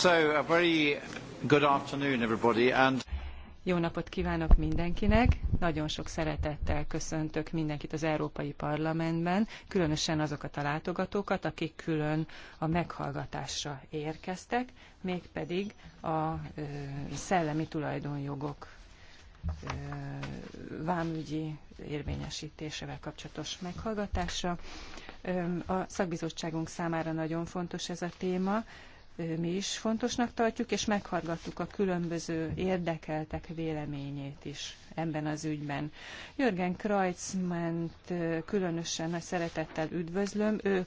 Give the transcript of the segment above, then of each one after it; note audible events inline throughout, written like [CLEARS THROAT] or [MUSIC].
Uh, jó napot kívánok mindenkinek! Nagyon sok szeretettel köszöntök mindenkit az Európai Parlamentben, különösen azokat a látogatókat, akik külön a meghallgatásra érkeztek, mégpedig a ö, szellemi tulajdonjogok vámügyi érvényesítésével kapcsolatos meghallgatásra. A szakbizottságunk számára nagyon fontos ez a téma, mi is fontosnak tartjuk, és meghallgattuk a különböző érdekeltek véleményét is ebben az ügyben. Jörgen Kreutzmann-t különösen nagy szeretettel üdvözlöm, ő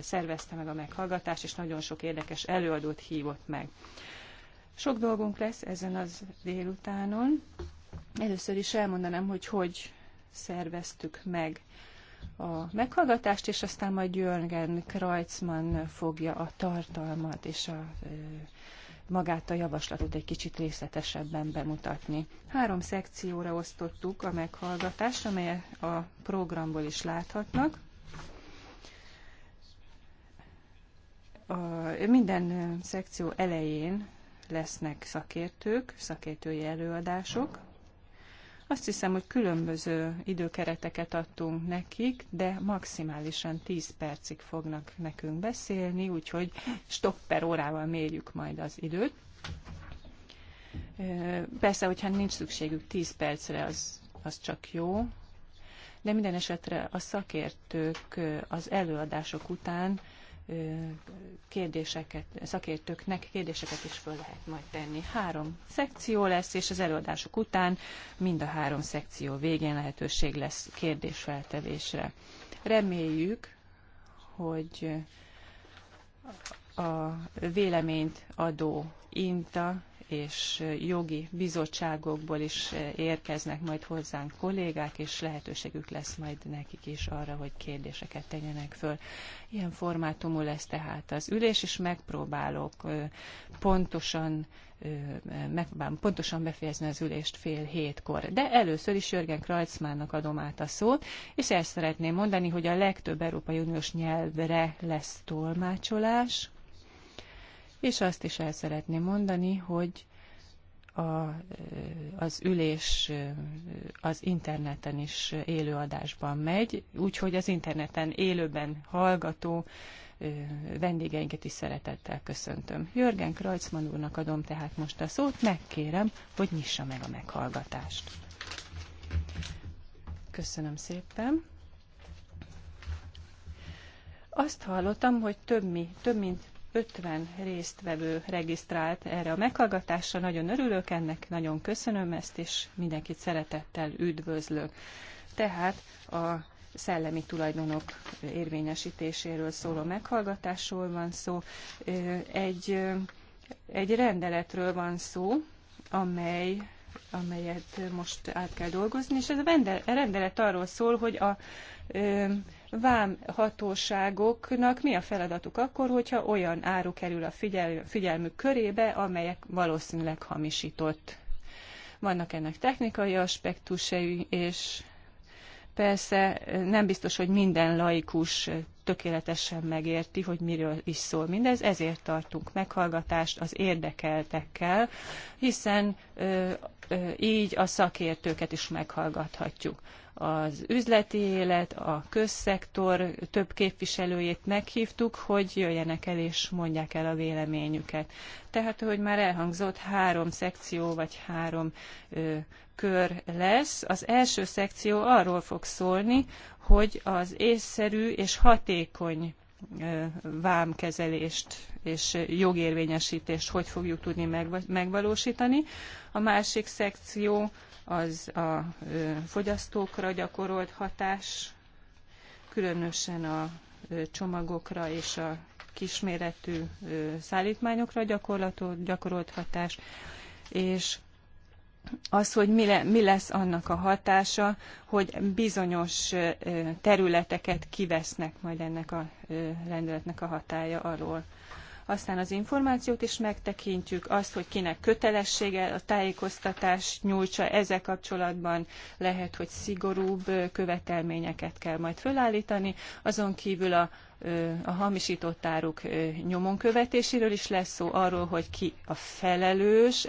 szervezte meg a meghallgatást, és nagyon sok érdekes előadót hívott meg. Sok dolgunk lesz ezen az délutánon. Először is elmondanám, hogy hogy szerveztük meg a meghallgatást, és aztán majd Jörgen Kreutzmann fogja a tartalmat és a magát a javaslatot egy kicsit részletesebben bemutatni. Három szekcióra osztottuk a meghallgatást, amely a programból is láthatnak. A, minden szekció elején lesznek szakértők, szakértői előadások, azt hiszem, hogy különböző időkereteket adtunk nekik, de maximálisan 10 percig fognak nekünk beszélni, úgyhogy stopper órával mérjük majd az időt. Persze, hogyha nincs szükségük 10 percre, az, az csak jó, de minden esetre a szakértők az előadások után kérdéseket, szakértőknek kérdéseket is föl lehet majd tenni. Három szekció lesz, és az előadások után mind a három szekció végén lehetőség lesz kérdésfeltevésre. Reméljük, hogy a véleményt adó INTA és jogi bizottságokból is érkeznek majd hozzánk kollégák, és lehetőségük lesz majd nekik is arra, hogy kérdéseket tegyenek föl. Ilyen formátumú lesz tehát az ülés, és megpróbálok pontosan megpróbálom pontosan befejezni az ülést fél hétkor. De először is Jörgen Krajcmánnak adom át a szót, és el szeretném mondani, hogy a legtöbb Európai Uniós nyelvre lesz tolmácsolás, és azt is el szeretném mondani, hogy a, az ülés az interneten is élőadásban megy, úgyhogy az interneten élőben hallgató vendégeinket is szeretettel köszöntöm. Jörgen Krajcman úrnak adom tehát most a szót, megkérem, hogy nyissa meg a meghallgatást. Köszönöm szépen. Azt hallottam, hogy több, mi, több mint 50 résztvevő regisztrált erre a meghallgatásra. Nagyon örülök ennek, nagyon köszönöm ezt, és mindenkit szeretettel üdvözlök. Tehát a szellemi tulajdonok érvényesítéséről szóló meghallgatásról van szó. Egy, egy rendeletről van szó, amely amelyet most át kell dolgozni, és ez a rendelet arról szól, hogy a vámhatóságoknak hatóságoknak mi a feladatuk akkor, hogyha olyan áru kerül a figyel, figyelmük körébe, amelyek valószínűleg hamisított. Vannak ennek technikai aspektusai, és persze nem biztos, hogy minden laikus tökéletesen megérti, hogy miről is szól mindez, ezért tartunk meghallgatást az érdekeltekkel, hiszen ö, ö, így a szakértőket is meghallgathatjuk az üzleti élet, a közszektor több képviselőjét meghívtuk, hogy jöjjenek el és mondják el a véleményüket. Tehát, ahogy már elhangzott, három szekció vagy három ö, kör lesz. Az első szekció arról fog szólni, hogy az észszerű és hatékony vámkezelést és jogérvényesítést hogy fogjuk tudni megvalósítani. A másik szekció az a fogyasztókra gyakorolt hatás, különösen a csomagokra és a kisméretű szállítmányokra gyakorolt hatás, és az, hogy mi, le, mi lesz annak a hatása, hogy bizonyos területeket kivesznek majd ennek a rendeletnek a hatája alól aztán az információt is megtekintjük, azt, hogy kinek kötelessége a tájékoztatás nyújtsa, ezzel kapcsolatban lehet, hogy szigorúbb követelményeket kell majd fölállítani, azon kívül a a hamisított áruk nyomon követéséről is lesz szó, arról, hogy ki a felelős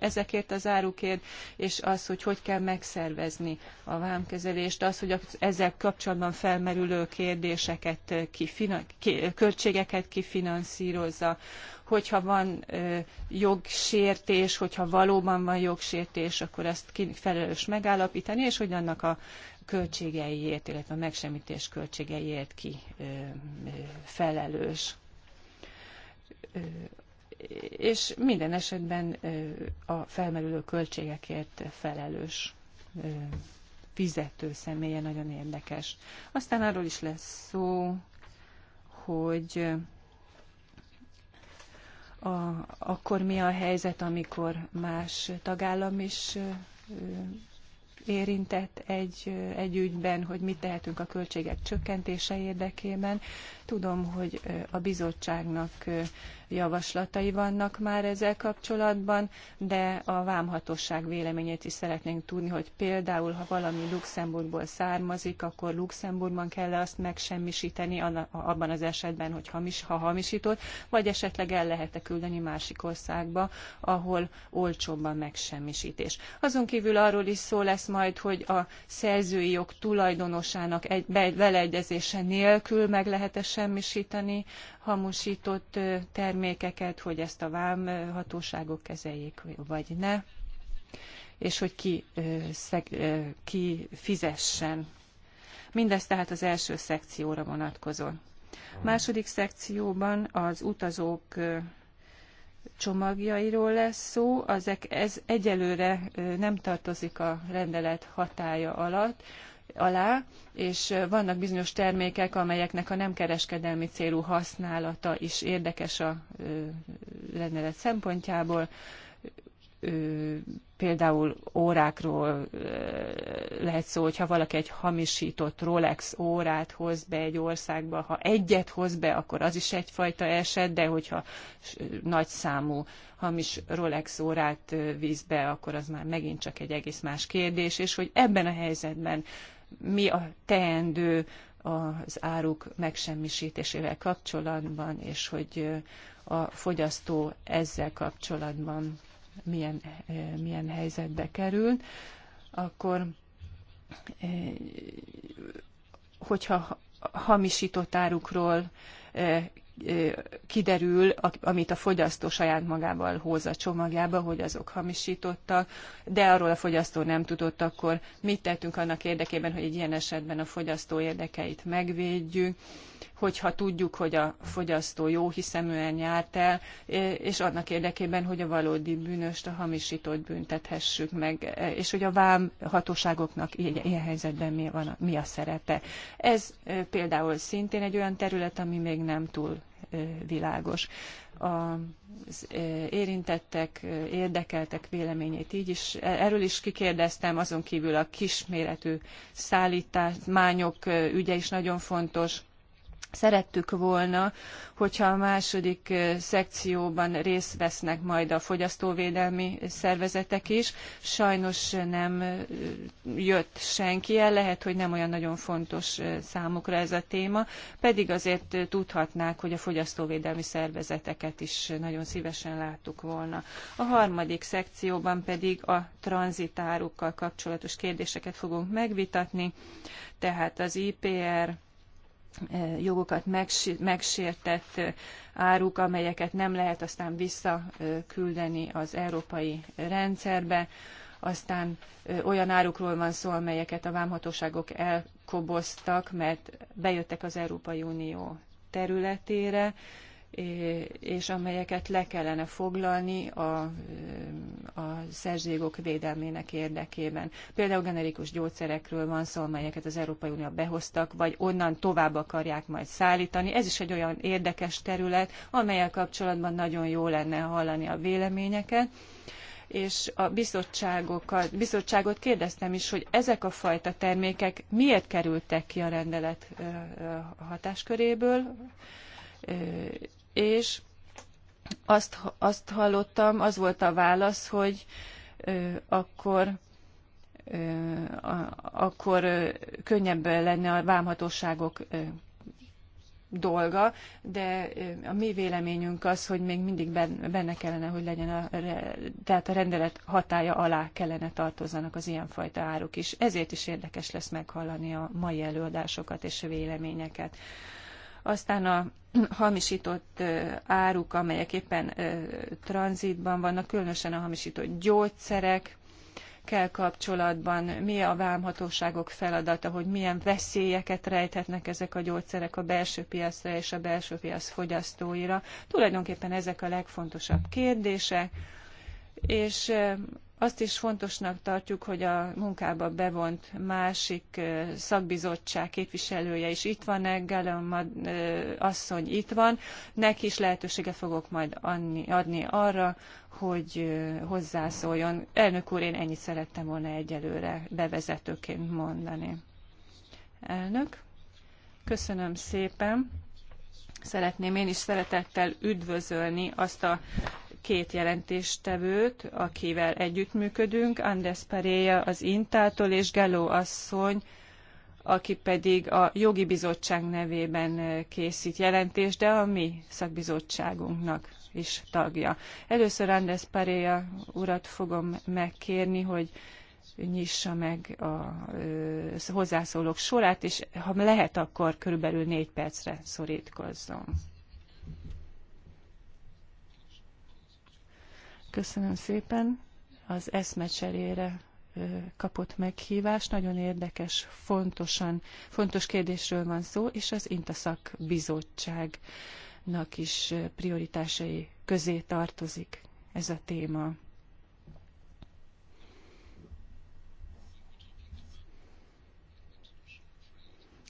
ezekért az árukért, és az, hogy hogy kell megszervezni a vámkezelést, az, hogy az ezzel kapcsolatban felmerülő kérdéseket, ki, ki, költségeket kifinanszírozza, hogyha van jogsértés, hogyha valóban van jogsértés, akkor ezt felelős megállapítani, és hogy annak a költségeiért, illetve a megsemmítés költségeiért ki felelős és minden esetben a felmerülő költségekért felelős fizető személye nagyon érdekes. Aztán arról is lesz szó, hogy a, akkor mi a helyzet, amikor más tagállam is érintett egy, egy ügyben, hogy mit tehetünk a költségek csökkentése érdekében. Tudom, hogy a bizottságnak javaslatai vannak már ezzel kapcsolatban, de a vámhatóság véleményét is szeretnénk tudni, hogy például, ha valami Luxemburgból származik, akkor Luxemburgban kell -e azt megsemmisíteni abban az esetben, hogy hamis, ha hamisított, vagy esetleg el lehet-e küldeni másik országba, ahol olcsóbban megsemmisítés. Azon kívül arról is szó lesz majd, hogy a szerzői jog tulajdonosának egy, beleegyezése nélkül meg lehet-e megsemmisíteni hamusított termékeket, hogy ezt a vámhatóságok kezeljék, vagy ne, és hogy ki, szeg, ki fizessen. Mindez tehát az első szekcióra vonatkozóan. Második szekcióban az utazók csomagjairól lesz szó, ezek ez egyelőre nem tartozik a rendelet hatája alatt, alá, és vannak bizonyos termékek, amelyeknek a nem kereskedelmi célú használata is érdekes a rendelet szempontjából. Például órákról lehet szó, hogyha valaki egy hamisított Rolex órát hoz be egy országba, ha egyet hoz be, akkor az is egyfajta eset, de hogyha nagy számú hamis Rolex órát víz be, akkor az már megint csak egy egész más kérdés, és hogy ebben a helyzetben mi a teendő az áruk megsemmisítésével kapcsolatban, és hogy a fogyasztó ezzel kapcsolatban milyen, milyen helyzetbe kerül, akkor hogyha hamisított árukról kiderül, amit a fogyasztó saját magával hoz a csomagjába, hogy azok hamisítottak, de arról a fogyasztó nem tudott, akkor mit tettünk annak érdekében, hogy egy ilyen esetben a fogyasztó érdekeit megvédjük, hogyha tudjuk, hogy a fogyasztó jó hiszeműen járt el, és annak érdekében, hogy a valódi bűnöst, a hamisított büntethessük meg, és hogy a vám hatóságoknak ilyen helyzetben mi, van, mi a szerepe. Ez például szintén egy olyan terület, ami még nem túl világos. Az érintettek, érdekeltek véleményét így is. E, erről is kikérdeztem, azon kívül a kisméretű szállítás mányok ügye is nagyon fontos Szerettük volna, hogyha a második szekcióban részt vesznek majd a fogyasztóvédelmi szervezetek is. Sajnos nem jött senki el, lehet, hogy nem olyan nagyon fontos számukra ez a téma, pedig azért tudhatnák, hogy a fogyasztóvédelmi szervezeteket is nagyon szívesen láttuk volna. A harmadik szekcióban pedig a tranzitárukkal kapcsolatos kérdéseket fogunk megvitatni, tehát az IPR, jogokat megsértett áruk, amelyeket nem lehet aztán visszaküldeni az európai rendszerbe. Aztán olyan árukról van szó, amelyeket a vámhatóságok elkoboztak, mert bejöttek az Európai Unió területére és amelyeket le kellene foglalni a, a szerzőjogok védelmének érdekében. Például generikus gyógyszerekről van szó, amelyeket az Európai Unió behoztak, vagy onnan tovább akarják majd szállítani. Ez is egy olyan érdekes terület, amelyel kapcsolatban nagyon jó lenne hallani a véleményeket és a bizottságokat, bizottságot kérdeztem is, hogy ezek a fajta termékek miért kerültek ki a rendelet hatásköréből, és azt, azt hallottam, az volt a válasz, hogy ö, akkor ö, a, akkor ö, könnyebb lenne a vámhatóságok ö, dolga, de a mi véleményünk az, hogy még mindig benne kellene, hogy legyen a, tehát a rendelet hatája alá kellene tartozzanak az ilyenfajta áruk is. Ezért is érdekes lesz meghallani a mai előadásokat és a véleményeket. Aztán a [CLEARS THROAT] hamisított áruk, amelyek éppen tranzitban vannak, különösen a hamisított gyógyszerek, kell kapcsolatban, mi a vámhatóságok feladata, hogy milyen veszélyeket rejthetnek ezek a gyógyszerek a belső piacra és a belső piac fogyasztóira. Tulajdonképpen ezek a legfontosabb kérdések, és azt is fontosnak tartjuk, hogy a munkába bevont másik szakbizottság képviselője is itt van, eh, Gellem asszony itt van. Neki is lehetőséget fogok majd adni arra, hogy hozzászóljon. Elnök úr, én ennyit szerettem volna egyelőre bevezetőként mondani. Elnök, köszönöm szépen. Szeretném én is szeretettel üdvözölni azt a két jelentéstevőt, akivel együttműködünk, Andrés Paréja az Intától és Galló asszony, aki pedig a jogi bizottság nevében készít jelentést, de a mi szakbizottságunknak is tagja. Először Andrés Paréja urat fogom megkérni, hogy nyissa meg a hozzászólók sorát, és ha lehet, akkor körülbelül négy percre szorítkozzon. Köszönöm szépen az eszmecserére kapott meghívást. Nagyon érdekes, fontosan, fontos kérdésről van szó, és az Intaszak bizottságnak is prioritásai közé tartozik ez a téma.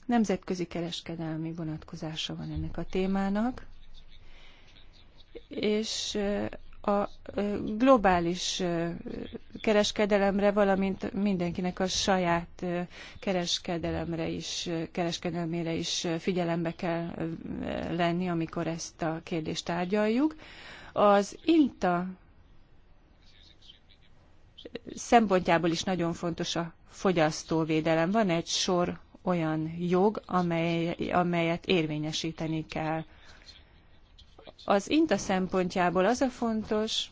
Nemzetközi kereskedelmi vonatkozása van ennek a témának, és a globális kereskedelemre, valamint mindenkinek a saját kereskedelemre is, kereskedelmére is figyelembe kell lenni, amikor ezt a kérdést tárgyaljuk. Az INTA szempontjából is nagyon fontos a fogyasztóvédelem. Van egy sor olyan jog, amely, amelyet érvényesíteni kell az INTA szempontjából az a fontos,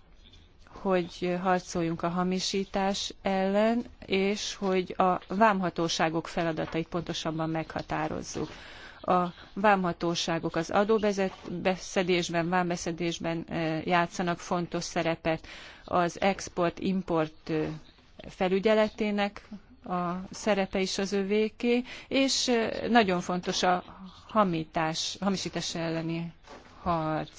hogy harcoljunk a hamisítás ellen, és hogy a vámhatóságok feladatait pontosabban meghatározzuk. A vámhatóságok az adóbeszedésben, vámbeszedésben eh, játszanak fontos szerepet, az export-import eh, felügyeletének a szerepe is az övéké, és eh, nagyon fontos a hamítás, hamisítás elleni harc.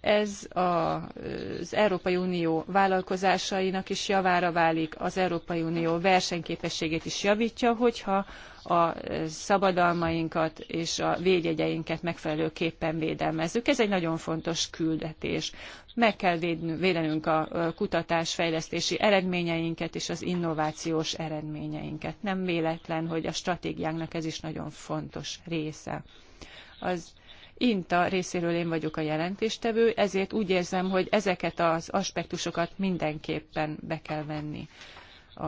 Ez az Európai Unió vállalkozásainak is javára válik, az Európai Unió versenyképességét is javítja, hogyha a szabadalmainkat és a védjegyeinket megfelelőképpen védelmezzük. Ez egy nagyon fontos küldetés. Meg kell védenünk a kutatásfejlesztési eredményeinket és az innovációs eredményeinket. Nem véletlen, hogy a stratégiánknak ez is nagyon fontos része. Az INTA részéről én vagyok a jelentéstevő, ezért úgy érzem, hogy ezeket az aspektusokat mindenképpen be kell venni a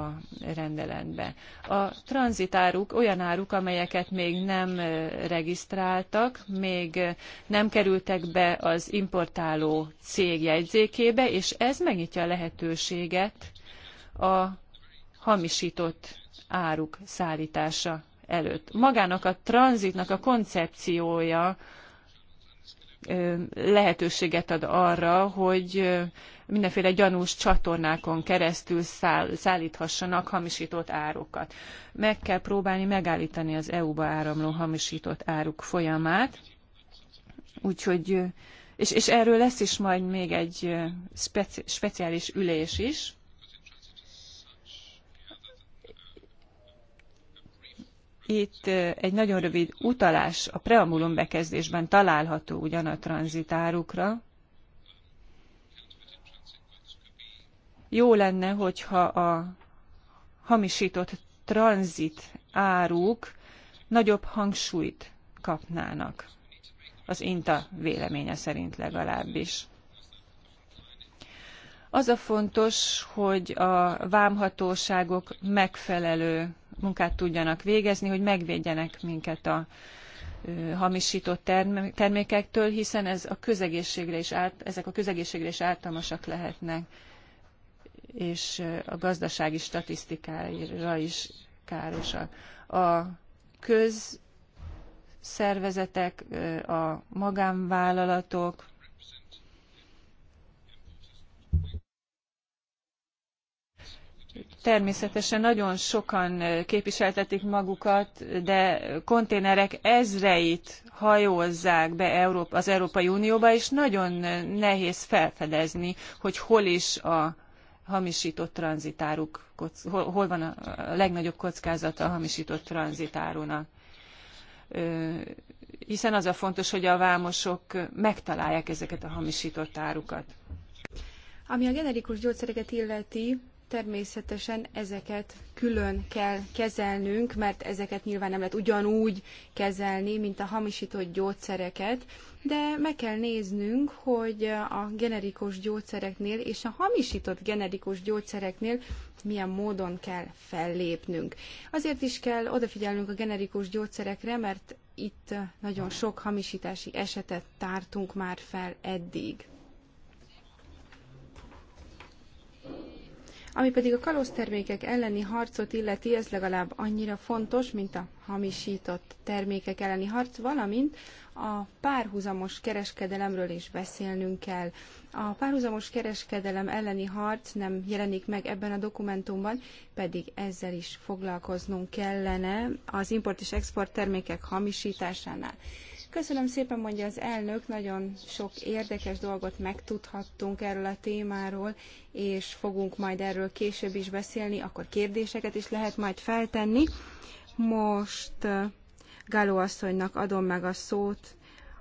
rendeletbe. A tranzitáruk olyan áruk, amelyeket még nem regisztráltak, még nem kerültek be az importáló cég jegyzékébe, és ez megnyitja a lehetőséget a hamisított áruk szállítása előtt. Magának a tranzitnak a koncepciója lehetőséget ad arra, hogy mindenféle gyanús csatornákon keresztül száll, szállíthassanak hamisított árukat. Meg kell próbálni megállítani az EU-ba áramló hamisított áruk folyamát, úgyhogy és, és erről lesz is majd még egy speci, speciális ülés is, itt egy nagyon rövid utalás a preambulum bekezdésben található ugyan a tranzitárukra. Jó lenne, hogyha a hamisított tranzit áruk nagyobb hangsúlyt kapnának. Az INTA véleménye szerint legalábbis. Az a fontos, hogy a vámhatóságok megfelelő munkát tudjanak végezni, hogy megvédjenek minket a hamisított termékektől, hiszen ez a közegészségre is ezek a közegészségre is ártalmasak lehetnek, és a gazdasági statisztikáira is károsak. A közszervezetek, a magánvállalatok, Természetesen nagyon sokan eh, képviseltetik magukat, de konténerek ezreit hajózzák be az Európai Unióba, és nagyon eh, nehéz felfedezni, hogy hol is a hamisított tranzitáruk, hol van a legnagyobb kockázata a hamisított tranzitárunak. Hiszen az a fontos, hogy a vámosok megtalálják ezeket a hamisított árukat. Ami a generikus gyógyszereket illeti, Természetesen ezeket külön kell kezelnünk, mert ezeket nyilván nem lehet ugyanúgy kezelni, mint a hamisított gyógyszereket, de meg kell néznünk, hogy a generikus gyógyszereknél és a hamisított generikus gyógyszereknél milyen módon kell fellépnünk. Azért is kell odafigyelnünk a generikus gyógyszerekre, mert itt nagyon sok hamisítási esetet tártunk már fel eddig. Ami pedig a kalóztermékek elleni harcot illeti, ez legalább annyira fontos, mint a hamisított termékek elleni harc, valamint a párhuzamos kereskedelemről is beszélnünk kell. A párhuzamos kereskedelem elleni harc nem jelenik meg ebben a dokumentumban, pedig ezzel is foglalkoznunk kellene az import és export termékek hamisításánál. Köszönöm szépen, mondja az elnök, nagyon sok érdekes dolgot megtudhattunk erről a témáról, és fogunk majd erről később is beszélni, akkor kérdéseket is lehet majd feltenni. Most Gáló asszonynak adom meg a szót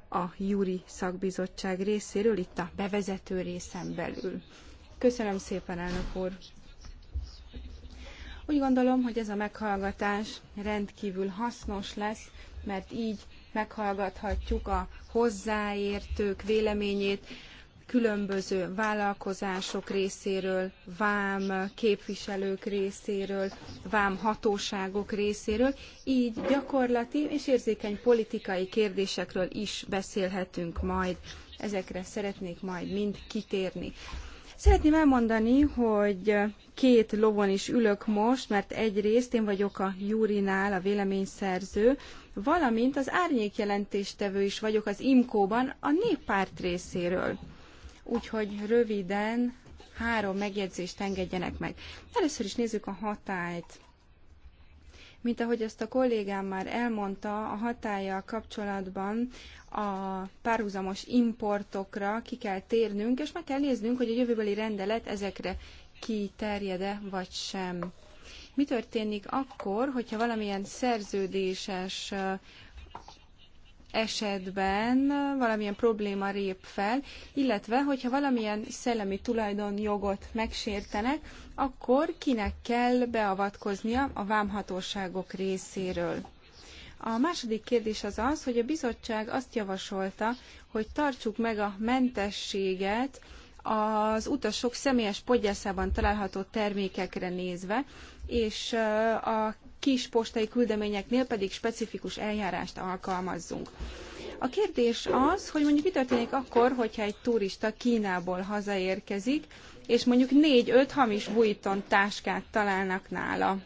a Júri szakbizottság részéről, itt a bevezető részen belül. Köszönöm szépen, elnök úr! Úgy gondolom, hogy ez a meghallgatás rendkívül hasznos lesz, mert így meghallgathatjuk a hozzáértők véleményét, különböző vállalkozások részéről, vám képviselők részéről, vám hatóságok részéről, így gyakorlati és érzékeny politikai kérdésekről is beszélhetünk majd. Ezekre szeretnék majd mind kitérni. Szeretném elmondani, hogy két lovon is ülök most, mert egyrészt én vagyok a Júrinál a véleményszerző, valamint az árnyékjelentéstevő is vagyok az IMKO-ban a néppárt részéről. Úgyhogy röviden három megjegyzést engedjenek meg. Először is nézzük a hatályt. Mint ahogy ezt a kollégám már elmondta, a hatája kapcsolatban a párhuzamos importokra ki kell térnünk, és meg kell néznünk, hogy a jövőbeli rendelet ezekre kiterjede vagy sem. Mi történik akkor, hogyha valamilyen szerződéses esetben valamilyen probléma rép fel, illetve hogyha valamilyen szellemi tulajdonjogot megsértenek, akkor kinek kell beavatkoznia a vámhatóságok részéről. A második kérdés az az, hogy a bizottság azt javasolta, hogy tartsuk meg a mentességet az utasok személyes podgyászában található termékekre nézve, és a kis postai küldeményeknél pedig specifikus eljárást alkalmazzunk. A kérdés az, hogy mondjuk mi történik akkor, hogyha egy turista Kínából hazaérkezik, és mondjuk négy-öt hamis bújton táskát találnak nála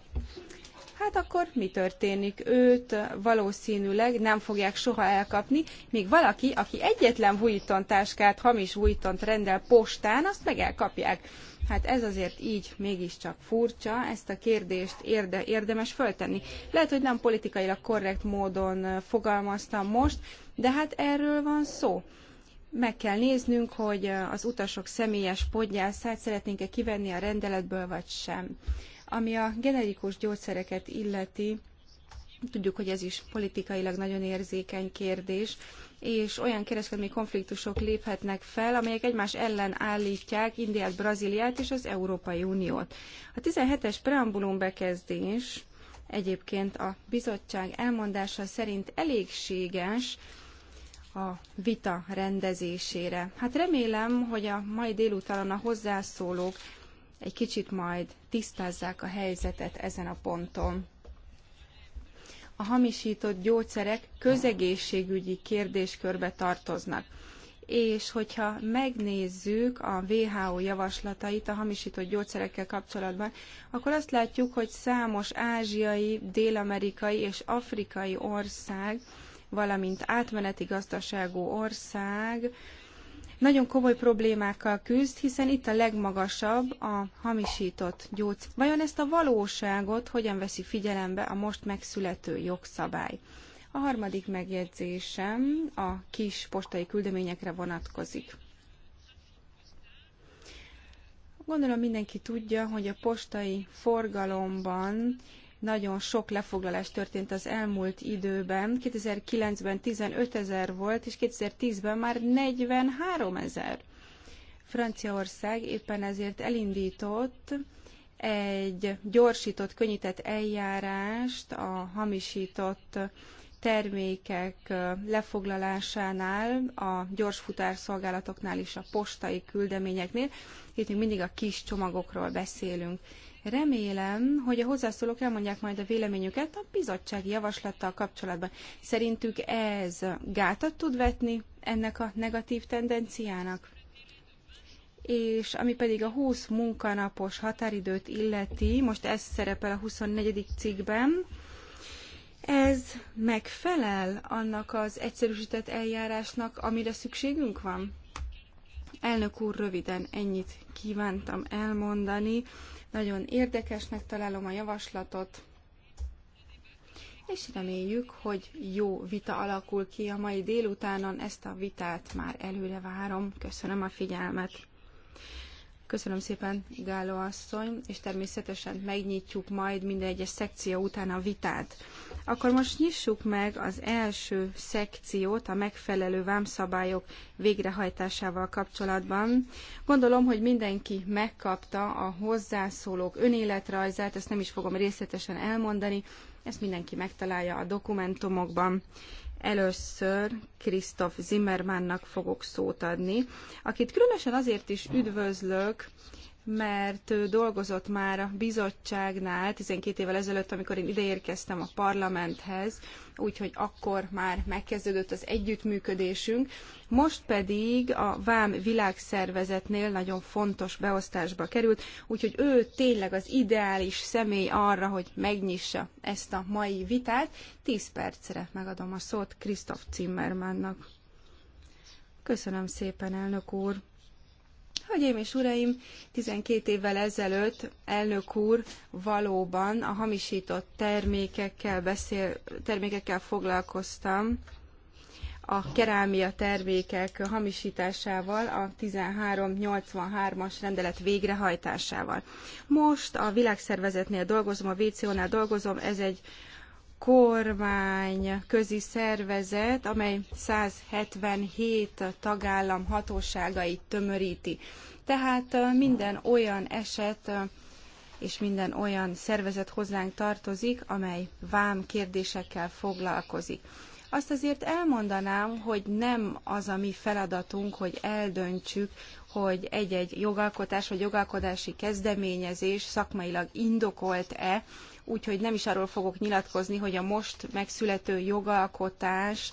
hát akkor mi történik? Őt valószínűleg nem fogják soha elkapni, míg valaki, aki egyetlen Vuitton táskát, hamis Vuittont rendel postán, azt meg elkapják. Hát ez azért így mégiscsak furcsa, ezt a kérdést érde, érdemes föltenni. Lehet, hogy nem politikailag korrekt módon fogalmaztam most, de hát erről van szó. Meg kell néznünk, hogy az utasok személyes podgyászát szeretnénk-e kivenni a rendeletből, vagy sem. Ami a generikus gyógyszereket illeti, tudjuk, hogy ez is politikailag nagyon érzékeny kérdés, és olyan kereskedelmi konfliktusok léphetnek fel, amelyek egymás ellen állítják Indiát, Brazíliát és az Európai Uniót. A 17-es preambulum bekezdés egyébként a bizottság elmondása szerint elégséges a vita rendezésére. Hát remélem, hogy a mai délutánon a hozzászólók egy kicsit majd tisztázzák a helyzetet ezen a ponton. A hamisított gyógyszerek közegészségügyi kérdéskörbe tartoznak és hogyha megnézzük a WHO javaslatait a hamisított gyógyszerekkel kapcsolatban, akkor azt látjuk, hogy számos ázsiai, dél-amerikai és afrikai ország, valamint átmeneti gazdaságú ország nagyon komoly problémákkal küzd, hiszen itt a legmagasabb a hamisított gyógyszer. Vajon ezt a valóságot hogyan veszi figyelembe a most megszülető jogszabály? A harmadik megjegyzésem a kis postai küldeményekre vonatkozik. Gondolom mindenki tudja, hogy a postai forgalomban nagyon sok lefoglalás történt az elmúlt időben. 2009-ben 15 ezer volt, és 2010-ben már 43 ezer. Franciaország éppen ezért elindított egy gyorsított, könnyített eljárást a hamisított termékek lefoglalásánál, a futárszolgálatoknál és a postai küldeményeknél. Itt még mindig a kis csomagokról beszélünk. Remélem, hogy a hozzászólók elmondják majd a véleményüket a bizottsági javaslattal kapcsolatban. Szerintük ez gátat tud vetni ennek a negatív tendenciának? és ami pedig a 20 munkanapos határidőt illeti, most ez szerepel a 24. cikkben, ez megfelel annak az egyszerűsített eljárásnak, amire szükségünk van? Elnök úr, röviden ennyit kívántam elmondani nagyon érdekesnek találom a javaslatot, és reméljük, hogy jó vita alakul ki a mai délutánon. Ezt a vitát már előre várom. Köszönöm a figyelmet. Köszönöm szépen, Gáló asszony, és természetesen megnyitjuk majd minden egyes szekció után a vitát. Akkor most nyissuk meg az első szekciót a megfelelő vámszabályok végrehajtásával kapcsolatban. Gondolom, hogy mindenki megkapta a hozzászólók önéletrajzát, ezt nem is fogom részletesen elmondani, ezt mindenki megtalálja a dokumentumokban. Először Krisztof Zimmermannnak fogok szót adni, akit különösen azért is üdvözlök, mert ő dolgozott már a bizottságnál 12 évvel ezelőtt, amikor én ideérkeztem a parlamenthez, úgyhogy akkor már megkezdődött az együttműködésünk. Most pedig a VÁM világszervezetnél nagyon fontos beosztásba került, úgyhogy ő tényleg az ideális személy arra, hogy megnyissa ezt a mai vitát. 10 percre megadom a szót Krisztof Zimmermannnak. Köszönöm szépen, elnök úr! Hölgyeim és uraim, 12 évvel ezelőtt elnök úr valóban a hamisított termékekkel, beszél, termékekkel foglalkoztam, a kerámia termékek hamisításával, a 1383-as rendelet végrehajtásával. Most a világszervezetnél dolgozom, a WCO-nál dolgozom, ez egy kormány közi szervezet, amely 177 tagállam hatóságait tömöríti. Tehát minden olyan eset és minden olyan szervezet hozzánk tartozik, amely vám kérdésekkel foglalkozik. Azt azért elmondanám, hogy nem az a mi feladatunk, hogy eldöntsük, hogy egy-egy jogalkotás vagy jogalkotási kezdeményezés szakmailag indokolt-e, úgyhogy nem is arról fogok nyilatkozni, hogy a most megszülető jogalkotás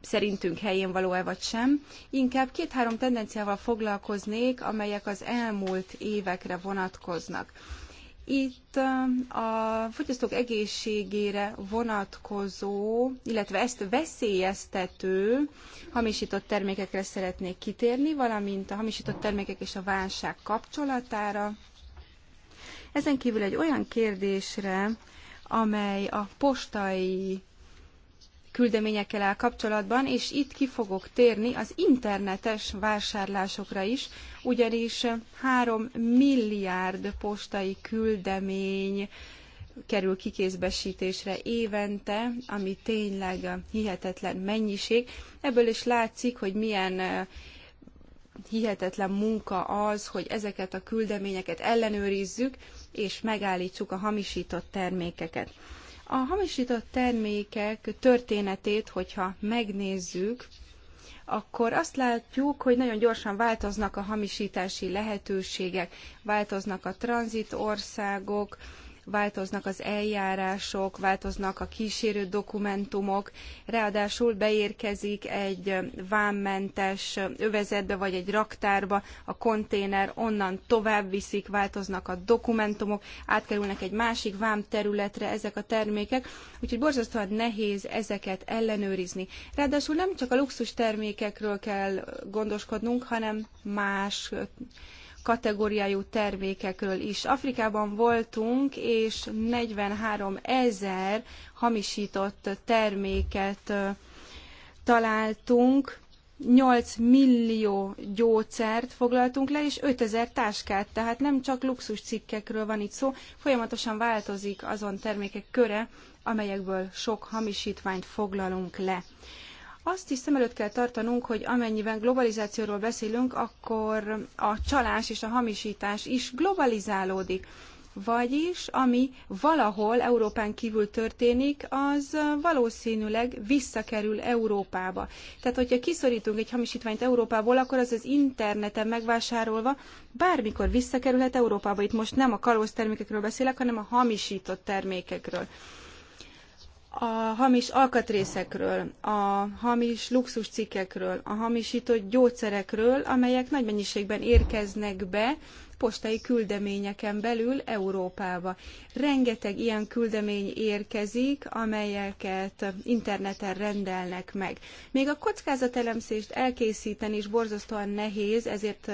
szerintünk helyén való-e vagy sem. Inkább két-három tendenciával foglalkoznék, amelyek az elmúlt évekre vonatkoznak. Itt a fogyasztók egészségére vonatkozó, illetve ezt veszélyeztető hamisított termékekre szeretnék kitérni, valamint a hamisított termékek és a válság kapcsolatára, ezen kívül egy olyan kérdésre, amely a postai küldeményekkel áll kapcsolatban, és itt ki fogok térni az internetes vásárlásokra is, ugyanis 3 milliárd postai küldemény kerül kikézbesítésre évente, ami tényleg hihetetlen mennyiség. Ebből is látszik, hogy milyen eh, hihetetlen munka az, hogy ezeket a küldeményeket ellenőrizzük, és megállítsuk a hamisított termékeket. A hamisított termékek történetét, hogyha megnézzük, akkor azt látjuk, hogy nagyon gyorsan változnak a hamisítási lehetőségek, változnak a tranzitországok, országok, változnak az eljárások, változnak a kísérő dokumentumok, ráadásul beérkezik egy vámmentes övezetbe vagy egy raktárba a konténer, onnan tovább viszik, változnak a dokumentumok, átkerülnek egy másik vámterületre ezek a termékek, úgyhogy borzasztóan nehéz ezeket ellenőrizni. Ráadásul nem csak a luxus termékekről kell gondoskodnunk, hanem más kategóriájú termékekről is. Afrikában voltunk, és 43 ezer hamisított terméket találtunk, 8 millió gyógyszert foglaltunk le, és 5000 táskát, tehát nem csak luxus cikkekről van itt szó, folyamatosan változik azon termékek köre, amelyekből sok hamisítványt foglalunk le. Azt is szem előtt kell tartanunk, hogy amennyiben globalizációról beszélünk, akkor a csalás és a hamisítás is globalizálódik. Vagyis, ami valahol Európán kívül történik, az valószínűleg visszakerül Európába. Tehát, hogyha kiszorítunk egy hamisítványt Európából, akkor az az interneten megvásárolva bármikor visszakerülhet Európába. Itt most nem a kalóztermékekről beszélek, hanem a hamisított termékekről a hamis alkatrészekről, a hamis luxuscikkekről, a hamisított gyógyszerekről, amelyek nagy mennyiségben érkeznek be postai küldeményeken belül Európába. Rengeteg ilyen küldemény érkezik, amelyeket interneten rendelnek meg. Még a kockázatelemzést elkészíteni is borzasztóan nehéz, ezért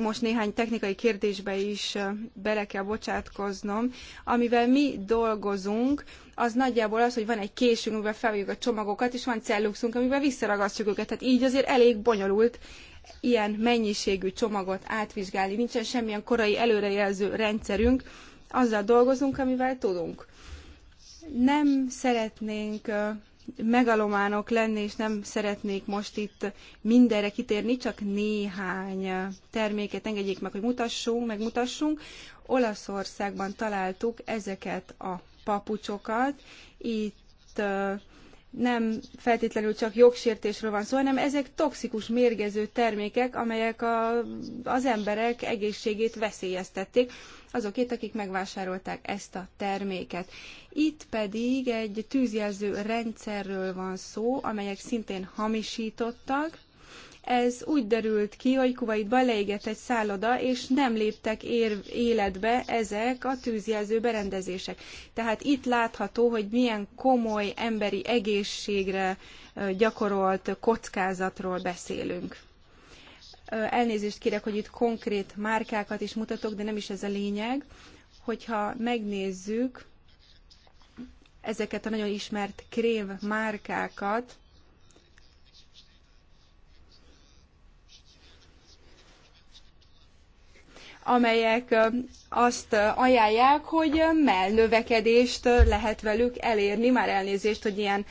most néhány technikai kérdésbe is bele kell bocsátkoznom. Amivel mi dolgozunk, az nagyjából az, hogy van egy késünk, amivel felvegyük a csomagokat, és van celluxunk, amivel visszaragasztjuk őket. Tehát így azért elég bonyolult ilyen mennyiségű csomagot átvizsgálni. Nincsen semmilyen korai előrejelző rendszerünk, azzal dolgozunk, amivel tudunk. Nem szeretnénk megalománok lenni, és nem szeretnék most itt mindenre kitérni, csak néhány terméket engedjék meg, hogy mutassunk, megmutassunk. Olaszországban találtuk ezeket a papucsokat. Itt nem feltétlenül csak jogsértésről van szó, hanem ezek toxikus, mérgező termékek, amelyek a, az emberek egészségét veszélyeztették, azokét, akik megvásárolták ezt a terméket. Itt pedig egy tűzjelző rendszerről van szó, amelyek szintén hamisítottak, ez úgy derült ki, hogy Kuwaitban leégett egy szálloda, és nem léptek ér- életbe ezek a tűzjelző berendezések. Tehát itt látható, hogy milyen komoly emberi egészségre gyakorolt kockázatról beszélünk. Elnézést kérek, hogy itt konkrét márkákat is mutatok, de nem is ez a lényeg. Hogyha megnézzük ezeket a nagyon ismert krév márkákat, amelyek azt ajánlják, hogy mellnövekedést lehet velük elérni, már elnézést, hogy ilyen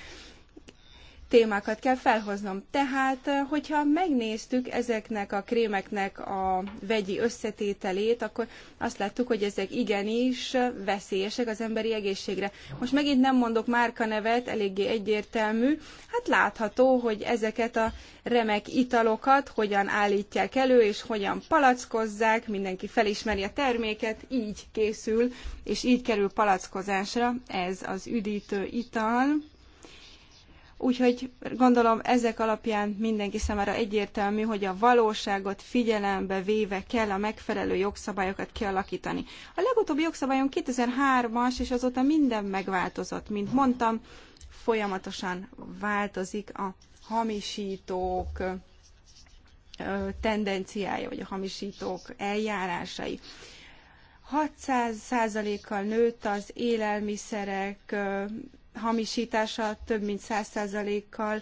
témákat kell felhoznom. Tehát, eh, hogyha megnéztük ezeknek a krémeknek a vegyi összetételét, akkor azt láttuk, hogy ezek igenis veszélyesek az emberi egészségre. Most megint nem mondok márkanevet, eléggé egyértelmű. Hát látható, hogy ezeket a remek italokat hogyan állítják elő, és hogyan palackozzák, mindenki felismeri a terméket, így készül, és így kerül palackozásra ez az üdítő ital Úgyhogy gondolom ezek alapján mindenki számára egyértelmű, hogy a valóságot figyelembe véve kell a megfelelő jogszabályokat kialakítani. A legutóbbi jogszabályon 2003-as, és azóta minden megváltozott. Mint mondtam, folyamatosan változik a hamisítók tendenciája, vagy a hamisítók eljárásai. 600%-kal nőtt az élelmiszerek hamisítása több mint 100%-kal,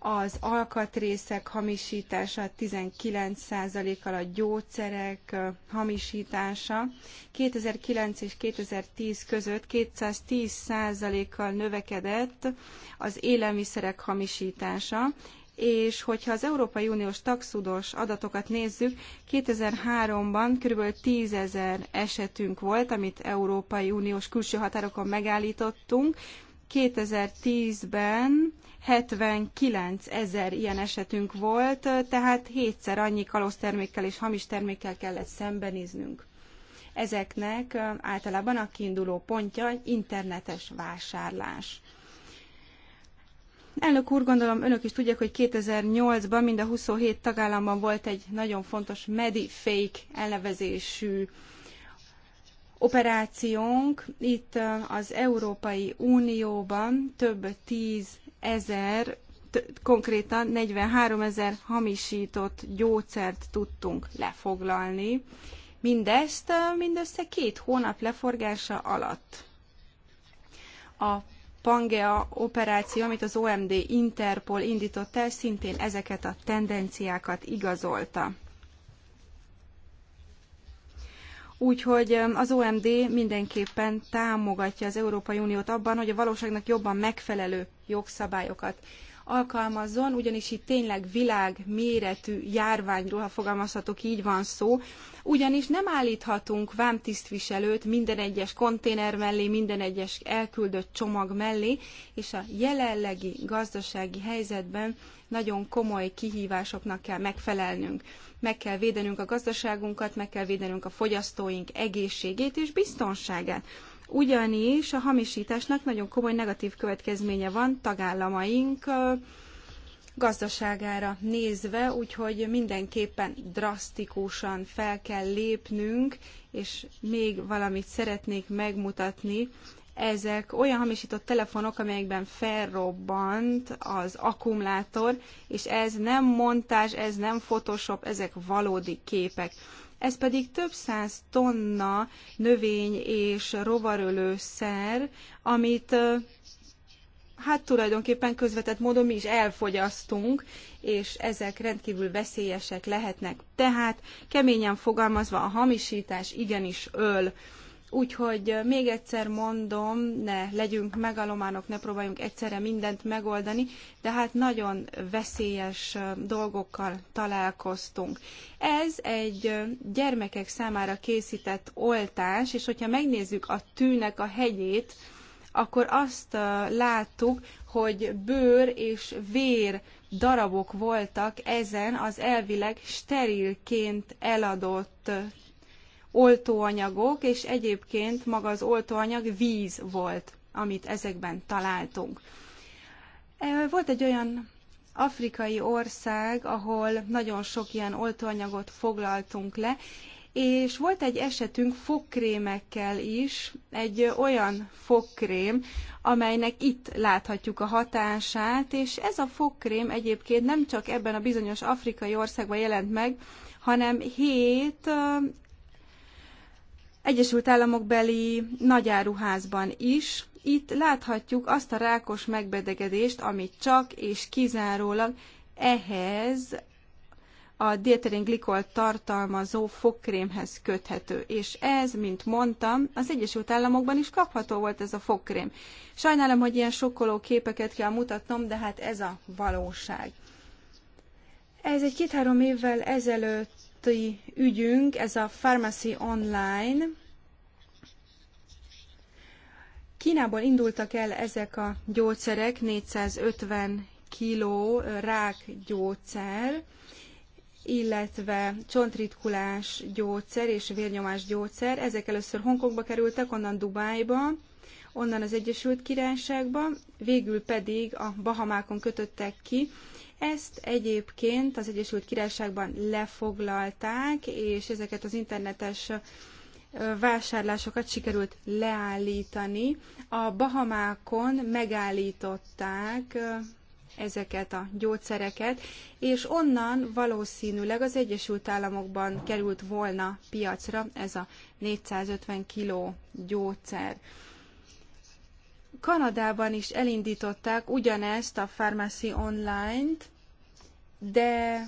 az alkatrészek hamisítása 19%-kal, a gyógyszerek hamisítása. 2009 és 2010 között 210%-kal növekedett az élelmiszerek hamisítása, és hogyha az Európai Uniós taxudós adatokat nézzük, 2003-ban kb. 10 ezer esetünk volt, amit Európai Uniós külső határokon megállítottunk, 2010-ben 79 ezer ilyen esetünk volt, tehát hétszer annyi termékkel és hamis termékkel kellett szembenéznünk. Ezeknek általában a kiinduló pontja internetes vásárlás. Elnök úr, gondolom önök is tudják, hogy 2008-ban mind a 27 tagállamban volt egy nagyon fontos medifake elnevezésű operációnk itt az Európai Unióban több tíz ezer, konkrétan 43 ezer hamisított gyógyszert tudtunk lefoglalni. Mindezt mindössze két hónap leforgása alatt. A Pangea operáció, amit az OMD Interpol indított el, szintén ezeket a tendenciákat igazolta. Úgyhogy az OMD mindenképpen támogatja az Európai Uniót abban, hogy a valóságnak jobban megfelelő jogszabályokat alkalmazzon, ugyanis itt tényleg világméretű járványról, ha fogalmazhatok így van szó, ugyanis nem állíthatunk vámtisztviselőt minden egyes konténer mellé, minden egyes elküldött csomag mellé, és a jelenlegi gazdasági helyzetben nagyon komoly kihívásoknak kell megfelelnünk. Meg kell védenünk a gazdaságunkat, meg kell védenünk a fogyasztóink egészségét és biztonságát ugyanis a hamisításnak nagyon komoly negatív következménye van tagállamaink gazdaságára nézve, úgyhogy mindenképpen drasztikusan fel kell lépnünk, és még valamit szeretnék megmutatni. Ezek olyan hamisított telefonok, amelyekben felrobbant az akkumulátor, és ez nem montázs, ez nem Photoshop, ezek valódi képek ez pedig több száz tonna növény és rovarölőszer, amit hát tulajdonképpen közvetett módon mi is elfogyasztunk, és ezek rendkívül veszélyesek lehetnek. Tehát keményen fogalmazva a hamisítás igenis öl. Úgyhogy még egyszer mondom, ne legyünk megalománok, ne próbáljunk egyszerre mindent megoldani, de hát nagyon veszélyes dolgokkal találkoztunk. Ez egy gyermekek számára készített oltás, és hogyha megnézzük a tűnek a hegyét, akkor azt láttuk, hogy bőr és vér darabok voltak ezen az elvileg sterilként eladott oltóanyagok, és egyébként maga az oltóanyag víz volt, amit ezekben találtunk. E, volt egy olyan afrikai ország, ahol nagyon sok ilyen oltóanyagot foglaltunk le, és volt egy esetünk fogkrémekkel is, egy olyan fogkrém, amelynek itt láthatjuk a hatását, és ez a fogkrém egyébként nem csak ebben a bizonyos afrikai országban jelent meg, hanem hét Egyesült Államok beli nagyáruházban is. Itt láthatjuk azt a rákos megbedegedést, amit csak és kizárólag ehhez a dieterén glikol tartalmazó fogkrémhez köthető. És ez, mint mondtam, az Egyesült Államokban is kapható volt ez a fogkrém. Sajnálom, hogy ilyen sokkoló képeket kell mutatnom, de hát ez a valóság. Ez egy két-három évvel ezelőtt előtti ügyünk, ez a Pharmacy Online. Kínából indultak el ezek a gyógyszerek, 450 kiló rákgyógyszer, illetve csontritkulás gyógyszer és vérnyomás gyógyszer. Ezek először Hongkongba kerültek, onnan Dubájba, onnan az Egyesült Királyságba, végül pedig a Bahamákon kötöttek ki ezt egyébként az Egyesült Királyságban lefoglalták, és ezeket az internetes vásárlásokat sikerült leállítani. A Bahamákon megállították ezeket a gyógyszereket, és onnan valószínűleg az Egyesült Államokban került volna piacra ez a 450 kg gyógyszer. Kanadában is elindították ugyanezt a Pharmacy Online-t, de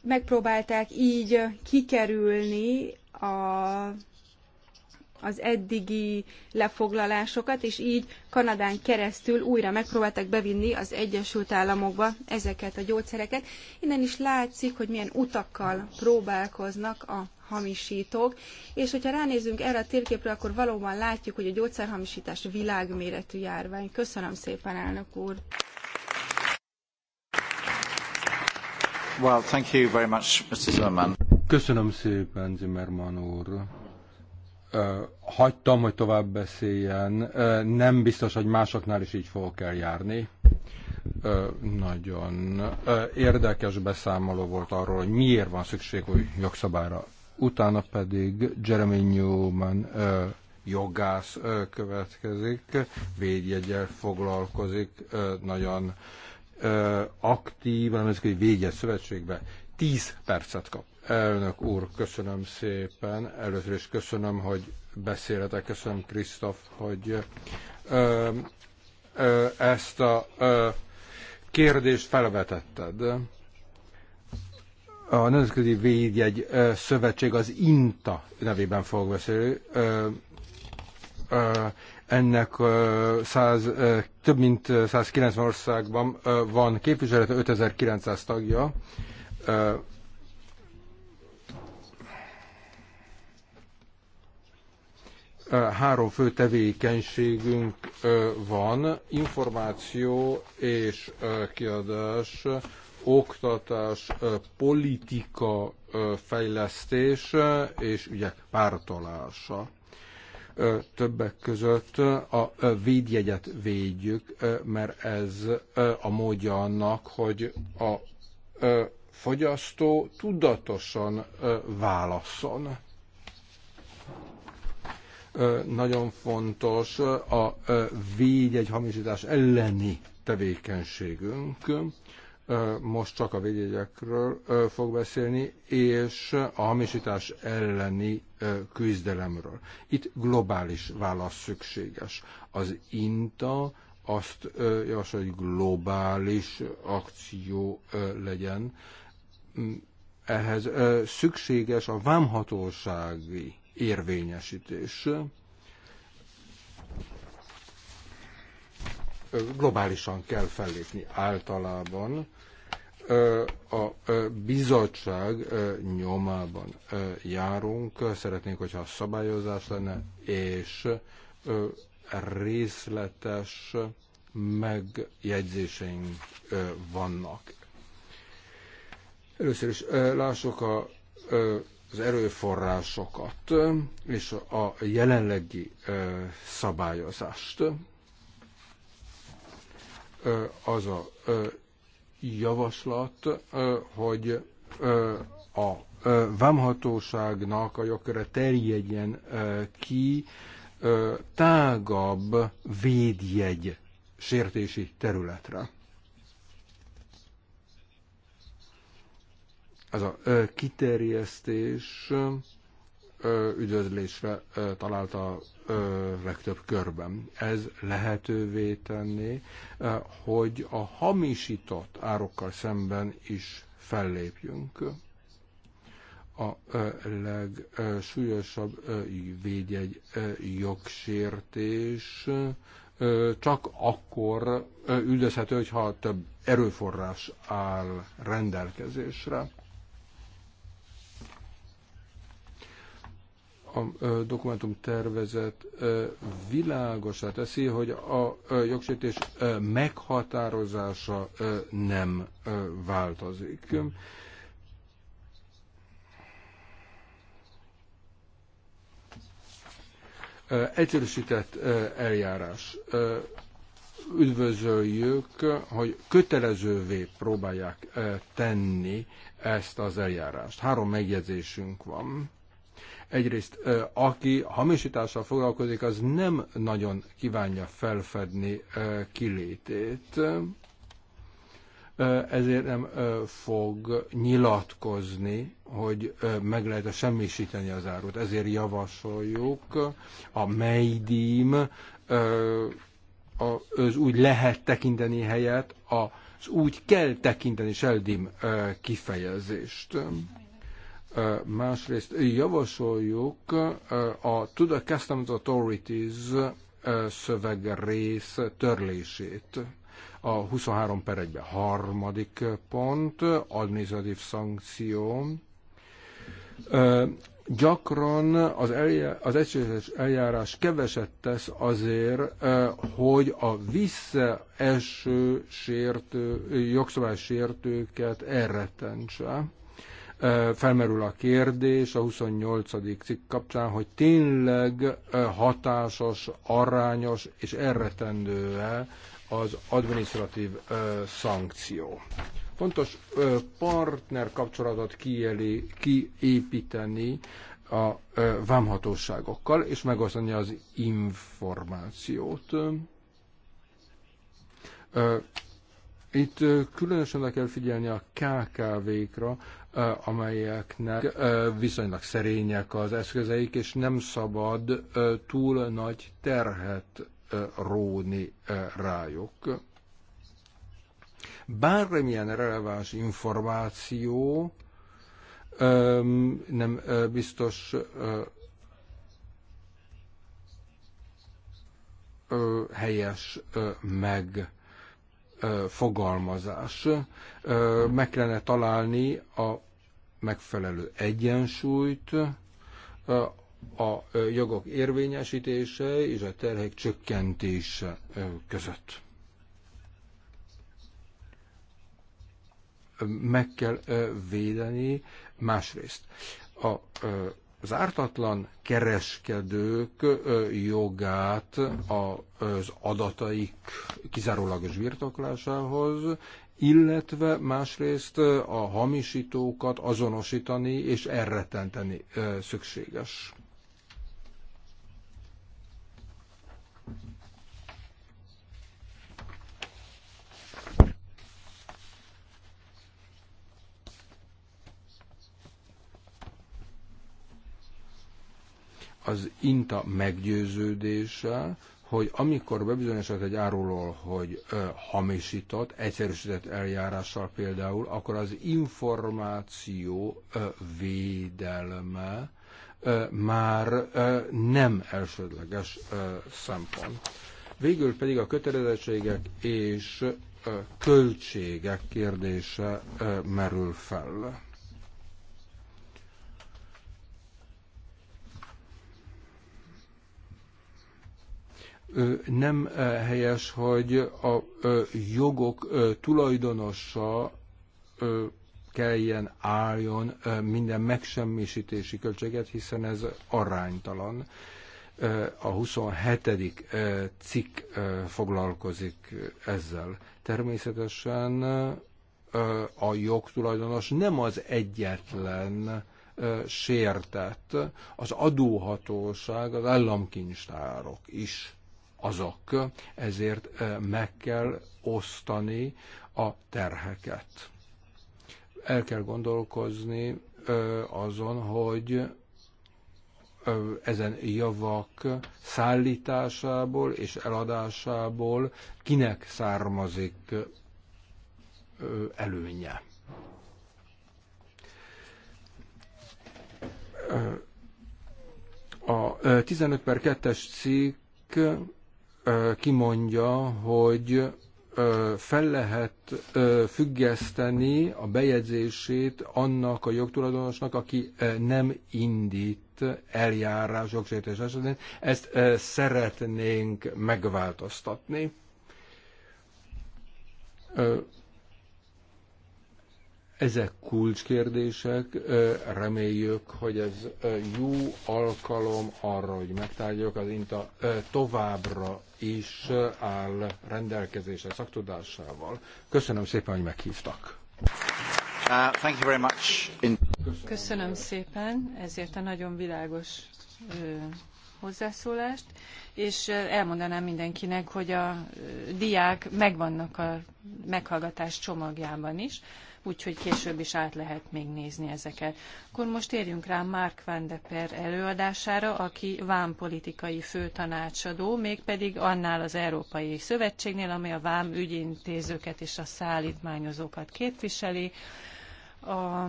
megpróbálták így kikerülni a, az eddigi lefoglalásokat, és így Kanadán keresztül újra megpróbálták bevinni az Egyesült Államokba ezeket a gyógyszereket. Innen is látszik, hogy milyen utakkal próbálkoznak a gyógyszerhamisítók, és hogyha ránézünk erre a térképre, akkor valóban látjuk, hogy a gyógyszerhamisítás világméretű járvány. Köszönöm szépen, elnök úr! Well, thank you very much, Mr. Zimmerman. Köszönöm szépen, Zimmerman úr. Hagytam, hogy tovább beszéljen. Nem biztos, hogy másoknál is így fogok eljárni. Ö, nagyon ö, érdekes beszámoló volt arról, hogy miért van szükség új jogszabályra utána pedig Jeremy Newman jogász következik, védjegyel foglalkozik, nagyon aktív, ez egy védjegy szövetségbe. Tíz percet kap. Elnök úr, köszönöm szépen. Először is köszönöm, hogy beszéletek. Köszönöm, Krisztof, hogy ö, ö, ezt a ö, kérdést felvetetted a Nemzetközi Védjegy Szövetség az INTA nevében fog beszélni. Ennek 100, több mint 190 országban van képviselete, 5900 tagja. Három fő tevékenységünk van, információ és kiadás oktatás, politika fejlesztése és ügyek pártolása. Többek között a védjegyet védjük, mert ez a módja annak, hogy a fogyasztó tudatosan válaszol nagyon fontos a védjegy hamisítás elleni tevékenységünk most csak a védjegyekről fog beszélni, és a hamisítás elleni küzdelemről. Itt globális válasz szükséges. Az INTA azt javasolja, hogy globális akció legyen. Mm, ehhez szükséges a vámhatósági érvényesítés. globálisan kell fellépni általában a bizottság nyomában járunk, szeretnénk, hogyha szabályozás lenne, és részletes megjegyzéseink vannak. Először is lássuk a, az erőforrásokat és a jelenlegi szabályozást az a javaslat, hogy a vámhatóságnak a jogköre terjedjen ki tágabb védjegy sértési területre. Ez a kiterjesztés üdvözlésre találta a legtöbb körben. Ez lehetővé tenni, hogy a hamisított árokkal szemben is fellépjünk. A legsúlyosabb védjegy jogsértés csak akkor üldözhető, hogyha több erőforrás áll rendelkezésre a dokumentum tervezet világosá teszi, hogy a jogsértés meghatározása nem változik. Egyszerűsített eljárás. Üdvözöljük, hogy kötelezővé próbálják tenni ezt az eljárást. Három megjegyzésünk van Egyrészt, aki hamisítással foglalkozik, az nem nagyon kívánja felfedni kilétét, ezért nem fog nyilatkozni, hogy meg lehet a semmisíteni az árut. Ezért javasoljuk a Meidím az úgy lehet tekinteni helyet, az úgy kell tekinteni Seldim kifejezést. Másrészt javasoljuk a To the Customs Authorities szövegrész törlését a 23 per 1 Harmadik pont, administratív szankció. Gyakran az, eljá, az egységes eljárás keveset tesz azért, hogy a visszaeső sértő, sértőket elrettentse Felmerül a kérdés a 28. cikk kapcsán, hogy tényleg hatásos, arányos és erretendő -e az administratív szankció. Fontos partner kapcsolatot kieli, kiépíteni a vámhatóságokkal, és megosztani az információt. Itt különösen le kell figyelni a KKV-kra, Eh, amelyeknek eh, viszonylag szerények az eszközeik, és nem szabad eh, túl nagy terhet róni rájuk. Bármilyen releváns információ nem biztos helyes meg fogalmazás. Meg kellene találni a megfelelő egyensúlyt, a jogok érvényesítése és a terhek csökkentése között. Meg kell védeni másrészt a az ártatlan kereskedők jogát az adataik kizárólagos birtoklásához, illetve másrészt a hamisítókat azonosítani és elrettenteni szükséges. az INTA meggyőződése, hogy amikor bebizonyosodott egy árulól, hogy ö, hamisított, egyszerűsített eljárással például, akkor az információ ö, védelme ö, már ö, nem elsődleges ö, szempont. Végül pedig a kötelezettségek és ö, költségek kérdése ö, merül fel. nem helyes, hogy a jogok tulajdonosa kelljen álljon minden megsemmisítési költséget, hiszen ez aránytalan. A 27. cikk foglalkozik ezzel. Természetesen a jogtulajdonos nem az egyetlen sértett, az adóhatóság, az államkincstárok is azok, ezért meg kell osztani a terheket. El kell gondolkozni azon, hogy ezen javak szállításából és eladásából kinek származik előnye. A 15 per 2-es cikk kimondja, hogy fel lehet függeszteni a bejegyzését annak a jogtulajdonosnak, aki nem indít eljárás jogsértés esetén. Ezt szeretnénk megváltoztatni ezek kulcskérdések, reméljük, hogy ez jó alkalom arra, hogy megtárgyaljuk az INTA továbbra is áll rendelkezésre szaktudásával. Köszönöm szépen, hogy meghívtak. Uh, thank you very much. Köszönöm. szépen ezért a nagyon világos hozzászólást, és elmondanám mindenkinek, hogy a diák megvannak a meghallgatás csomagjában is úgyhogy később is át lehet még nézni ezeket. Akkor most térjünk rá Mark Van de Per előadására, aki Vám politikai főtanácsadó, mégpedig annál az Európai Szövetségnél, ami a vám ügyintézőket és a szállítmányozókat képviseli a,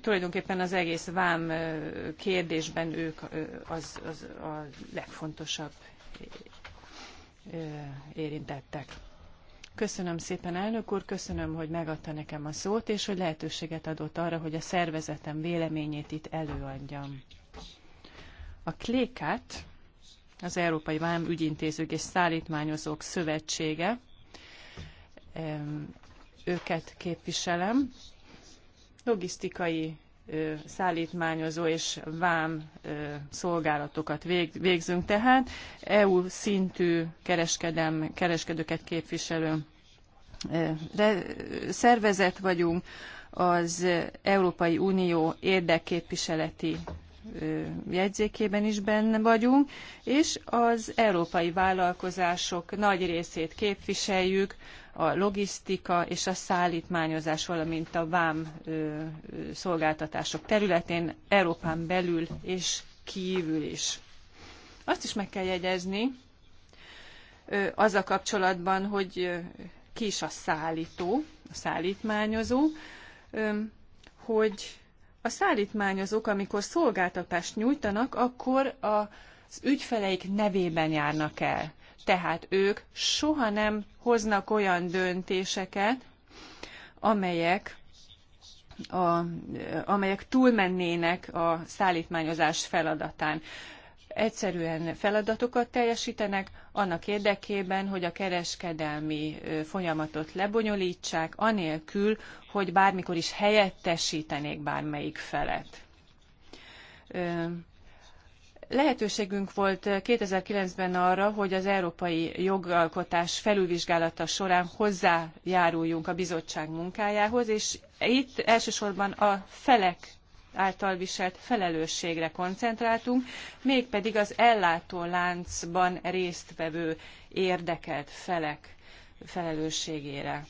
tulajdonképpen az egész vám kérdésben ők az, az a legfontosabb érintettek. Köszönöm szépen, elnök úr, köszönöm, hogy megadta nekem a szót, és hogy lehetőséget adott arra, hogy a szervezetem véleményét itt előadjam. A Klékát, az Európai Vámügyintézők és Szállítmányozók Szövetsége, őket képviselem, logisztikai szállítmányozó és vám szolgálatokat végzünk tehát. EU szintű kereskedem, kereskedőket képviselő szervezet vagyunk, az Európai Unió érdekképviseleti jegyzékében is benne vagyunk, és az európai vállalkozások nagy részét képviseljük, a logisztika és a szállítmányozás, valamint a vám szolgáltatások területén, Európán belül és kívül is. Azt is meg kell jegyezni, azzal kapcsolatban, hogy ki is a szállító, a szállítmányozó, hogy a szállítmányozók, amikor szolgáltatást nyújtanak, akkor az ügyfeleik nevében járnak el. Tehát ők soha nem hoznak olyan döntéseket, amelyek a, amelyek túlmennének a szállítmányozás feladatán egyszerűen feladatokat teljesítenek annak érdekében, hogy a kereskedelmi folyamatot lebonyolítsák, anélkül, hogy bármikor is helyettesítenék bármelyik felet lehetőségünk volt 2009-ben arra, hogy az európai jogalkotás felülvizsgálata során hozzájáruljunk a bizottság munkájához, és itt elsősorban a felek által viselt felelősségre koncentráltunk, mégpedig az ellátó láncban résztvevő érdekelt felek felelősségére.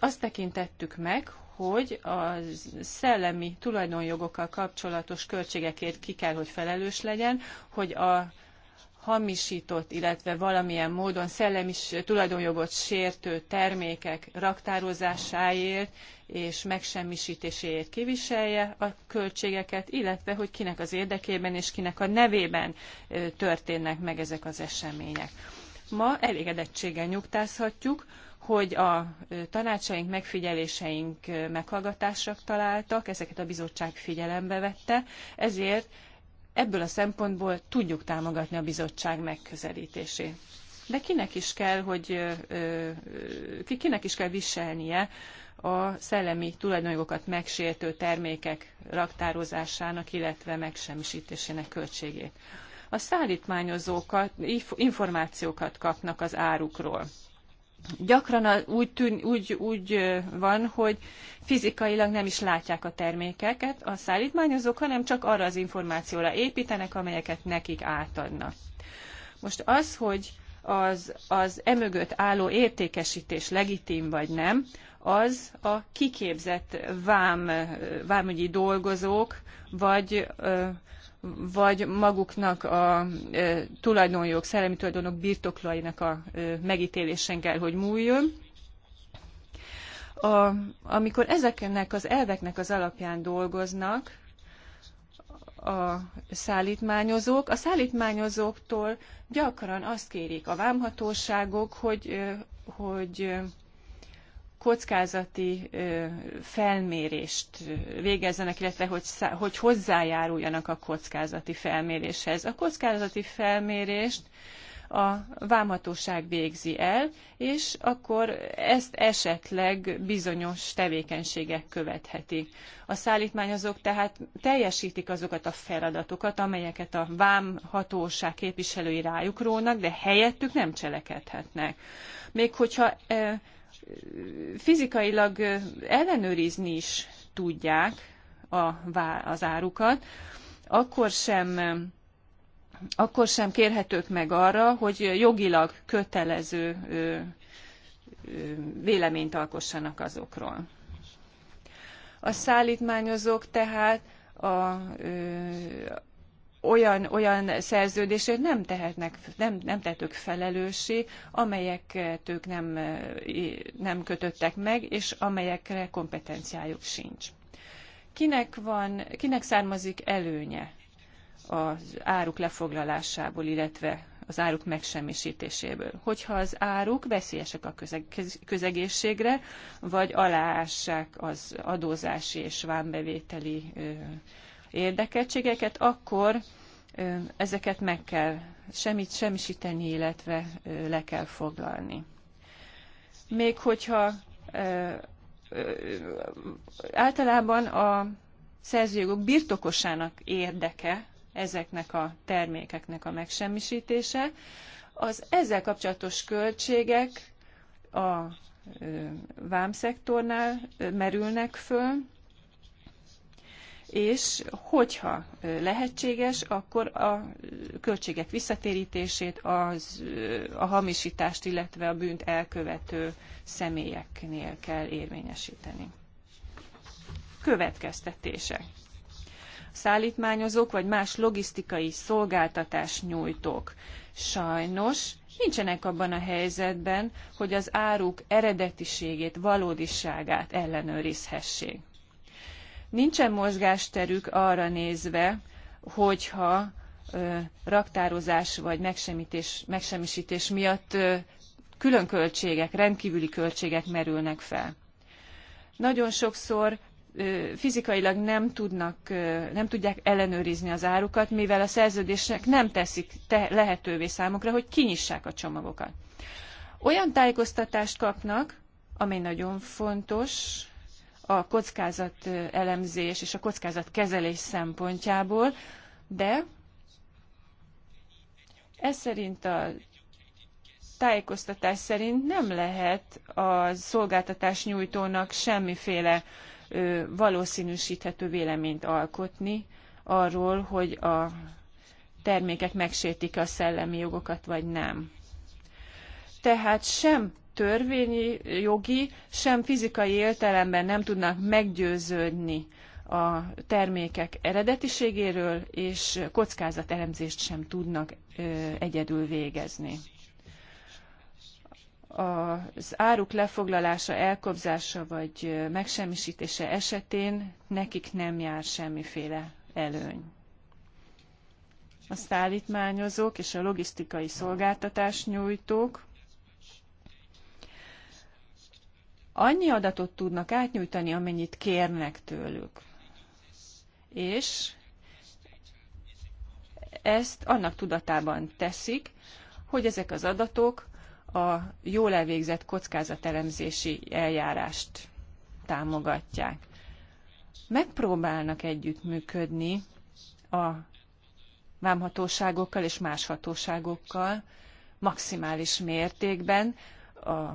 Azt tekintettük meg, hogy a szellemi tulajdonjogokkal kapcsolatos költségekért ki kell, hogy felelős legyen, hogy a hamisított, illetve valamilyen módon szellemi tulajdonjogot sértő termékek raktározásáért és megsemmisítéséért kiviselje a költségeket, illetve hogy kinek az érdekében és kinek a nevében történnek meg ezek az események. Ma elégedettséggel nyugtázhatjuk, hogy a tanácsaink, megfigyeléseink meghallgatásra találtak, ezeket a bizottság figyelembe vette, ezért Ebből a szempontból tudjuk támogatni a bizottság megközelítését. De kinek is kell, hogy kinek is kell viselnie a szellemi tulajdonjogokat megsértő termékek raktározásának, illetve megsemmisítésének költségét. A szállítmányozókat információkat kapnak az árukról gyakran úgy, tűn, úgy, úgy van, hogy fizikailag nem is látják a termékeket a szállítmányozók, hanem csak arra az információra építenek, amelyeket nekik átadnak. Most az, hogy az, az emögött álló értékesítés legitim vagy nem, az a kiképzett vám, vámügyi dolgozók, vagy ö, vagy maguknak a e, tulajdonjog, szellemi tulajdonok birtoklainak a e, megítélésen kell, hogy múljon. A, amikor ezeknek az elveknek az alapján dolgoznak a szállítmányozók, a szállítmányozóktól gyakran azt kérik a vámhatóságok, hogy, e, hogy e, kockázati felmérést végezzenek, illetve hogy, hogy hozzájáruljanak a kockázati felméréshez. A kockázati felmérést a vámhatóság végzi el, és akkor ezt esetleg bizonyos tevékenységek követhetik. A szállítmányozók tehát teljesítik azokat a feladatokat, amelyeket a vámhatóság képviselői rájuk rónak, de helyettük nem cselekedhetnek. Még hogyha e, fizikailag ellenőrizni is tudják a, az árukat, akkor sem akkor sem kérhetők meg arra, hogy jogilag kötelező véleményt alkossanak azokról. A szállítmányozók tehát a, olyan, olyan szerződésért nem tehetnek, nem, nem tehetők felelőssé, amelyeket ők nem, eh, nem kötöttek meg, és amelyekre kompetenciájuk sincs. Kinek, van, kinek származik előnye az áruk lefoglalásából, illetve az áruk megsemmisítéséből. Hogyha az áruk veszélyesek a közeg, közegészségre, vagy aláássák az adózási és vámbevételi ö, eh, érdekeltségeket, akkor ezeket meg kell semmit semmisíteni, illetve le kell foglalni. Még hogyha általában a szerzőjogok birtokosának érdeke ezeknek a termékeknek a megsemmisítése, az ezzel kapcsolatos költségek a vámszektornál merülnek föl, és hogyha lehetséges, akkor a költségek visszatérítését az, a hamisítást, illetve a bűnt elkövető személyeknél kell érvényesíteni. Következtetések szállítmányozók vagy más logisztikai szolgáltatás nyújtók. Sajnos nincsenek abban a helyzetben, hogy az áruk eredetiségét, valódiságát ellenőrizhessék nincsen mozgásterük arra nézve, hogyha raktározás vagy megsemmisítés, megsemmisítés miatt külön költségek, rendkívüli költségek merülnek fel. Nagyon sokszor fizikailag nem, tudnak, nem tudják ellenőrizni az árukat, mivel a szerződések nem teszik lehetővé számukra, hogy kinyissák a csomagokat. Olyan tájékoztatást kapnak, ami nagyon fontos, a kockázatelemzés elemzés és a kockázatkezelés szempontjából, de ez szerint a tájékoztatás szerint nem lehet a szolgáltatás nyújtónak semmiféle valószínűsíthető véleményt alkotni arról, hogy a termékek megsértik a szellemi jogokat, vagy nem. Tehát sem törvényi, jogi, sem fizikai értelemben nem tudnak meggyőződni a termékek eredetiségéről, és kockázatelemzést sem tudnak egyedül végezni. Az áruk lefoglalása, elkobzása vagy megsemmisítése esetén nekik nem jár semmiféle előny. A szállítmányozók és a logisztikai szolgáltatás nyújtók annyi adatot tudnak átnyújtani, amennyit kérnek tőlük. És ezt annak tudatában teszik, hogy ezek az adatok a jól elvégzett kockázatelemzési eljárást támogatják. Megpróbálnak együttműködni a vámhatóságokkal és más hatóságokkal maximális mértékben a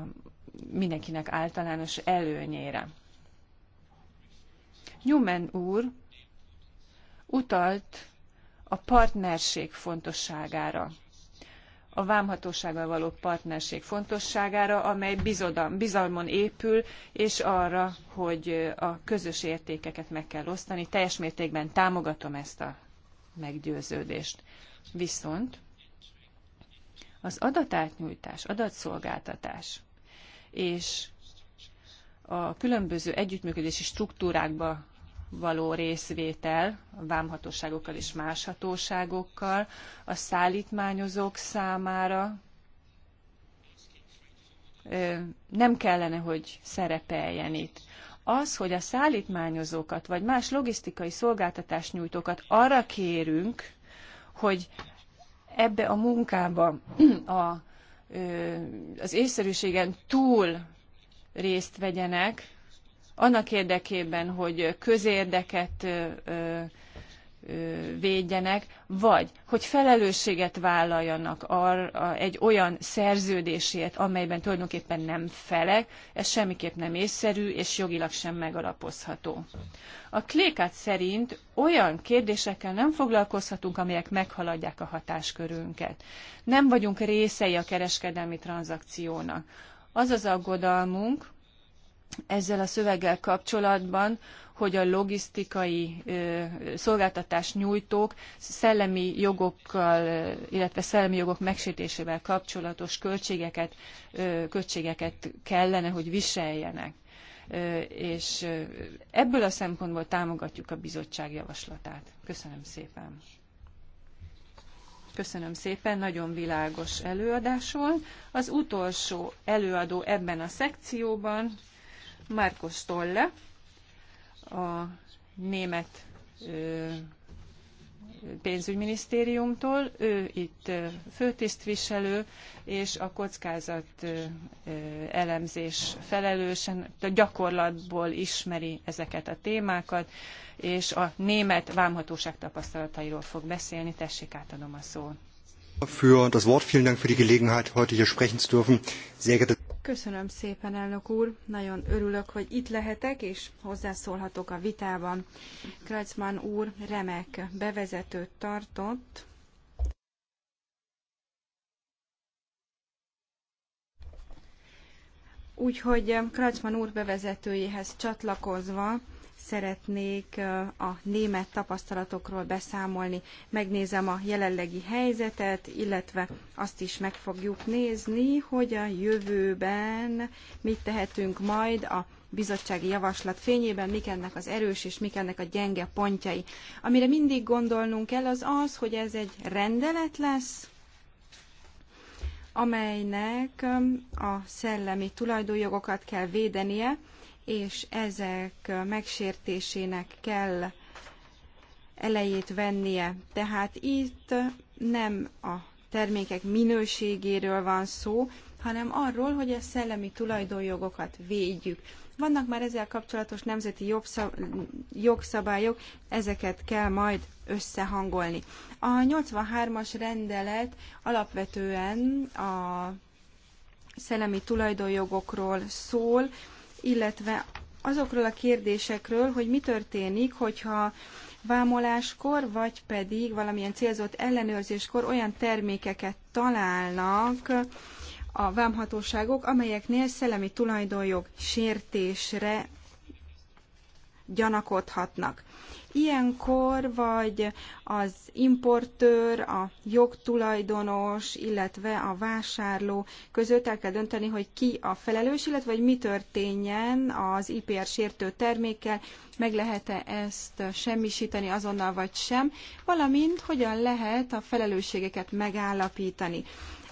mindenkinek általános előnyére. Newman úr utalt a partnerség fontosságára, a vámhatósággal való partnerség fontosságára, amely bizalmon épül, és arra, hogy a közös értékeket meg kell osztani. Teljes mértékben támogatom ezt a meggyőződést. Viszont az adatátnyújtás, adatszolgáltatás és a különböző együttműködési struktúrákba való részvétel a vámhatóságokkal és más hatóságokkal, a szállítmányozók számára nem kellene, hogy szerepeljen itt. Az, hogy a szállítmányozókat vagy más logisztikai szolgáltatást nyújtókat arra kérünk, hogy ebbe a munkába a az észszerűségen túl részt vegyenek, annak érdekében, hogy közérdeket védjenek, vagy hogy felelősséget vállaljanak a egy olyan szerződésért, amelyben tulajdonképpen nem felek, ez semmiképp nem észszerű és jogilag sem megalapozható. A klékát szerint olyan kérdésekkel nem foglalkozhatunk, amelyek meghaladják a hatáskörünket. Nem vagyunk részei a kereskedelmi tranzakciónak. Az az aggodalmunk, ezzel a szöveggel kapcsolatban, hogy a logisztikai szolgáltatás nyújtók szellemi jogokkal, illetve szellemi jogok megsértésével kapcsolatos költségeket, költségeket kellene, hogy viseljenek. És ebből a szempontból támogatjuk a bizottság javaslatát. Köszönöm szépen. Köszönöm szépen, nagyon világos előadás volt. Az utolsó előadó ebben a szekcióban Márkos Tolle, a német pénzügyminisztériumtól, ő itt főtisztviselő, és a kockázat elemzés felelősen a gyakorlatból ismeri ezeket a témákat, és a német vámhatóság tapasztalatairól fog beszélni. Tessék, átadom a szót. Für das Wort, vielen Dank für die Gelegenheit, heute hier sprechen zu dürfen. Sehr geehrte Köszönöm szépen, elnök úr. Nagyon örülök, hogy itt lehetek, és hozzászólhatok a vitában. Kreutzmann úr remek bevezetőt tartott. Úgyhogy Kreutzmann úr bevezetőjéhez csatlakozva szeretnék a német tapasztalatokról beszámolni. Megnézem a jelenlegi helyzetet, illetve azt is meg fogjuk nézni, hogy a jövőben mit tehetünk majd a bizottsági javaslat fényében, mik ennek az erős és mik ennek a gyenge pontjai. Amire mindig gondolnunk kell, az az, hogy ez egy rendelet lesz, amelynek a szellemi tulajdonjogokat kell védenie, és ezek megsértésének kell elejét vennie. Tehát itt nem a termékek minőségéről van szó, hanem arról, hogy a szellemi tulajdonjogokat védjük. Vannak már ezzel kapcsolatos nemzeti jogszabályok, ezeket kell majd összehangolni. A 83-as rendelet alapvetően a szellemi tulajdonjogokról szól, illetve azokról a kérdésekről, hogy mi történik, hogyha vámoláskor, vagy pedig valamilyen célzott ellenőrzéskor olyan termékeket találnak a vámhatóságok, amelyeknél szellemi tulajdonjog sértésre gyanakodhatnak. Ilyenkor vagy az importőr, a jogtulajdonos, illetve a vásárló között el kell dönteni, hogy ki a felelős, illetve hogy mi történjen az IPR sértő termékkel, meg lehet-e ezt semmisíteni azonnal vagy sem, valamint hogyan lehet a felelősségeket megállapítani.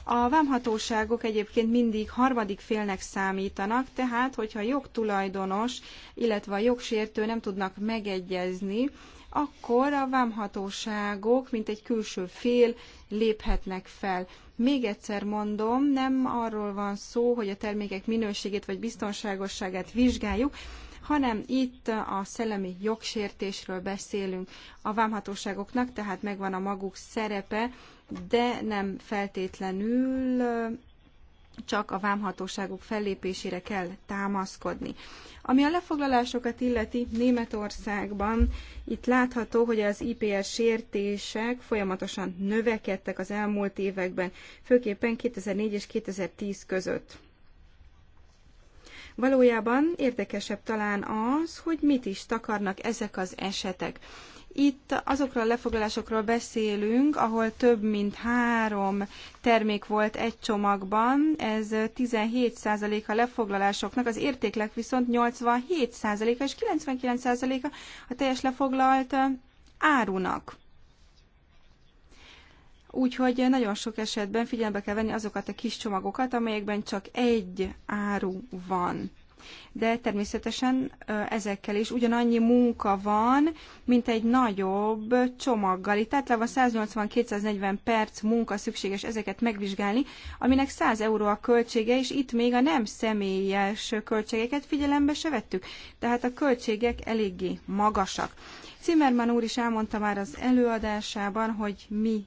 A vámhatóságok egyébként mindig harmadik félnek számítanak, tehát hogyha a jogtulajdonos, illetve a jogsértő nem tudnak megegyezni, akkor a vámhatóságok, mint egy külső fél, léphetnek fel. Még egyszer mondom, nem arról van szó, hogy a termékek minőségét vagy biztonságosságát vizsgáljuk, hanem itt a szellemi jogsértésről beszélünk. A vámhatóságoknak tehát megvan a maguk szerepe de nem feltétlenül csak a vámhatóságok fellépésére kell támaszkodni. Ami a lefoglalásokat illeti Németországban, itt látható, hogy az IPR sértések folyamatosan növekedtek az elmúlt években, főképpen 2004 és 2010 között. Valójában érdekesebb talán az, hogy mit is takarnak ezek az esetek. Itt azokról a lefoglalásokról beszélünk, ahol több mint három termék volt egy csomagban, ez 17% a lefoglalásoknak, az értéklek viszont 87%-a és 99%-a a teljes lefoglalt árunak. Úgyhogy nagyon sok esetben figyelembe kell venni azokat a kis csomagokat, amelyekben csak egy áru van de természetesen ezekkel is ugyanannyi munka van, mint egy nagyobb csomaggal. Itt általában 180-240 perc munka szükséges ezeket megvizsgálni, aminek 100 euró a költsége, és itt még a nem személyes költségeket figyelembe se vettük. Tehát a költségek eléggé magasak. Zimmermann úr is elmondta már az előadásában, hogy mi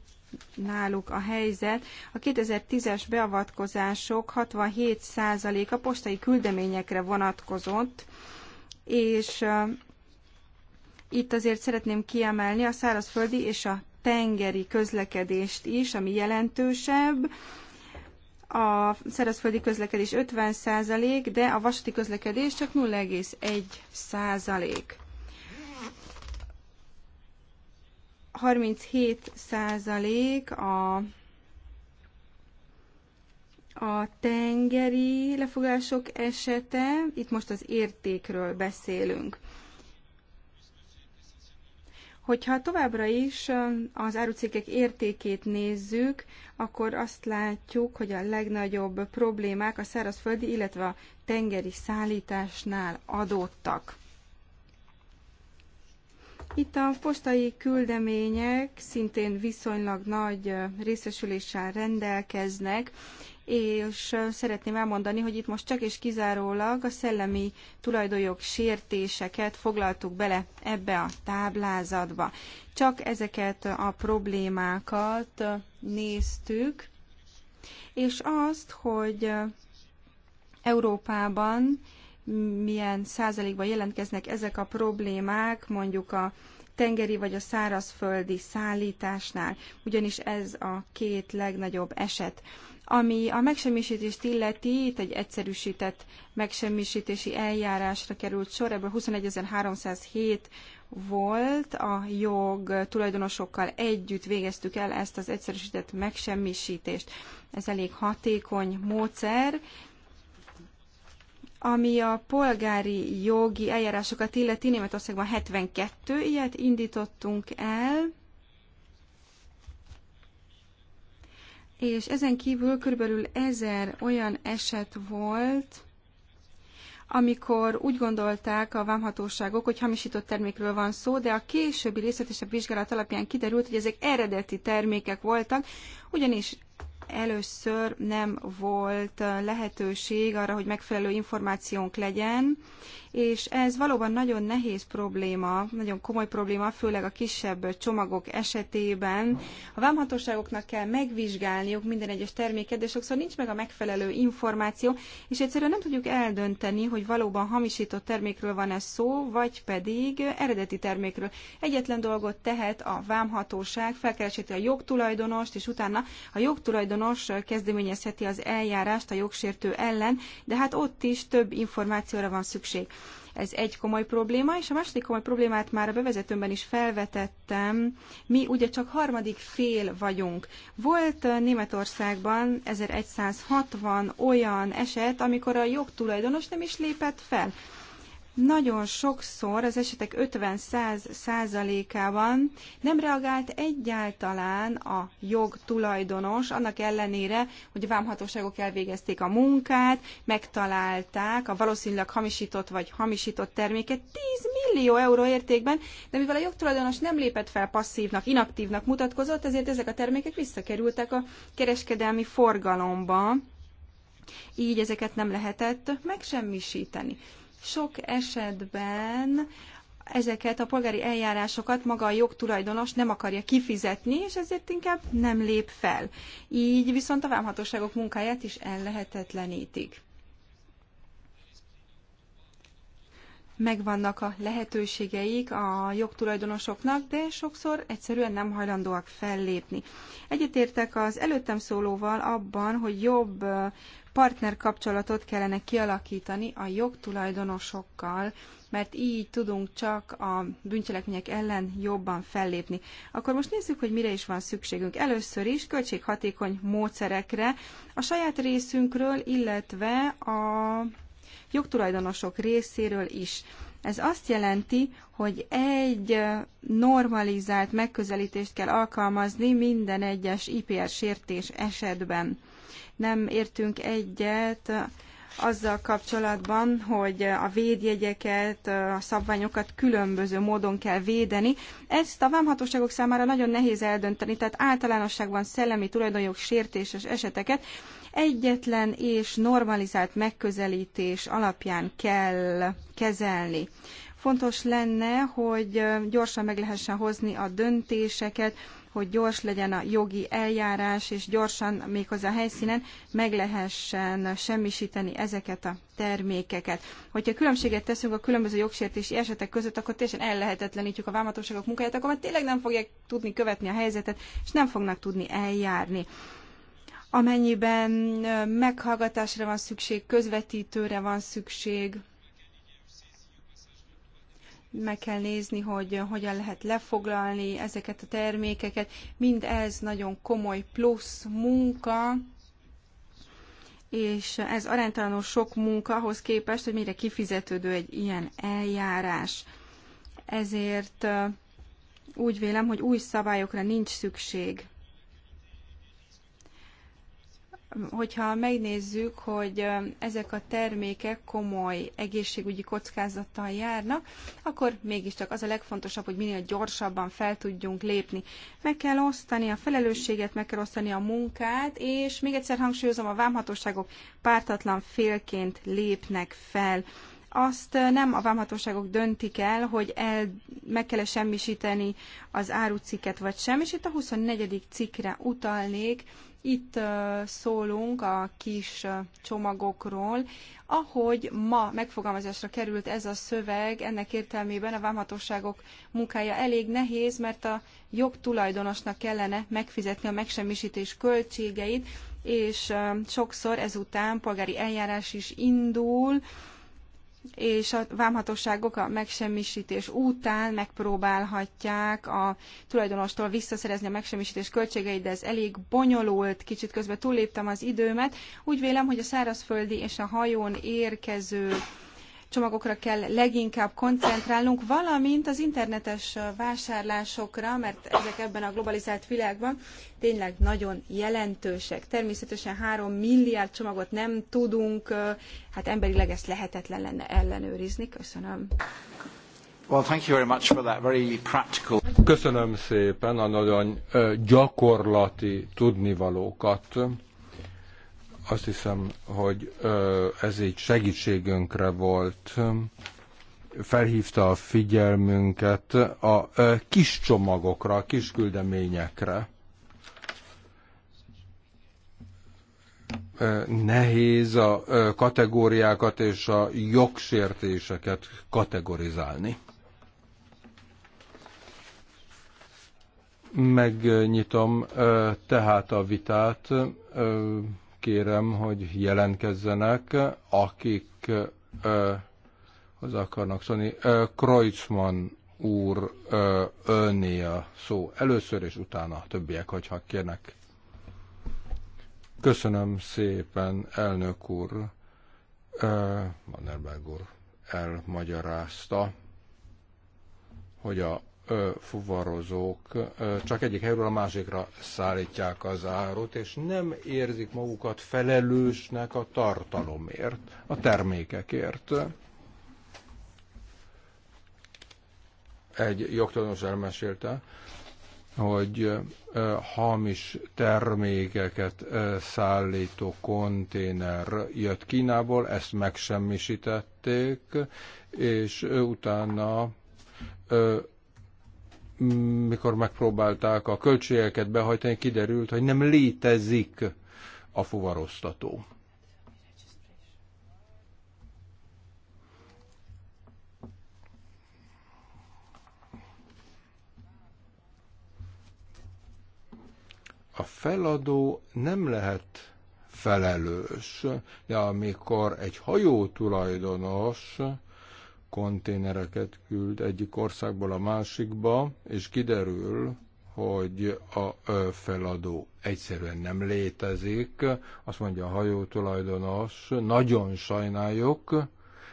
náluk a helyzet. A 2010-es beavatkozások 67%-a postai küldeményekre vonatkozott, és itt azért szeretném kiemelni a szárazföldi és a tengeri közlekedést is, ami jelentősebb. A szárazföldi közlekedés 50 százalék, de a vasúti közlekedés csak 0,1 százalék. 37 százalék a, a tengeri lefogások esete, itt most az értékről beszélünk. Hogyha továbbra is az árucikkek értékét nézzük, akkor azt látjuk, hogy a legnagyobb problémák a szárazföldi, illetve a tengeri szállításnál adottak. Itt a postai küldemények szintén viszonylag nagy részesüléssel rendelkeznek, és szeretném elmondani, hogy itt most csak és kizárólag a szellemi tulajdonjog sértéseket foglaltuk bele ebbe a táblázatba. Csak ezeket a problémákat néztük, és azt, hogy Európában milyen százalékban jelentkeznek ezek a problémák, mondjuk a tengeri vagy a szárazföldi szállításnál, ugyanis ez a két legnagyobb eset. Ami a megsemmisítést illeti, itt egy egyszerűsített megsemmisítési eljárásra került sor, ebből 21.307 volt, a jog tulajdonosokkal együtt végeztük el ezt az egyszerűsített megsemmisítést. Ez elég hatékony módszer, ami a polgári jogi eljárásokat illeti, Németországban 72 ilyet indítottunk el, és ezen kívül körülbelül ezer olyan eset volt, amikor úgy gondolták a vámhatóságok, hogy hamisított termékről van szó, de a későbbi részletesebb vizsgálat alapján kiderült, hogy ezek eredeti termékek voltak, ugyanis először nem volt lehetőség arra, hogy megfelelő információnk legyen, és ez valóban nagyon nehéz probléma, nagyon komoly probléma, főleg a kisebb csomagok esetében. A vámhatóságoknak kell megvizsgálniuk minden egyes terméket, de sokszor nincs meg a megfelelő információ, és egyszerűen nem tudjuk eldönteni, hogy valóban hamisított termékről van ez szó, vagy pedig eredeti termékről. Egyetlen dolgot tehet a vámhatóság, felkereseti a jogtulajdonost, és utána a jogtulajdonos kezdeményezheti az eljárást a jogsértő ellen, de hát ott is több információra van szükség. Ez egy komoly probléma, és a második komoly problémát már a bevezetőmben is felvetettem. Mi ugye csak harmadik fél vagyunk. Volt Németországban 1160 olyan eset, amikor a jogtulajdonos nem is lépett fel. Nagyon sokszor az esetek 50-100%-ában nem reagált egyáltalán a jog tulajdonos, annak ellenére, hogy a vámhatóságok elvégezték a munkát, megtalálták a valószínűleg hamisított vagy hamisított terméket 10 millió euró értékben, de mivel a jogtulajdonos nem lépett fel passzívnak, inaktívnak mutatkozott, ezért ezek a termékek visszakerültek a kereskedelmi forgalomba így ezeket nem lehetett megsemmisíteni. Sok esetben ezeket a polgári eljárásokat maga a jogtulajdonos nem akarja kifizetni, és ezért inkább nem lép fel. Így viszont a vámhatóságok munkáját is ellehetetlenítik. megvannak a lehetőségeik a jogtulajdonosoknak, de sokszor egyszerűen nem hajlandóak fellépni. Egyetértek az előttem szólóval abban, hogy jobb partnerkapcsolatot kellene kialakítani a jogtulajdonosokkal, mert így tudunk csak a bűncselekmények ellen jobban fellépni. Akkor most nézzük, hogy mire is van szükségünk. Először is költséghatékony módszerekre a saját részünkről, illetve a jogtulajdonosok részéről is. Ez azt jelenti, hogy egy normalizált megközelítést kell alkalmazni minden egyes IPR sértés esetben nem értünk egyet azzal kapcsolatban, hogy a védjegyeket, a szabványokat különböző módon kell védeni. Ezt a vámhatóságok számára nagyon nehéz eldönteni, tehát általánosságban szellemi tulajdonjog sértéses eseteket egyetlen és normalizált megközelítés alapján kell kezelni. Fontos lenne, hogy gyorsan meg lehessen hozni a döntéseket, hogy gyors legyen a jogi eljárás, és gyorsan méghozzá a helyszínen meg lehessen semmisíteni ezeket a termékeket. Hogyha különbséget teszünk a különböző jogsértési esetek között, akkor teljesen ellehetetlenítjük a vámhatóságok munkáját, akkor már tényleg nem fogják tudni követni a helyzetet, és nem fognak tudni eljárni amennyiben meghallgatásra van szükség, közvetítőre van szükség, meg kell nézni, hogy hogyan lehet lefoglalni ezeket a termékeket. Mind ez nagyon komoly plusz munka, és ez aránytalanul sok munkahoz képest, hogy mire kifizetődő egy ilyen eljárás. Ezért úgy vélem, hogy új szabályokra nincs szükség hogyha megnézzük, hogy ezek a termékek komoly egészségügyi kockázattal járnak, akkor mégiscsak az a legfontosabb, hogy minél gyorsabban fel tudjunk lépni. Meg kell osztani a felelősséget, meg kell osztani a munkát, és még egyszer hangsúlyozom, a vámhatóságok pártatlan félként lépnek fel azt nem a vámhatóságok döntik el, hogy el, meg kell -e semmisíteni az árucikket vagy sem, és itt a 24. cikkre utalnék, itt szólunk a kis csomagokról. Ahogy ma megfogalmazásra került ez a szöveg, ennek értelmében a vámhatóságok munkája elég nehéz, mert a jogtulajdonosnak kellene megfizetni a megsemmisítés költségeit, és sokszor ezután polgári eljárás is indul, és a vámhatóságok a megsemmisítés után megpróbálhatják a tulajdonostól visszaszerezni a megsemmisítés költségeit, de ez elég bonyolult, kicsit közben túlléptem az időmet. Úgy vélem, hogy a szárazföldi és a hajón érkező csomagokra kell leginkább koncentrálnunk, valamint az internetes vásárlásokra, mert ezek ebben a globalizált világban tényleg nagyon jelentősek. Természetesen három milliárd csomagot nem tudunk, hát emberileg ezt lehetetlen lenne ellenőrizni. Köszönöm. Well, thank you very much for that very practical. Köszönöm szépen a nagyon gyakorlati tudnivalókat. Azt hiszem, hogy ez egy segítségünkre volt. Felhívta a figyelmünket a kis csomagokra, a kis küldeményekre. Nehéz a kategóriákat és a jogsértéseket kategorizálni. megnyitom tehát a vitát kérem, hogy jelentkezzenek, akik ö, az akarnak szólni. Kreutzmann úr ö, ölné a szó először, és utána a többiek, hogyha kérnek. Köszönöm szépen, elnök úr. Ö, úr elmagyarázta, hogy a fuvarozók csak egyik helyről a másikra szállítják az árut, és nem érzik magukat felelősnek a tartalomért, a termékekért. Egy jogtudós elmesélte, hogy hamis termékeket szállító konténer jött Kínából, ezt megsemmisítették, és utána mikor megpróbálták a költségeket behajtani, kiderült, hogy nem létezik a fuvaroztató. A feladó nem lehet felelős, de amikor egy hajó tulajdonos konténereket küld egyik országból a másikba, és kiderül, hogy a feladó egyszerűen nem létezik. Azt mondja a hajó tulajdonos, nagyon sajnáljuk,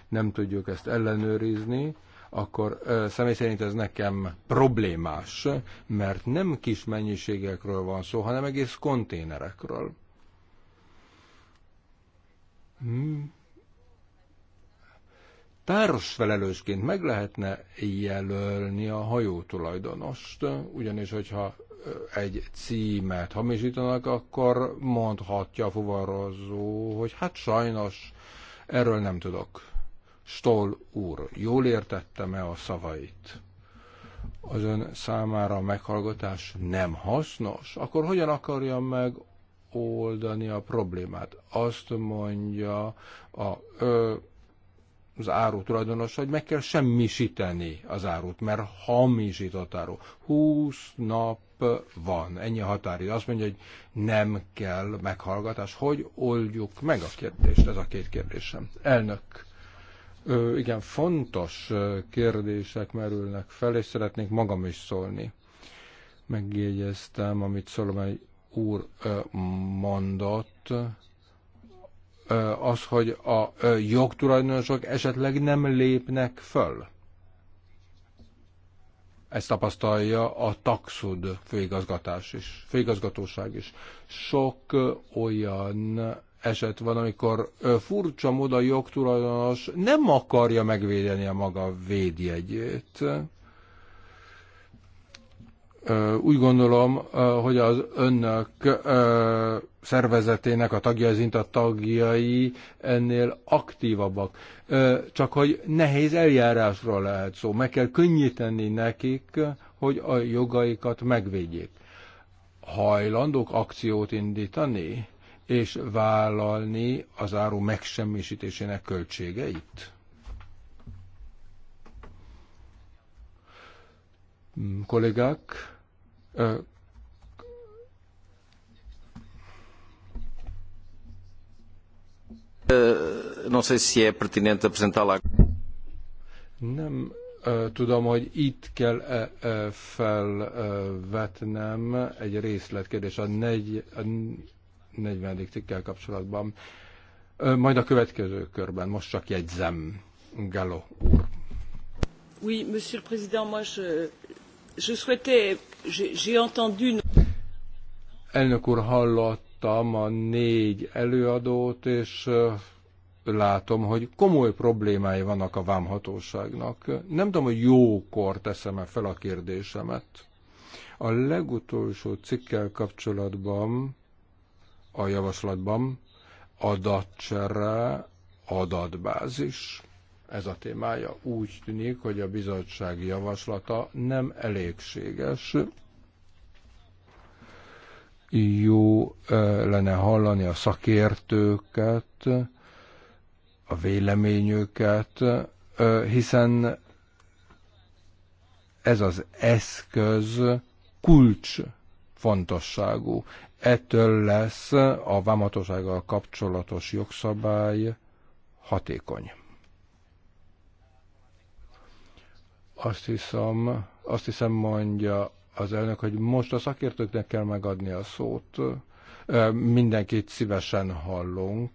nem tudjuk ezt ellenőrizni, akkor személy szerint ez nekem problémás, mert nem kis mennyiségekről van szó, hanem egész konténerekről. Hmm felelősként meg lehetne jelölni a hajó tulajdonost, ugyanis hogyha egy címet hamisítanak, akkor mondhatja a fuvarozó, hogy hát sajnos erről nem tudok. Stoll úr, jól értettem-e a szavait? Az ön számára a meghallgatás nem hasznos? Akkor hogyan akarja meg oldani a problémát? Azt mondja a ö, az áru tulajdonos, hogy meg kell semmisíteni az árut, mert hamisított áru. 20 nap van, ennyi a határi. Azt mondja, hogy nem kell meghallgatás. Hogy oldjuk meg a kérdést? Ez a két kérdésem. Elnök. Ö, igen, fontos kérdések merülnek fel, és szeretnék magam is szólni. Megjegyeztem, amit Szolomai úr mondott, az, hogy a jogtulajdonosok esetleg nem lépnek föl. Ezt tapasztalja a taxud főigazgatás is, főigazgatóság is. Sok olyan eset van, amikor furcsa módon a jogtulajdonos nem akarja megvédeni a maga védjegyét úgy gondolom, hogy az önök szervezetének a tagja, az a tagjai ennél aktívabbak. Csak hogy nehéz eljárásról lehet szó. Meg kell könnyíteni nekik, hogy a jogaikat megvédjék. Hajlandók akciót indítani és vállalni az áru megsemmisítésének költségeit? kollégák, pertinente Nem tudom, hogy itt kell -e felvetnem egy részletkérdés a, negy, a 40. cikkel kapcsolatban. Majd a következő körben, most csak jegyzem, Galo úr. Oui, monsieur le président, moi je, Je souhaitais, j'ai entendu... Elnök úr, hallottam a négy előadót, és látom, hogy komoly problémái vannak a vámhatóságnak. Nem tudom, hogy jókor teszem-e fel a kérdésemet. A legutolsó cikkel kapcsolatban, a javaslatban adatcsere, adatbázis ez a témája. Úgy tűnik, hogy a bizottsági javaslata nem elégséges. Jó lenne hallani a szakértőket, a véleményüket, hiszen ez az eszköz kulcs fontosságú. Ettől lesz a vámhatósággal kapcsolatos jogszabály hatékony. Azt hiszem, azt hiszem mondja az elnök, hogy most a szakértőknek kell megadni a szót. Mindenkit szívesen hallunk,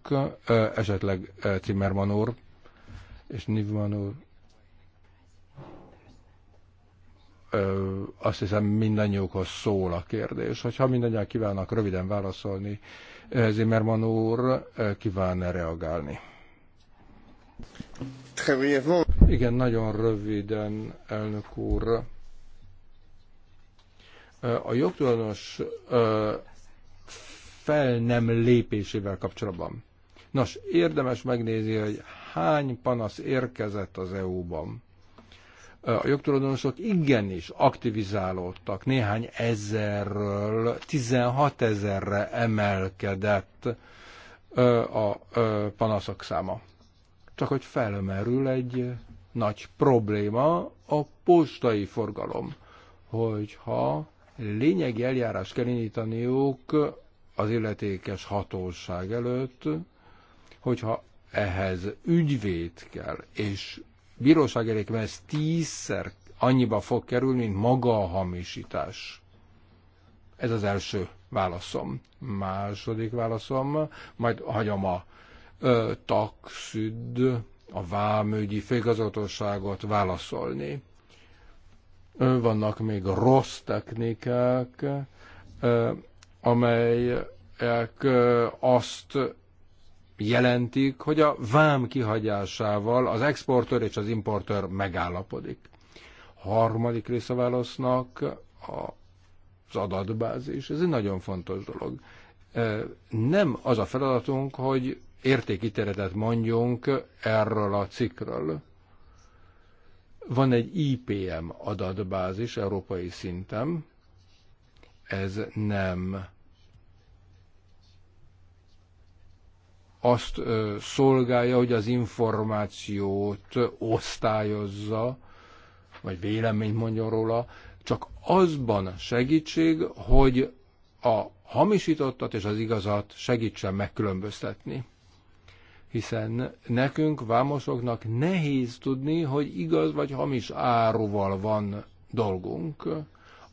esetleg Timmerman úr és Nivman úr. Azt hiszem mindannyiukhoz szól a kérdés. Hogyha mindannyian kívánnak röviden válaszolni, Zimmerman úr kíván -e reagálni. Igen, nagyon röviden, elnök úr. A jogtulajdonos fel nem lépésével kapcsolatban. Nos, érdemes megnézni, hogy hány panasz érkezett az EU-ban. A jogtulajdonosok igenis aktivizálódtak, néhány ezerről 16 ezerre emelkedett a panaszok száma. Csak hogy felmerül egy nagy probléma a postai forgalom, hogyha lényegi eljárás kell indítaniuk az illetékes hatóság előtt, hogyha ehhez ügyvéd kell, és bíróság mert ez tízszer annyiba fog kerülni, mint maga a hamisítás. Ez az első válaszom. Második válaszom, majd hagyom a taxid, a vámügyi főigazgatóságot válaszolni. Vannak még rossz technikák, amelyek azt jelentik, hogy a vám kihagyásával az exportőr és az importőr megállapodik. Harmadik része válasznak az adatbázis. Ez egy nagyon fontos dolog. Nem az a feladatunk, hogy értékítéletet mondjunk erről a cikkről. Van egy IPM adatbázis európai szinten, ez nem azt szolgálja, hogy az információt osztályozza, vagy véleményt mondjon róla, csak azban segítség, hogy a hamisítottat és az igazat segítsen megkülönböztetni hiszen nekünk, vámosoknak nehéz tudni, hogy igaz vagy hamis áruval van dolgunk.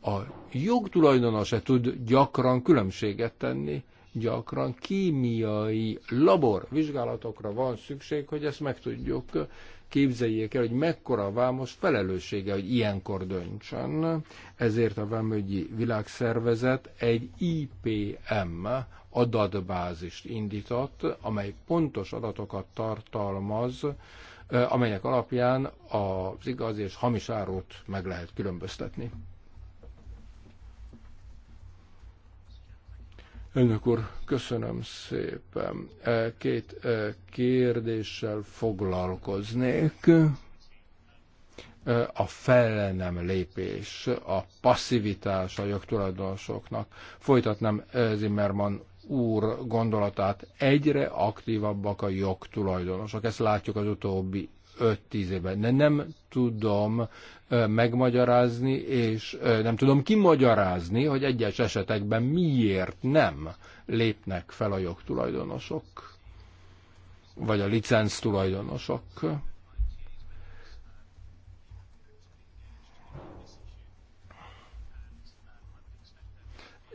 A jogtulajdona se tud gyakran különbséget tenni, gyakran kémiai labor vizsgálatokra van szükség, hogy ezt megtudjuk. Képzeljék el, hogy mekkora a vámos felelőssége, hogy ilyenkor döntsön. Ezért a Vámögyi Világszervezet egy IPM, adatbázist indított, amely pontos adatokat tartalmaz, amelyek alapján az igaz és hamis árut meg lehet különböztetni. Önök úr, köszönöm szépen. Két kérdéssel foglalkoznék. A fel lépés, a passzivitás a jogtulajdonosoknak. Folytatnám Zimmermann úr gondolatát. Egyre aktívabbak a jogtulajdonosok. Ezt látjuk az utóbbi 5-10 évben. De nem tudom megmagyarázni, és nem tudom kimagyarázni, hogy egyes esetekben miért nem lépnek fel a jogtulajdonosok vagy a licenc tulajdonosok.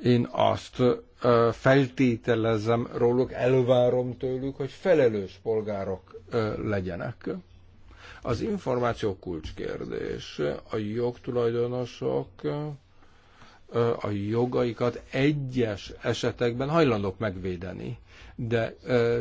Én azt feltételezem róluk, elvárom tőlük, hogy felelős polgárok legyenek. Az információ kulcskérdés. A jogtulajdonosok a jogaikat egyes esetekben hajlandók megvédeni, de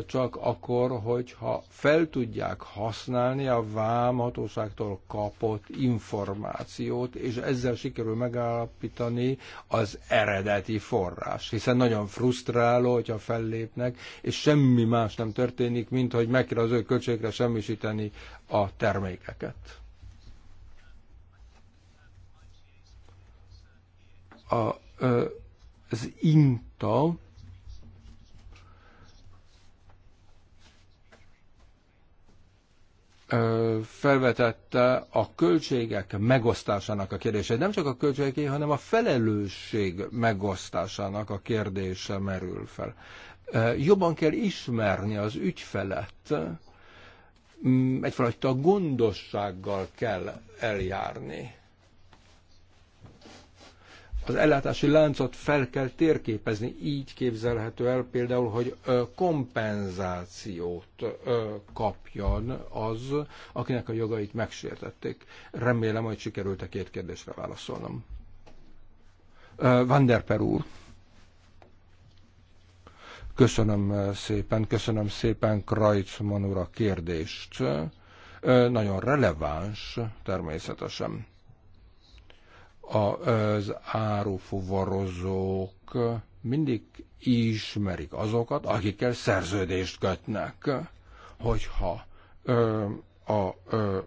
csak akkor, hogyha fel tudják használni a vámhatóságtól kapott információt, és ezzel sikerül megállapítani az eredeti forrás. Hiszen nagyon frusztráló, hogyha fellépnek, és semmi más nem történik, mint hogy meg kell az ő költségre semmisíteni a termékeket. a, az INTA felvetette a költségek megosztásának a kérdését. Nem csak a költségeké, hanem a felelősség megosztásának a kérdése merül fel. Jobban kell ismerni az ügyfelet, egyfajta gondossággal kell eljárni. Az ellátási láncot fel kell térképezni, így képzelhető el például, hogy kompenzációt kapjon az, akinek a jogait megsértették. Remélem, hogy sikerült a két kérdésre válaszolnom. Van der Per úr. Köszönöm szépen, köszönöm szépen Krajcman úr a kérdést. Nagyon releváns természetesen az árufuvarozók mindig ismerik azokat, akikkel szerződést kötnek, hogyha ö, a ö,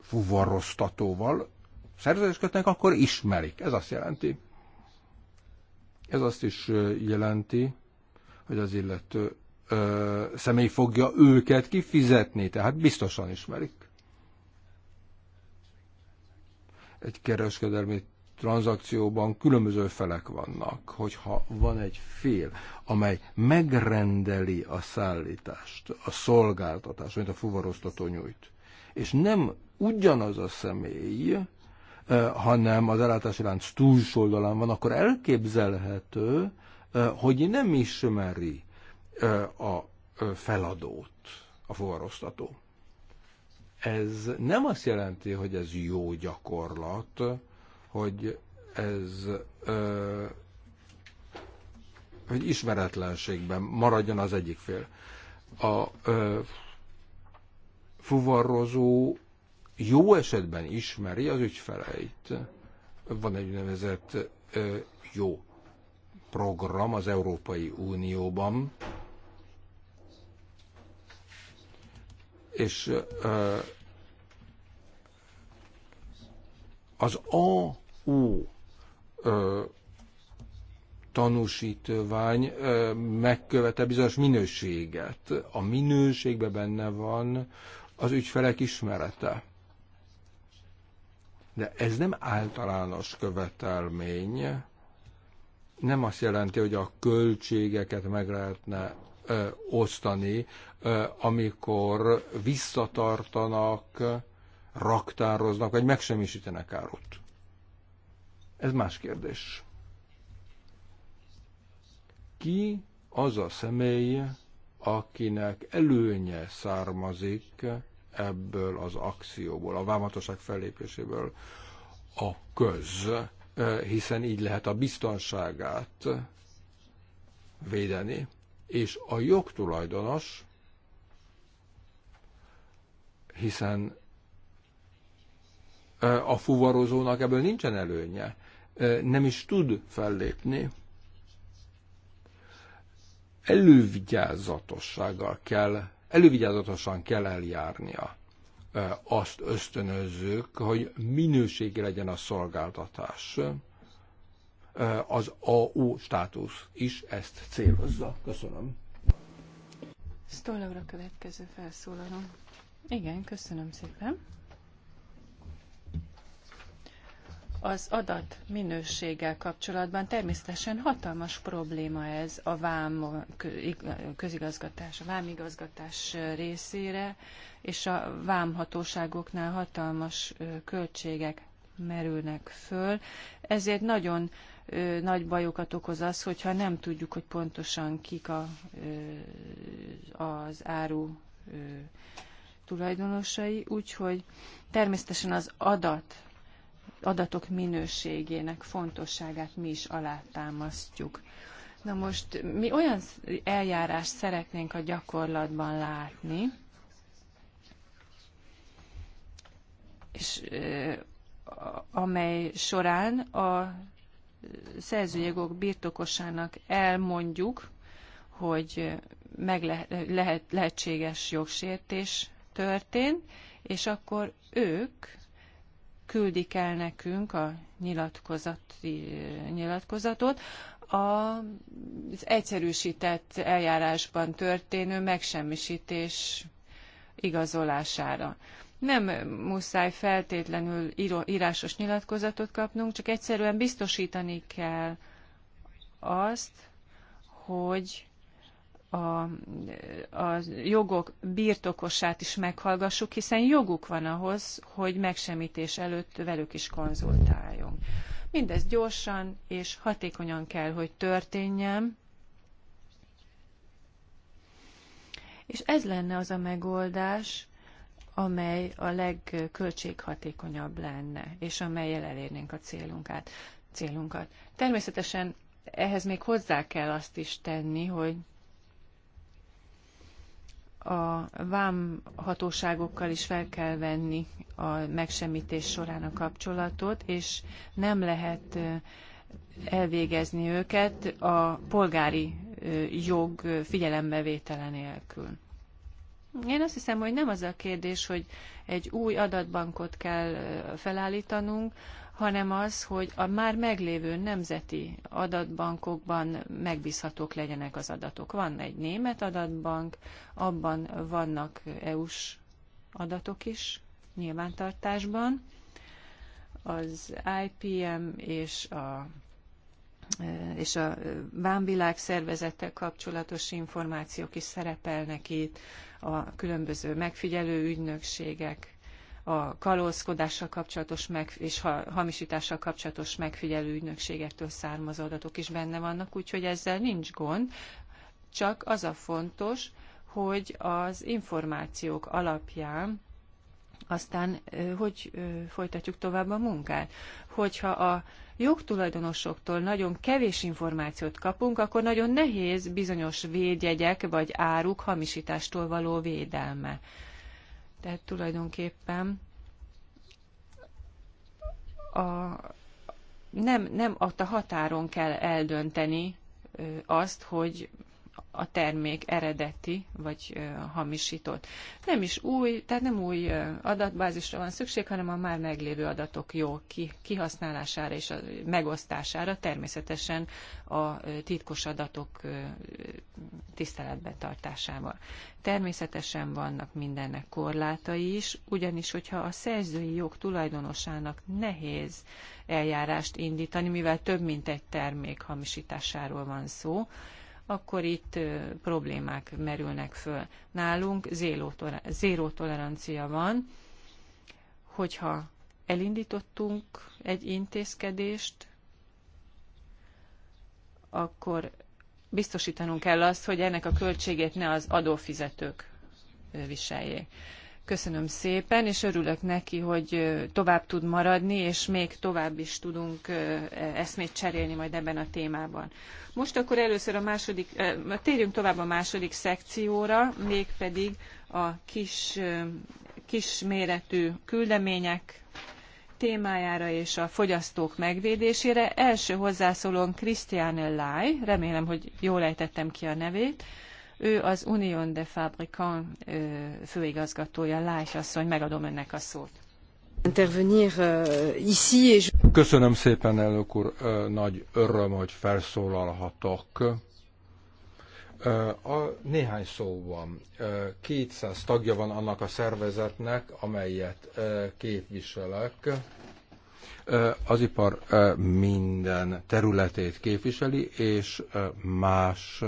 fuvaroztatóval szerződést kötnek, akkor ismerik. Ez azt jelenti. Ez azt is jelenti, hogy az illető ö, személy fogja őket kifizetni, tehát biztosan ismerik. Egy kereskedelmi tranzakcióban különböző felek vannak. Hogyha van egy fél, amely megrendeli a szállítást, a szolgáltatást, amit a fuvaroztató nyújt, és nem ugyanaz a személy, hanem az ellátási lánc túlsoldalán van, akkor elképzelhető, hogy nem ismeri a feladót a fuvaroztató. Ez nem azt jelenti, hogy ez jó gyakorlat, hogy ez hogy ismeretlenségben maradjon az egyik fél. A ö, fuvarozó jó esetben ismeri az ügyfeleit. Van egy nevezett ö, jó program az Európai Unióban, és ö, az A U ö, tanúsítvány ö, bizonyos minőséget. A minőségben benne van az ügyfelek ismerete. De ez nem általános követelmény, nem azt jelenti, hogy a költségeket meg lehetne ö, osztani, ö, amikor visszatartanak, raktároznak, vagy megsemmisítenek árut. Ez más kérdés. Ki az a személy, akinek előnye származik ebből az akcióból, a vámatosság fellépéséből a köz, hiszen így lehet a biztonságát védeni, és a jogtulajdonos, hiszen a fuvarozónak ebből nincsen előnye, nem is tud fellépni. Elővigyázatossággal kell, elővigyázatosan kell eljárnia. Azt ösztönözzük, hogy minőségi legyen a szolgáltatás. Az AU státusz is ezt célozza. Köszönöm. Stollavra következő felszólalom. Igen, köszönöm szépen. az adat minőséggel kapcsolatban természetesen hatalmas probléma ez a vám közigazgatás, a vámigazgatás részére, és a vámhatóságoknál hatalmas költségek merülnek föl. Ezért nagyon nagy bajokat okoz az, hogyha nem tudjuk, hogy pontosan kik a, az áru tulajdonosai, úgyhogy természetesen az adat adatok minőségének fontosságát mi is alátámasztjuk. Na most mi olyan eljárást szeretnénk a gyakorlatban látni, és amely során a szerzőjogok birtokosának elmondjuk, hogy meg lehet, lehetséges jogsértés történt, és akkor ők küldik el nekünk a nyilatkozat, nyilatkozatot, az egyszerűsített eljárásban történő megsemmisítés igazolására. Nem muszáj feltétlenül írásos nyilatkozatot kapnunk, csak egyszerűen biztosítani kell azt, hogy a, a jogok birtokosát is meghallgassuk, hiszen joguk van ahhoz, hogy megsemmités előtt velük is konzultáljunk. Mindez gyorsan és hatékonyan kell, hogy történjen, és ez lenne az a megoldás, amely a legköltséghatékonyabb lenne, és amelyel elérnénk a célunkat. célunkat. Természetesen ehhez még hozzá kell azt is tenni, hogy a vám hatóságokkal is fel kell venni a megsemmités során a kapcsolatot, és nem lehet elvégezni őket a polgári jog figyelembevétele nélkül. Én azt hiszem, hogy nem az a kérdés, hogy egy új adatbankot kell felállítanunk, hanem az, hogy a már meglévő nemzeti adatbankokban megbízhatók legyenek az adatok. Van egy német adatbank, abban vannak EU-s adatok is nyilvántartásban. Az IPM és a e, és a vámvilág szervezettel kapcsolatos információk is szerepelnek itt, a különböző megfigyelő ügynökségek a kalózkodással kapcsolatos meg, és hamisítással kapcsolatos megfigyelő ügynökségektől származó adatok is benne vannak, úgyhogy ezzel nincs gond, csak az a fontos, hogy az információk alapján aztán hogy folytatjuk tovább a munkát? Hogyha a jogtulajdonosoktól nagyon kevés információt kapunk, akkor nagyon nehéz bizonyos védjegyek vagy áruk hamisítástól való védelme. Tehát tulajdonképpen a, nem, nem ott a határon kell eldönteni azt, hogy a termék eredeti vagy hamisított. Nem is új, tehát nem új adatbázisra van szükség, hanem a már meglévő adatok jó kihasználására és a megosztására, természetesen a titkos adatok tiszteletbe tartásával. Természetesen vannak mindennek korlátai is, ugyanis hogyha a szerzői jog tulajdonosának nehéz eljárást indítani, mivel több mint egy termék hamisításáról van szó, akkor itt problémák merülnek föl. Nálunk zéró tolerancia van, hogyha elindítottunk egy intézkedést, akkor biztosítanunk kell azt, hogy ennek a költségét ne az adófizetők viseljék. Köszönöm szépen, és örülök neki, hogy tovább tud maradni, és még tovább is tudunk e, eszmét cserélni majd ebben a témában. Most akkor először a második, térjünk tovább a második szekcióra, mégpedig a kis, kisméretű küldemények témájára és a fogyasztók megvédésére. Első hozzászólón Krisztián Láj, remélem, hogy jól ejtettem ki a nevét, ő az Union de Fabricant főigazgatója. Lájs asszony, megadom önnek a szót. Köszönöm szépen, elnök úr. Nagy öröm, hogy felszólalhatok. A néhány szóban. 200 tagja van annak a szervezetnek, amelyet képviselek. Az ipar minden területét képviseli, és más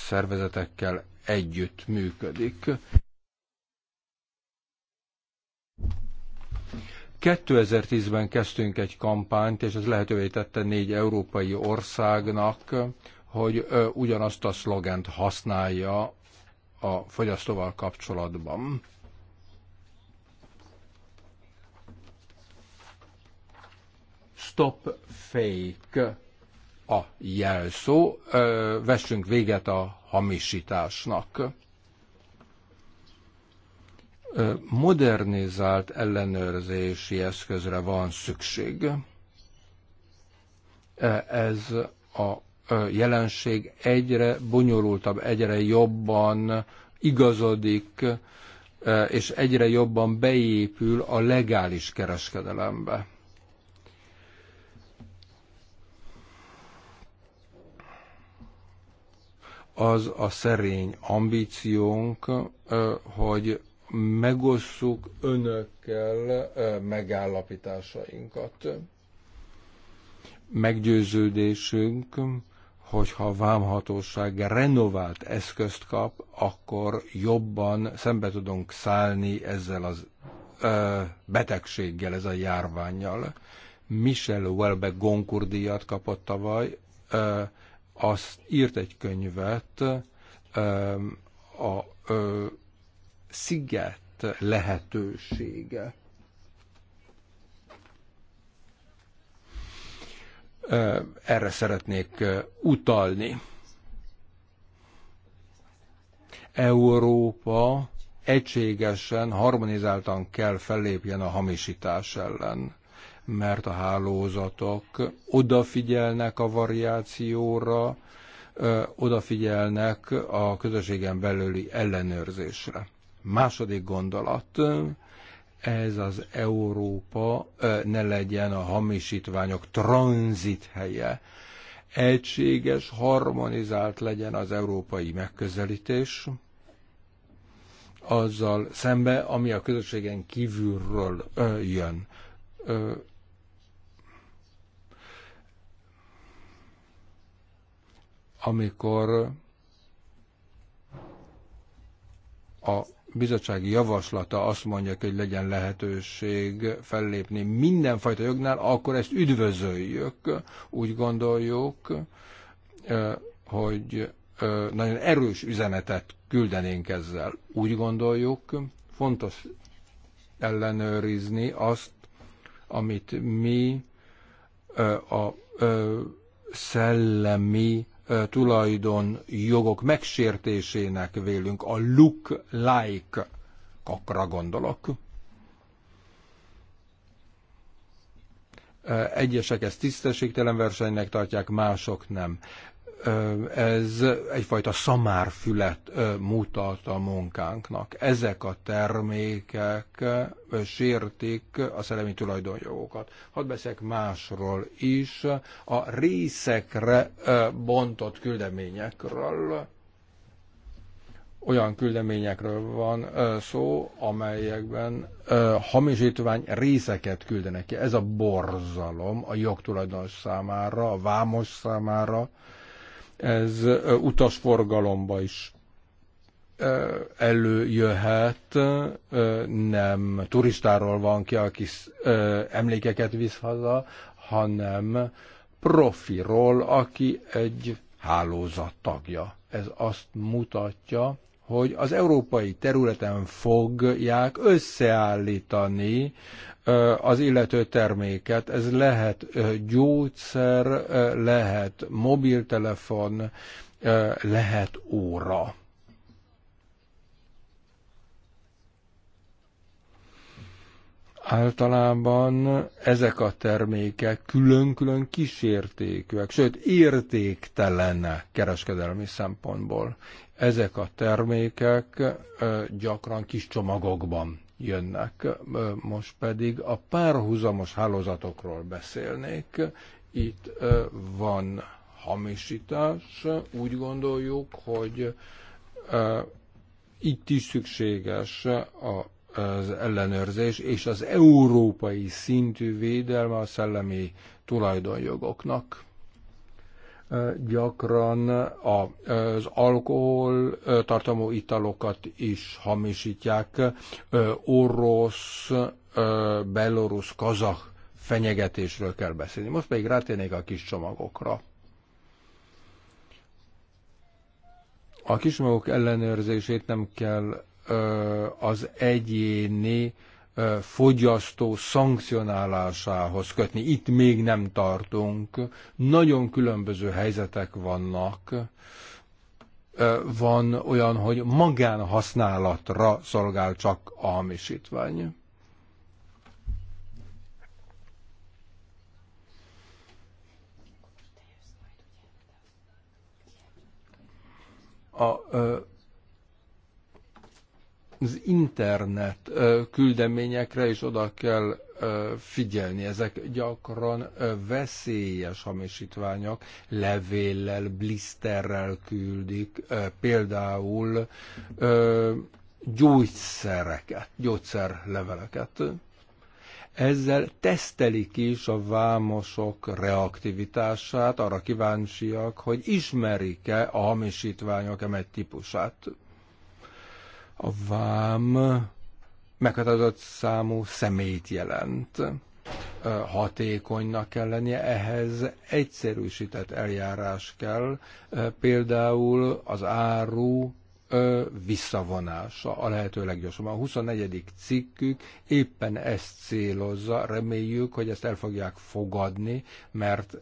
szervezetekkel együtt működik. 2010-ben kezdtünk egy kampányt, és ez lehetővé tette négy európai országnak, hogy ugyanazt a szlogent használja a fogyasztóval kapcsolatban. Stop fake a jelszó, vessünk véget a hamisításnak. Modernizált ellenőrzési eszközre van szükség. Ez a jelenség egyre bonyolultabb, egyre jobban igazodik, és egyre jobban beépül a legális kereskedelembe az a szerény ambíciónk, hogy megosszuk önökkel megállapításainkat. Meggyőződésünk, hogyha a vámhatóság renovált eszközt kap, akkor jobban szembe tudunk szállni ezzel az ö, betegséggel, ez a járványjal. Michel Welbeck Goncourt díjat kapott tavaly, ö, azt írt egy könyvet a sziget lehetősége. Erre szeretnék utalni. Európa egységesen, harmonizáltan kell fellépjen a hamisítás ellen mert a hálózatok odafigyelnek a variációra, odafigyelnek a közösségen belüli ellenőrzésre. Második gondolat, ez az Európa ne legyen a hamisítványok tranzit helye. Egységes, harmonizált legyen az európai megközelítés, azzal szembe, ami a közösségen kívülről jön. amikor a bizottsági javaslata azt mondja, hogy legyen lehetőség fellépni mindenfajta jognál, akkor ezt üdvözöljük. Úgy gondoljuk, hogy nagyon erős üzenetet küldenénk ezzel. Úgy gondoljuk, fontos ellenőrizni azt, amit mi a szellemi tulajdon jogok megsértésének vélünk, a look like kakra gondolok. Egyesek ezt tisztességtelen versenynek tartják, mások nem ez egyfajta szamárfület mutat a munkánknak. Ezek a termékek sértik a szellemi tulajdonjogokat. Hadd beszéljek másról is, a részekre bontott küldeményekről. Olyan küldeményekről van szó, amelyekben hamisítvány részeket küldenek ki. Ez a borzalom a jogtulajdonos számára, a vámos számára, ez utasforgalomba is előjöhet, nem turistáról van ki, aki emlékeket visz haza, hanem profiról, aki egy hálózat tagja. Ez azt mutatja, hogy az európai területen fogják összeállítani az illető terméket. Ez lehet gyógyszer, lehet mobiltelefon, lehet óra. Általában ezek a termékek külön-külön kísértékűek, sőt értéktelen kereskedelmi szempontból. Ezek a termékek gyakran kis csomagokban jönnek. Most pedig a párhuzamos hálózatokról beszélnék. Itt van hamisítás. Úgy gondoljuk, hogy itt is szükséges a az ellenőrzés és az európai szintű védelme a szellemi tulajdonjogoknak. Gyakran az alkohol tartalmú italokat is hamisítják, orosz, belorusz, kazah fenyegetésről kell beszélni. Most pedig rátérnék a kis csomagokra. A kismagok ellenőrzését nem kell az egyéni fogyasztó szankcionálásához kötni. Itt még nem tartunk. Nagyon különböző helyzetek vannak. Van olyan, hogy magánhasználatra szolgál csak a hamisítvány. A az internet küldeményekre is oda kell figyelni. Ezek gyakran veszélyes hamisítványok, levéllel, bliszterrel küldik, például gyógyszereket, gyógyszerleveleket. Ezzel tesztelik is a vámosok reaktivitását, arra kíváncsiak, hogy ismerik-e a hamisítványok emelt típusát a vám meghatározott számú személyt jelent. Hatékonynak kell lennie, ehhez egyszerűsített eljárás kell, például az áru visszavonása a lehető leggyorsabban. A 24. cikkük éppen ezt célozza, reméljük, hogy ezt el fogják fogadni, mert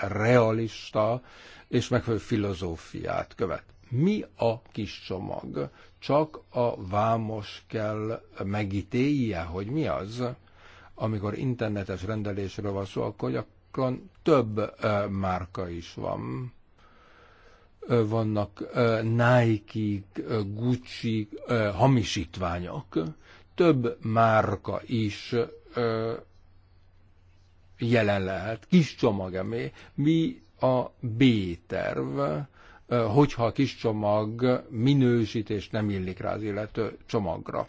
realista és megfelelő filozófiát követ. Mi a kis csomag? csak a vámos kell megítélje, hogy mi az. Amikor internetes rendelésről van szó, akkor gyakran több márka is van vannak Nike, Gucci, hamisítványok, több márka is jelen lehet, kis csomag emé, mi a B-terv, hogyha a kis csomag minősítés nem illik rá az illető csomagra.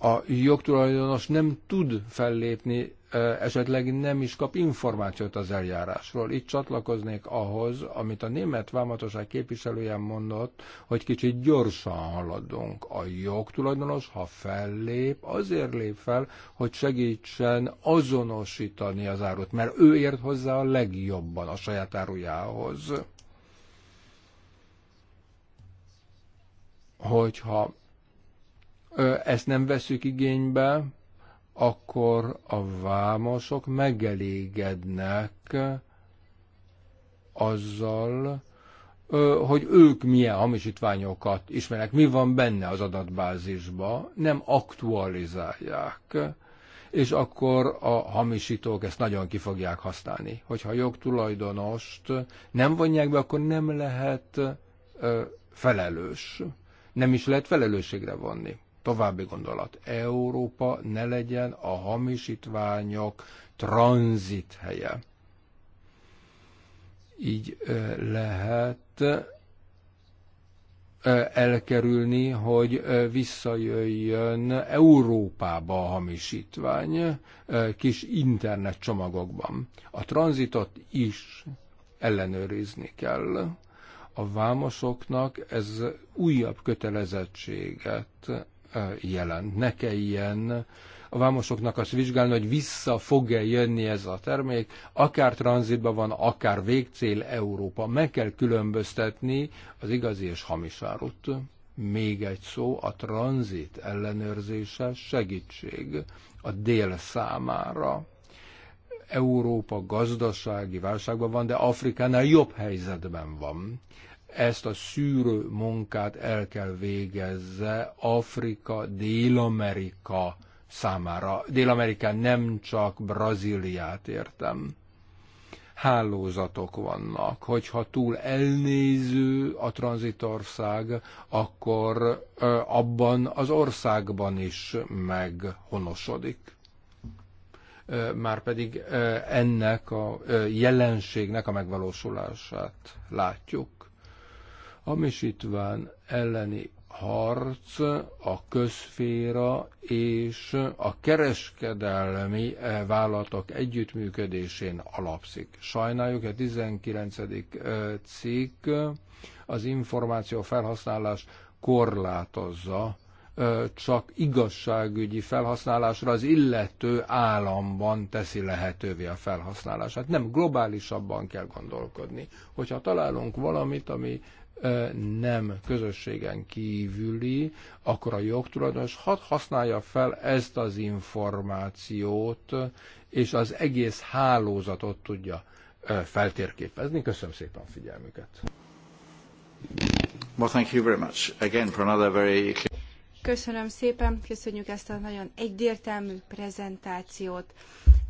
A jogtulajdonos nem tud fellépni esetleg nem is kap információt az eljárásról. Itt csatlakoznék ahhoz, amit a német vámhatóság képviselője mondott, hogy kicsit gyorsan haladunk. A jogtulajdonos, ha fellép, azért lép fel, hogy segítsen azonosítani az árut, mert ő ért hozzá a legjobban a saját árujához. Hogyha ezt nem veszük igénybe, akkor a vámosok megelégednek azzal, hogy ők milyen hamisítványokat ismernek, mi van benne az adatbázisba, nem aktualizálják, és akkor a hamisítók ezt nagyon ki fogják használni. Hogyha jogtulajdonost nem vonják be, akkor nem lehet felelős. Nem is lehet felelősségre vonni. További gondolat. Európa ne legyen a hamisítványok tranzit helye. Így lehet elkerülni, hogy visszajöjjön Európába a hamisítvány kis internet csomagokban. A tranzitot is ellenőrizni kell. A vámosoknak ez újabb kötelezettséget jelent. Ne kelljen a vámosoknak azt vizsgálni, hogy vissza fog-e jönni ez a termék, akár tranzitban van, akár végcél Európa. Meg kell különböztetni az igazi és hamis árut. Még egy szó, a tranzit ellenőrzése segítség a dél számára. Európa gazdasági válságban van, de Afrikánál jobb helyzetben van ezt a szűrő munkát el kell végezze Afrika, Dél-Amerika számára. Dél-Amerikán nem csak Brazíliát értem. Hálózatok vannak. Hogyha túl elnéző a tranzitország, akkor abban az országban is meghonosodik már pedig ennek a jelenségnek a megvalósulását látjuk hamisítván elleni harc a közféra és a kereskedelmi eh, vállalatok együttműködésén alapszik. Sajnáljuk, a 19. Eh, cikk az információ felhasználás korlátozza eh, csak igazságügyi felhasználásra az illető államban teszi lehetővé a felhasználását. Nem globálisabban kell gondolkodni. Hogyha találunk valamit, ami nem közösségen kívüli, akkor a jogtulajdonos hat használja fel ezt az információt, és az egész hálózatot tudja feltérképezni. Köszönöm szépen a figyelmüket. Well, thank you very much again for another very Köszönöm szépen, köszönjük ezt a nagyon egyértelmű prezentációt.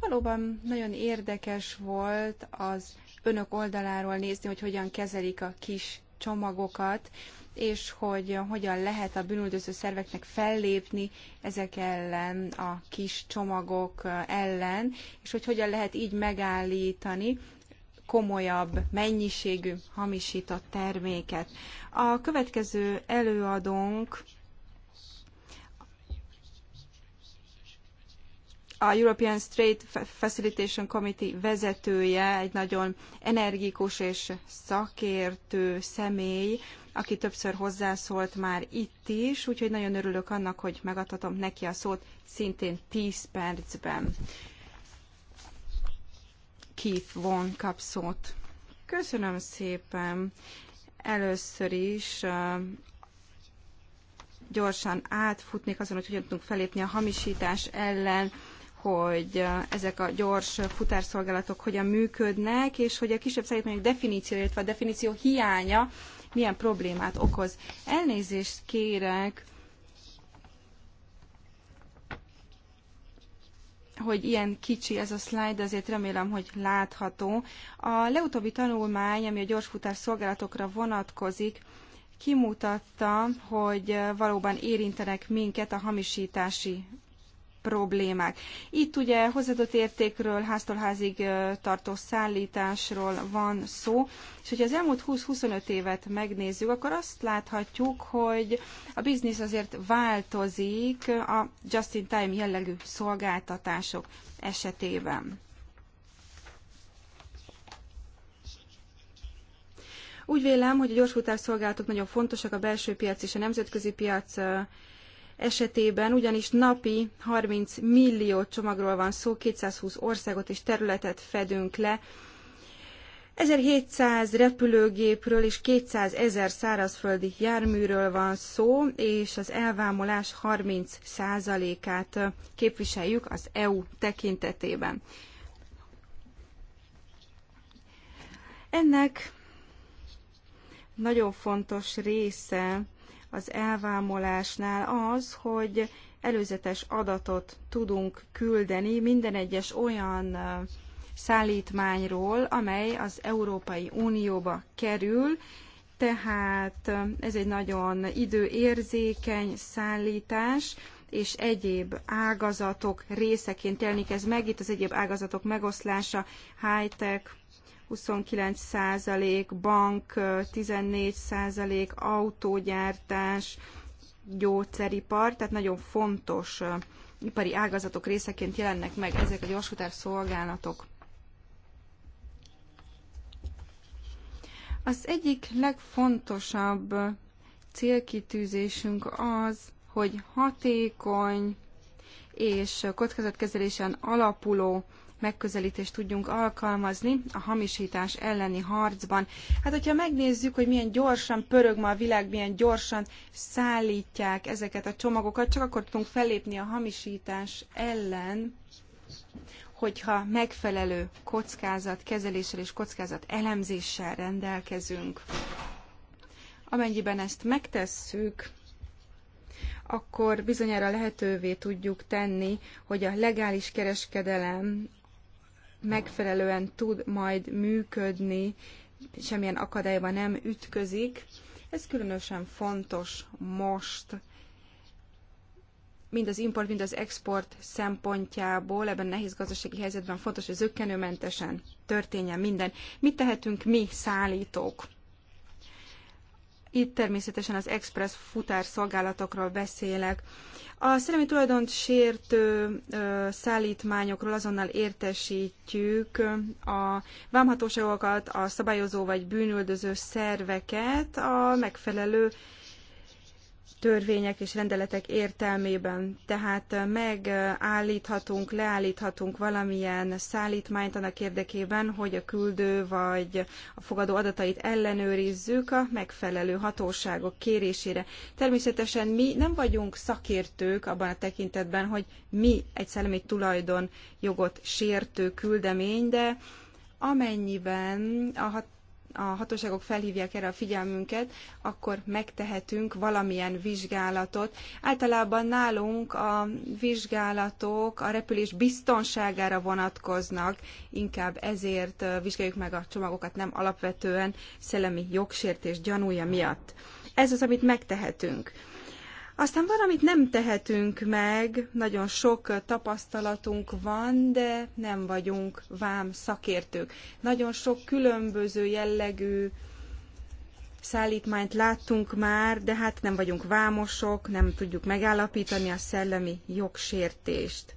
Valóban nagyon érdekes volt az önök oldaláról nézni, hogy hogyan kezelik a kis csomagokat, és hogy hogyan lehet a bűnüldöző szerveknek fellépni ezek ellen, a kis csomagok ellen, és hogy hogyan lehet így megállítani komolyabb mennyiségű hamisított terméket. A következő előadónk a European Straight Facilitation Committee vezetője, egy nagyon energikus és szakértő személy, aki többször hozzászólt már itt is, úgyhogy nagyon örülök annak, hogy megadhatom neki a szót szintén 10 percben. Keith von kap szót. Köszönöm szépen. Először is gyorsan átfutnék azon, hogy hogyan tudunk felépni a hamisítás ellen, hogy ezek a gyors futárszolgálatok hogyan működnek, és hogy a kisebb szállítmányok definíciója, illetve a definíció hiánya milyen problémát okoz. Elnézést kérek, hogy ilyen kicsi ez a slide, azért remélem, hogy látható. A leutóbbi tanulmány, ami a gyorsfutás szolgálatokra vonatkozik, kimutatta, hogy valóban érintenek minket a hamisítási problémák. Itt ugye hozzáadott értékről, háztól házig tartó szállításról van szó, és hogyha az elmúlt 20-25 évet megnézzük, akkor azt láthatjuk, hogy a biznisz azért változik a just-in-time jellegű szolgáltatások esetében. Úgy vélem, hogy a gyorsfutás szolgálatok nagyon fontosak a belső piac és a nemzetközi piac esetében ugyanis napi 30 millió csomagról van szó, 220 országot és területet fedünk le, 1700 repülőgépről és 200 ezer szárazföldi járműről van szó, és az elvámolás 30%-át képviseljük az EU tekintetében. Ennek nagyon fontos része az elvámolásnál az, hogy előzetes adatot tudunk küldeni minden egyes olyan szállítmányról, amely az Európai Unióba kerül, tehát ez egy nagyon időérzékeny szállítás, és egyéb ágazatok részeként jelenik ez meg. Itt az egyéb ágazatok megoszlása, high-tech, 29 bank, 14 autógyártás, gyógyszeripar, tehát nagyon fontos ipari ágazatok részeként jelennek meg ezek a gyorsutár szolgálatok. Az egyik legfontosabb célkitűzésünk az, hogy hatékony és kockázatkezelésen alapuló megközelítést tudjunk alkalmazni a hamisítás elleni harcban. Hát, hogyha megnézzük, hogy milyen gyorsan pörög ma a világ, milyen gyorsan szállítják ezeket a csomagokat, csak akkor tudunk fellépni a hamisítás ellen, hogyha megfelelő kockázatkezeléssel és kockázat elemzéssel rendelkezünk. Amennyiben ezt megtesszük, akkor bizonyára lehetővé tudjuk tenni, hogy a legális kereskedelem megfelelően tud majd működni, semmilyen akadályba nem ütközik. Ez különösen fontos most, mind az import, mind az export szempontjából ebben nehéz gazdasági helyzetben fontos, hogy zöggenőmentesen történjen minden. Mit tehetünk mi szállítók? Itt természetesen az express futárszolgálatokról beszélek. A szellemi tulajdont sértő szállítmányokról azonnal értesítjük a vámhatóságokat, a szabályozó vagy bűnüldöző szerveket a megfelelő törvények és rendeletek értelmében. Tehát megállíthatunk, leállíthatunk valamilyen szállítmányt annak érdekében, hogy a küldő vagy a fogadó adatait ellenőrizzük a megfelelő hatóságok kérésére. Természetesen mi nem vagyunk szakértők abban a tekintetben, hogy mi egy szellemi tulajdon jogot sértő küldemény, de amennyiben a hat a hatóságok felhívják erre a figyelmünket, akkor megtehetünk valamilyen vizsgálatot. Általában nálunk a vizsgálatok a repülés biztonságára vonatkoznak, inkább ezért vizsgáljuk meg a csomagokat, nem alapvetően szellemi jogsértés gyanúja miatt. Ez az, amit megtehetünk. Aztán van, amit nem tehetünk meg, nagyon sok tapasztalatunk van, de nem vagyunk vám szakértők. Nagyon sok különböző jellegű szállítmányt láttunk már, de hát nem vagyunk vámosok, nem tudjuk megállapítani a szellemi jogsértést.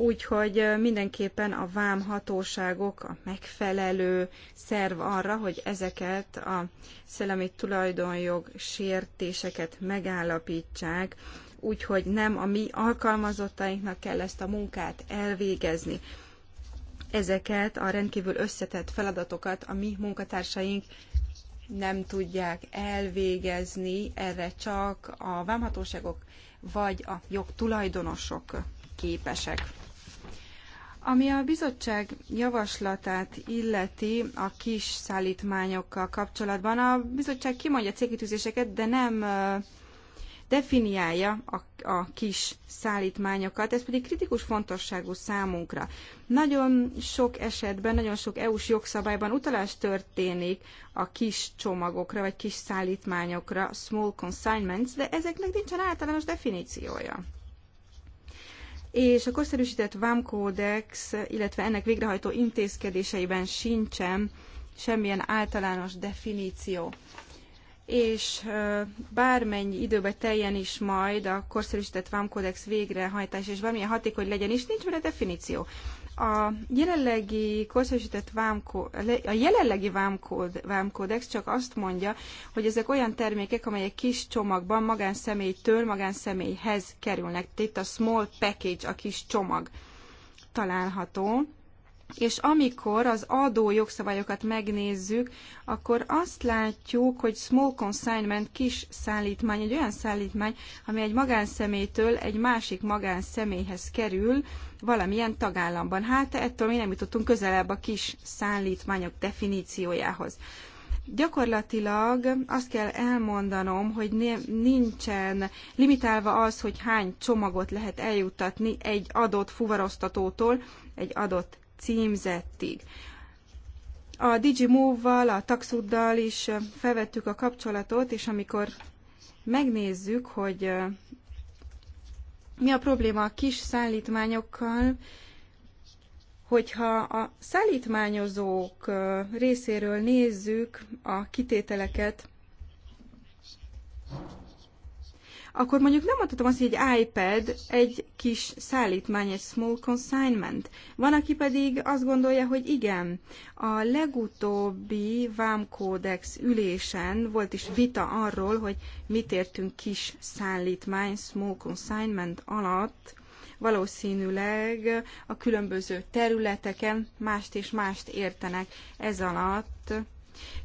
Úgyhogy mindenképpen a vámhatóságok a megfelelő szerv arra, hogy ezeket a szellemi tulajdonjog sértéseket megállapítsák, úgyhogy nem a mi alkalmazottainknak kell ezt a munkát elvégezni. Ezeket a rendkívül összetett feladatokat a mi munkatársaink nem tudják elvégezni, erre csak a vámhatóságok vagy a jogtulajdonosok képesek. Ami a bizottság javaslatát illeti a kis szállítmányokkal kapcsolatban, a bizottság kimondja célkitűzéseket, de nem definiálja a, a kis szállítmányokat, ez pedig kritikus fontosságú számunkra. Nagyon sok esetben, nagyon sok EU-s jogszabályban utalás történik a kis csomagokra, vagy kis szállítmányokra, small consignments, de ezeknek nincsen általános definíciója és a korszerűsített vámkódex, illetve ennek végrehajtó intézkedéseiben sincsen semmilyen általános definíció. És bármennyi időbe teljen is majd a korszerűsített vámkódex végrehajtás, és bármilyen hatékony legyen is, nincs vele definíció a jelenlegi korszerűsített vámkó, a jelenlegi vámkód, vámkódex csak azt mondja, hogy ezek olyan termékek, amelyek kis csomagban magánszemélytől magánszemélyhez kerülnek. Itt a small package, a kis csomag található és amikor az adó jogszabályokat megnézzük, akkor azt látjuk, hogy small consignment kis szállítmány, egy olyan szállítmány, ami egy magánszemélytől egy másik magánszemélyhez kerül valamilyen tagállamban. Hát ettől mi nem jutottunk közelebb a kis szállítmányok definíciójához. Gyakorlatilag azt kell elmondanom, hogy nincsen limitálva az, hogy hány csomagot lehet eljuttatni egy adott fuvaroztatótól egy adott címzettig. A DigiMove-val, a Taxuddal is felvettük a kapcsolatot, és amikor megnézzük, hogy mi a probléma a kis szállítmányokkal, hogyha a szállítmányozók részéről nézzük a kitételeket, akkor mondjuk nem mondhatom azt, hogy egy iPad egy kis szállítmány, egy small consignment. Van, aki pedig azt gondolja, hogy igen. A legutóbbi vámkódex ülésen volt is vita arról, hogy mit értünk kis szállítmány, small consignment alatt, valószínűleg a különböző területeken mást és mást értenek ez alatt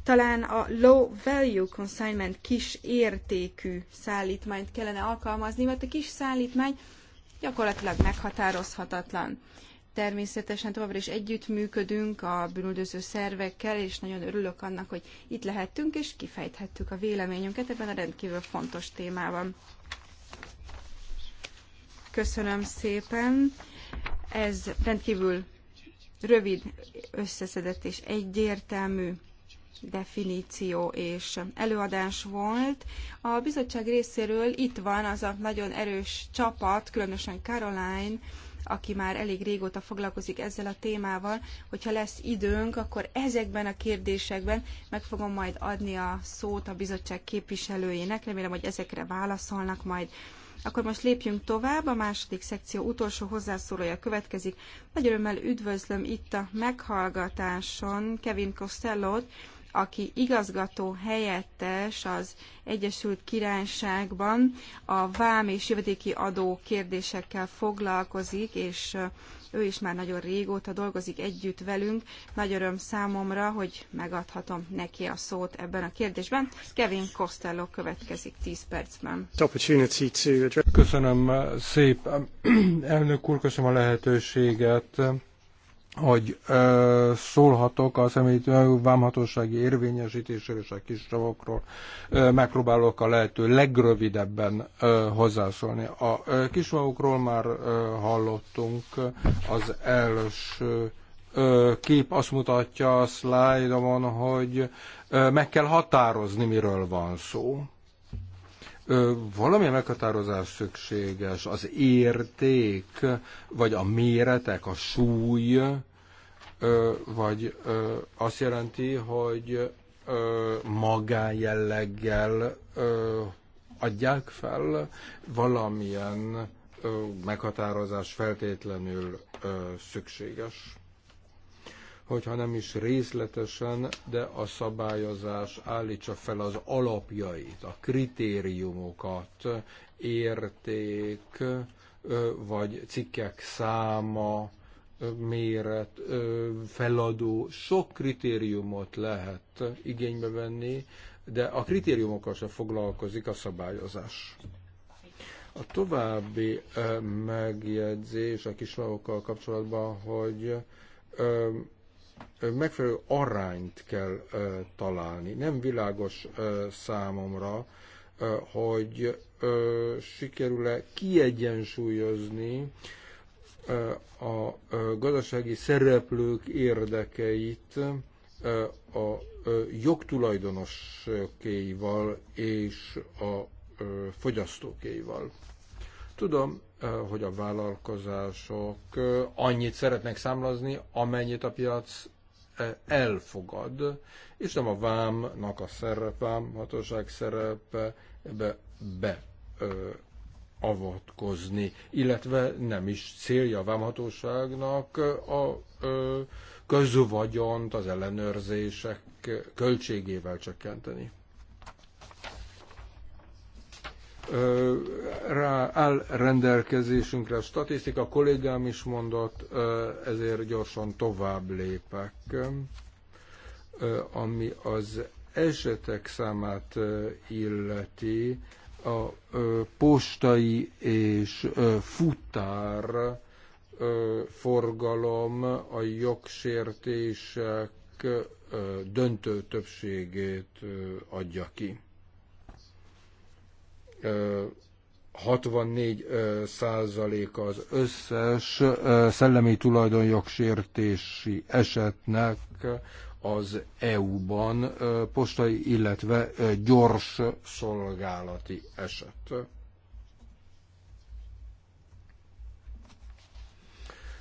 talán a low value consignment kis értékű szállítmányt kellene alkalmazni, mert a kis szállítmány gyakorlatilag meghatározhatatlan. Természetesen továbbra is együttműködünk a bűnüldöző szervekkel, és nagyon örülök annak, hogy itt lehettünk, és kifejthettük a véleményünket ebben a rendkívül fontos témában. Köszönöm szépen. Ez rendkívül rövid, összeszedett és egyértelmű definíció és előadás volt. A bizottság részéről itt van az a nagyon erős csapat, különösen Caroline, aki már elég régóta foglalkozik ezzel a témával, hogyha lesz időnk, akkor ezekben a kérdésekben meg fogom majd adni a szót a bizottság képviselőjének. Remélem, hogy ezekre válaszolnak majd. Akkor most lépjünk tovább, a második szekció utolsó hozzászólója következik. Nagy örömmel üdvözlöm itt a meghallgatáson Kevin Costellót, aki igazgató helyettes az Egyesült Királyságban a vám és jövedéki adó kérdésekkel foglalkozik, és ő is már nagyon régóta dolgozik együtt velünk. Nagy öröm számomra, hogy megadhatom neki a szót ebben a kérdésben. Kevin Costello következik 10 percben. Köszönöm szép [CLEARS THROAT] elnök úr, köszönöm a lehetőséget hogy ö, szólhatok a személyi vámhatósági érvényesítésről és a kis javakról. Megpróbálok a lehető legrövidebben ö, hozzászólni. A ö, kis már ö, hallottunk az első ö, kép azt mutatja a szlájdomon, hogy ö, meg kell határozni, miről van szó valamilyen meghatározás szükséges, az érték, vagy a méretek, a súly, vagy azt jelenti, hogy magánjelleggel adják fel valamilyen meghatározás feltétlenül szükséges hogyha nem is részletesen, de a szabályozás állítsa fel az alapjait, a kritériumokat, érték, vagy cikkek száma, méret, feladó, sok kritériumot lehet igénybe venni, de a kritériumokkal sem foglalkozik a szabályozás. A további megjegyzés a kismagokkal kapcsolatban, hogy megfelelő arányt kell találni. Nem világos számomra, hogy sikerül-e kiegyensúlyozni a gazdasági szereplők érdekeit a jogtulajdonosokéval és a fogyasztókéival. Tudom, eh, hogy a vállalkozások eh, annyit szeretnek számlazni, amennyit a piac eh, elfogad, és nem a vámnak a szerepe, hatóság szerepe be, be ö, avatkozni, illetve nem is célja a vámhatóságnak a ö, közvagyont az ellenőrzések költségével csökkenteni rá áll rendelkezésünkre a statisztika, a kollégám is mondott, ezért gyorsan tovább lépek, ami az esetek számát illeti, a postai és futár forgalom a jogsértések döntő többségét adja ki 64 százaléka az összes szellemi tulajdonjogsértési esetnek az EU-ban postai, illetve gyors szolgálati eset.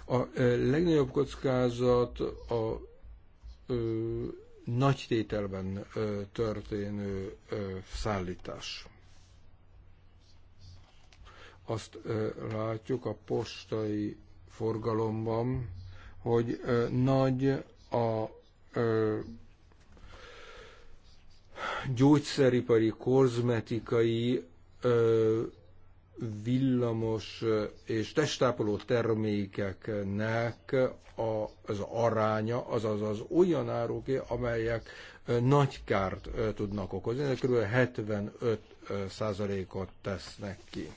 A legnagyobb kockázat a ö, nagy tételben ö, történő ö, szállítás. Azt látjuk a postai forgalomban, hogy nagy a gyógyszeripari, kozmetikai, villamos és testápoló termékeknek az aránya, azaz az olyan áruké, amelyek nagy kárt tudnak okozni, de kb. 75 százalékot tesznek ki.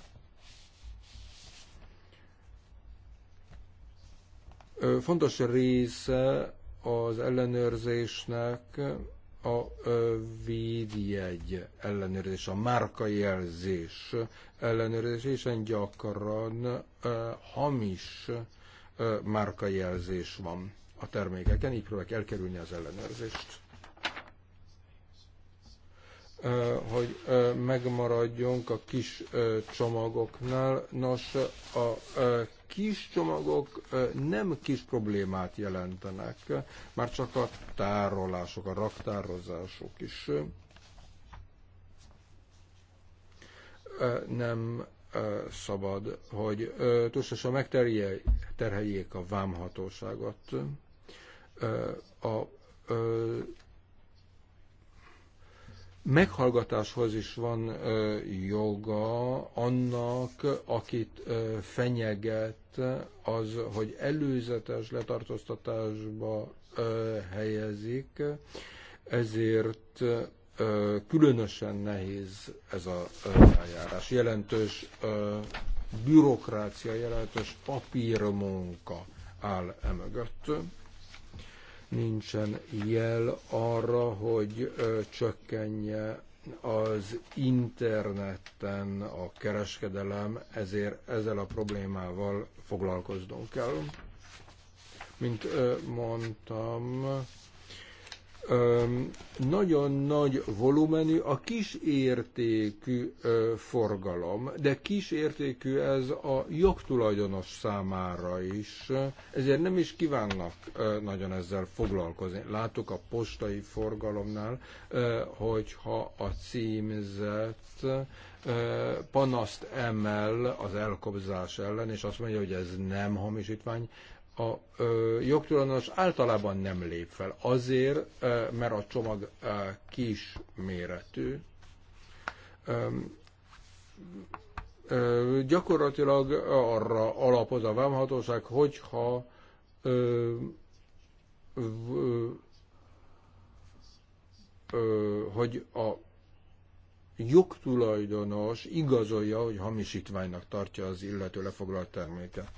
Fontos része az ellenőrzésnek a védjegy ellenőrzés, a márkajelzés ellenőrzés, és gyakran hamis márkajelzés van a termékeken, így próbálják elkerülni az ellenőrzést hogy megmaradjunk a kis csomagoknál. Nos, a kis csomagok nem kis problémát jelentenek, már csak a tárolások, a raktározások is nem szabad, hogy túlságosan megterheljék a vámhatóságot. A meghallgatáshoz is van ö, joga annak, akit ö, fenyeget az, hogy előzetes letartóztatásba ö, helyezik, ezért ö, különösen nehéz ez a ö, eljárás. Jelentős ö, bürokrácia, jelentős papírmunka áll emögött nincsen jel arra, hogy csökkenje az interneten a kereskedelem, ezért ezzel a problémával foglalkoznunk kell. Mint mondtam, nagyon nagy volumenű a kisértékű forgalom, de kisértékű ez a jogtulajdonos számára is, ezért nem is kívánnak nagyon ezzel foglalkozni. Látok a postai forgalomnál, hogyha a címzet panaszt emel az elkobzás ellen, és azt mondja, hogy ez nem hamisítvány, a jogtulajdonos általában nem lép fel, azért, mert a csomag kis méretű. Gyakorlatilag arra alapoz a vámhatóság, hogyha hogy a jogtulajdonos igazolja, hogy hamisítványnak tartja az illető lefoglalt terméket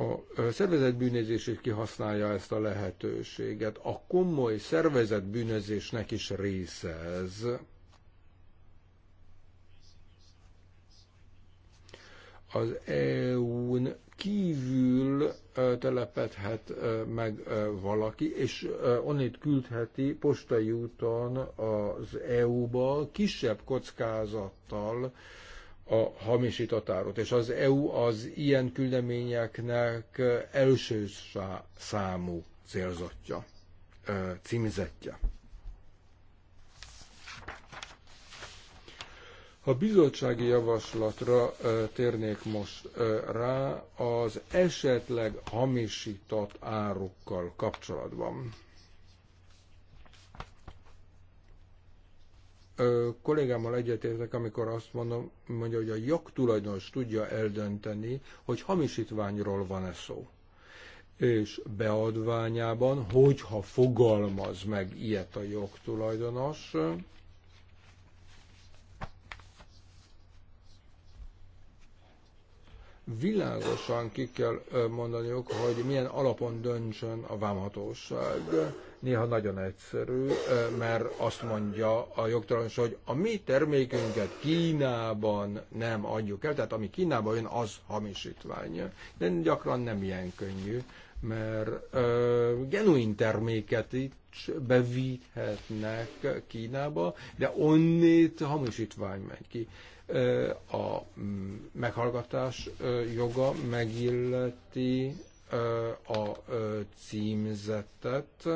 a szervezetbűnözés is kihasználja ezt a lehetőséget. A komoly szervezetbűnözésnek is része ez. Az EU-n kívül telepedhet meg valaki, és onnét küldheti postai úton az EU-ba kisebb kockázattal a hamisított árut, és az EU az ilyen küldeményeknek első számú célzottja, címizetje. A bizottsági javaslatra térnék most rá az esetleg hamisított árukkal kapcsolatban. kollégámmal egyetértek, amikor azt mondom, mondja, hogy a jogtulajdonos tudja eldönteni, hogy hamisítványról van-e szó. És beadványában, hogyha fogalmaz meg ilyet a jogtulajdonos, világosan ki kell mondaniuk, hogy milyen alapon döntsön a vámhatóság. Néha nagyon egyszerű, mert azt mondja a jogtalanos, hogy a mi termékünket Kínában nem adjuk el, tehát ami Kínában jön, az hamisítvány. De gyakran nem ilyen könnyű, mert genuin terméket itt bevíthetnek Kínába, de onnét hamisítvány megy ki a mm, meghallgatás joga megilleti a címzettet,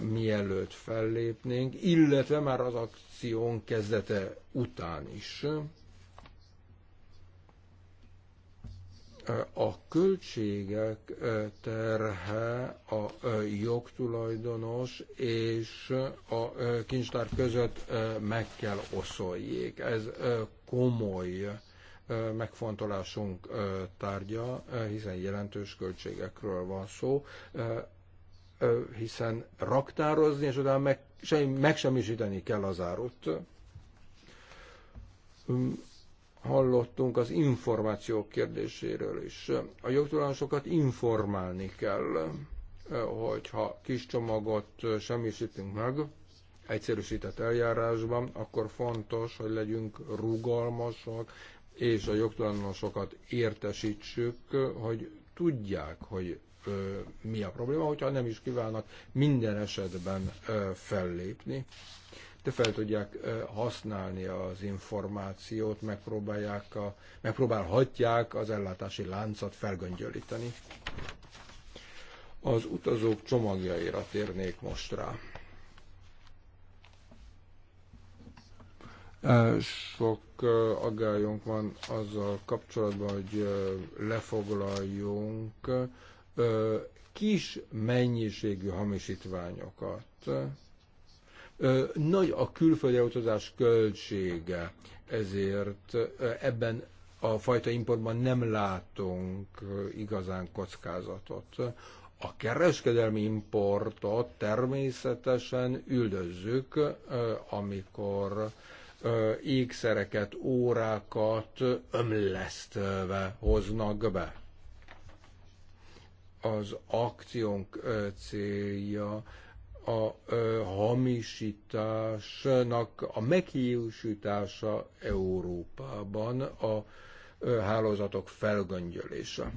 mielőtt fellépnénk, illetve már az akción kezdete után is a költségek terhe a jogtulajdonos és a kincstár között meg kell oszoljék. Ez komoly megfontolásunk tárgya, hiszen jelentős költségekről van szó, hiszen raktározni, és utána meg, megsemmisíteni kell az árut hallottunk az információk kérdéséről is. A jogtulajdonosokat informálni kell, hogyha kis csomagot semmisítünk meg, egyszerűsített eljárásban, akkor fontos, hogy legyünk rugalmasak, és a jogtulajdonosokat értesítsük, hogy tudják, hogy ö, mi a probléma, hogyha nem is kívánnak minden esetben ö, fellépni fel tudják használni az információt, megpróbálják a, megpróbálhatják az ellátási láncot felgöngyölíteni. Az utazók csomagjaira térnék most rá. Sok aggályunk van azzal kapcsolatban, hogy lefoglaljunk kis mennyiségű hamisítványokat nagy a külföldre utazás költsége, ezért ebben a fajta importban nem látunk igazán kockázatot. A kereskedelmi importot természetesen üldözzük, amikor ékszereket, órákat ömlesztve hoznak be. Az akciónk célja a ö, hamisításnak a meghiúsítása Európában, a ö, hálózatok felgöngyölése.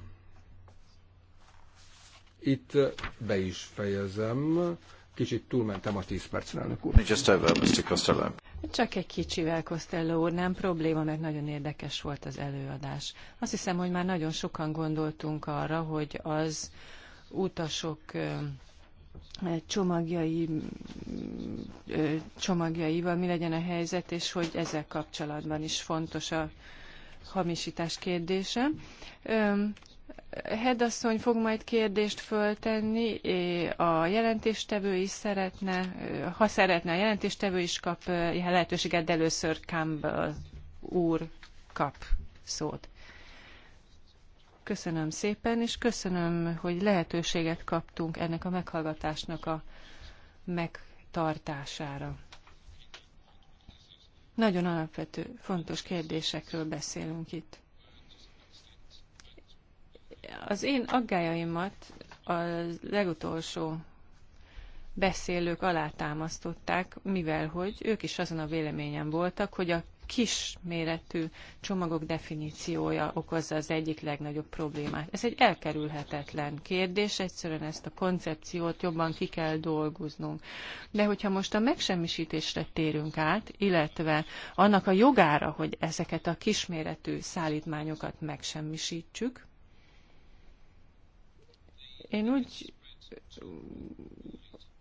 Itt be is fejezem. Kicsit túlmentem a 10 percen, elnök úr. Just over, Mr. Costello. Csak egy kicsivel, Costello úr, nem probléma, mert nagyon érdekes volt az előadás. Azt hiszem, hogy már nagyon sokan gondoltunk arra, hogy az utasok csomagjai, csomagjaival mi legyen a helyzet, és hogy ezzel kapcsolatban is fontos a hamisítás kérdése. Hedasszony fog majd kérdést föltenni, a jelentéstevő is szeretne, ha szeretne, a jelentéstevő is kap lehetőséget, de először Campbell úr kap szót. Köszönöm szépen, és köszönöm, hogy lehetőséget kaptunk ennek a meghallgatásnak a megtartására. Nagyon alapvető, fontos kérdésekről beszélünk itt. Az én aggájaimat a legutolsó beszélők alátámasztották, mivel hogy ők is azon a véleményen voltak, hogy a kisméretű csomagok definíciója okozza az egyik legnagyobb problémát. Ez egy elkerülhetetlen kérdés, egyszerűen ezt a koncepciót jobban ki kell dolgoznunk. De hogyha most a megsemmisítésre térünk át, illetve annak a jogára, hogy ezeket a kisméretű szállítmányokat megsemmisítsük, én úgy,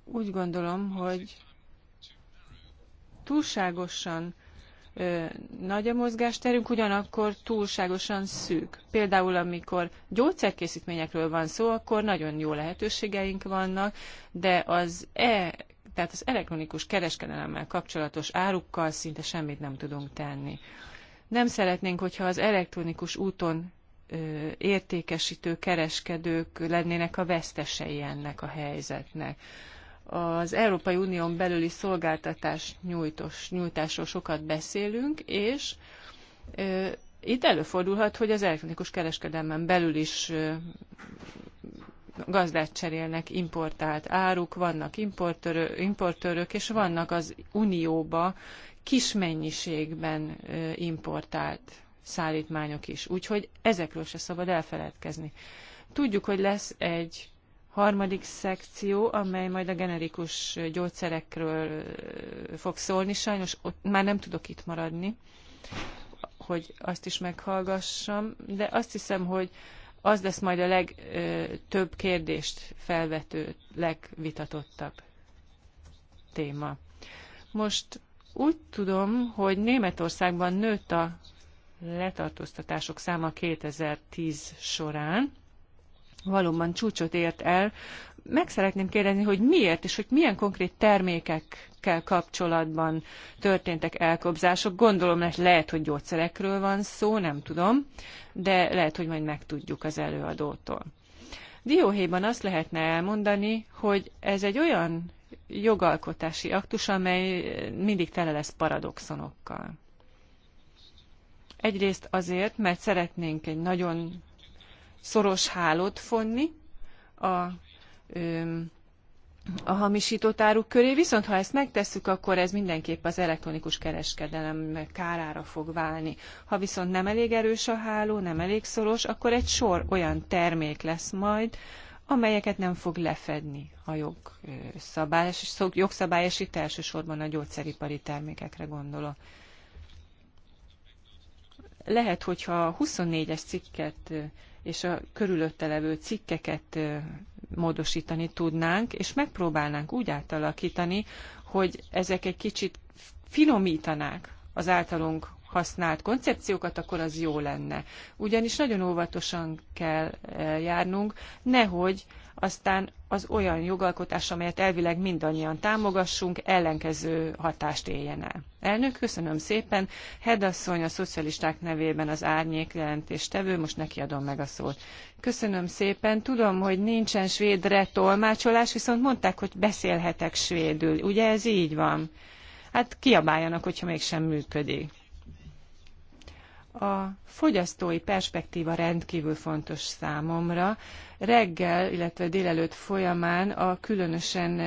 úgy gondolom, hogy túlságosan nagy a mozgásterünk, ugyanakkor túlságosan szűk. Például, amikor gyógyszerkészítményekről van szó, akkor nagyon jó lehetőségeink vannak, de az e, tehát az elektronikus kereskedelemmel kapcsolatos árukkal szinte semmit nem tudunk tenni. Nem szeretnénk, hogyha az elektronikus úton ö, értékesítő kereskedők lennének a vesztesei ennek a helyzetnek az Európai Unión belüli szolgáltatás nyújtos, nyújtásról sokat beszélünk, és itt előfordulhat, hogy az elektronikus kereskedelmen belül is gazdát cserélnek importált áruk, vannak importőrök, importőrök és vannak az Unióba kis mennyiségben importált szállítmányok is. Úgyhogy ezekről se szabad elfeledkezni. Tudjuk, hogy lesz egy harmadik szekció, amely majd a generikus gyógyszerekről fog szólni. Sajnos ott már nem tudok itt maradni, hogy azt is meghallgassam, de azt hiszem, hogy az lesz majd a legtöbb kérdést felvető, legvitatottabb téma. Most úgy tudom, hogy Németországban nőtt a letartóztatások száma 2010 során, valóban csúcsot ért el. Meg szeretném kérdezni, hogy miért és hogy milyen konkrét termékekkel kapcsolatban történtek elkobzások. Gondolom, hogy lehet, hogy gyógyszerekről van szó, nem tudom, de lehet, hogy majd megtudjuk az előadótól. Dióhéjban azt lehetne elmondani, hogy ez egy olyan jogalkotási aktus, amely mindig tele lesz paradoxonokkal. Egyrészt azért, mert szeretnénk egy nagyon szoros hálót fonni a, a hamisított áruk köré, viszont ha ezt megtesszük, akkor ez mindenképp az elektronikus kereskedelem kárára fog válni. Ha viszont nem elég erős a háló, nem elég szoros, akkor egy sor olyan termék lesz majd, amelyeket nem fog lefedni a jogszabályos, és itt elsősorban a gyógyszeripari termékekre gondolok. Lehet, hogyha a 24-es cikket és a körülötte levő cikkeket módosítani tudnánk, és megpróbálnánk úgy átalakítani, hogy ezek egy kicsit finomítanák az általunk használt koncepciókat, akkor az jó lenne. Ugyanis nagyon óvatosan kell eh, járnunk, nehogy aztán az olyan jogalkotás, amelyet elvileg mindannyian támogassunk, ellenkező hatást éljen el. Elnök, köszönöm szépen. Hedasszony a szocialisták nevében az árnyék jelentéstevő, most neki adom meg a szót. Köszönöm szépen. Tudom, hogy nincsen svédre tolmácsolás, viszont mondták, hogy beszélhetek svédül. Ugye ez így van? Hát kiabáljanak, hogyha mégsem működik. A fogyasztói perspektíva rendkívül fontos számomra. Reggel, illetve délelőtt folyamán a különösen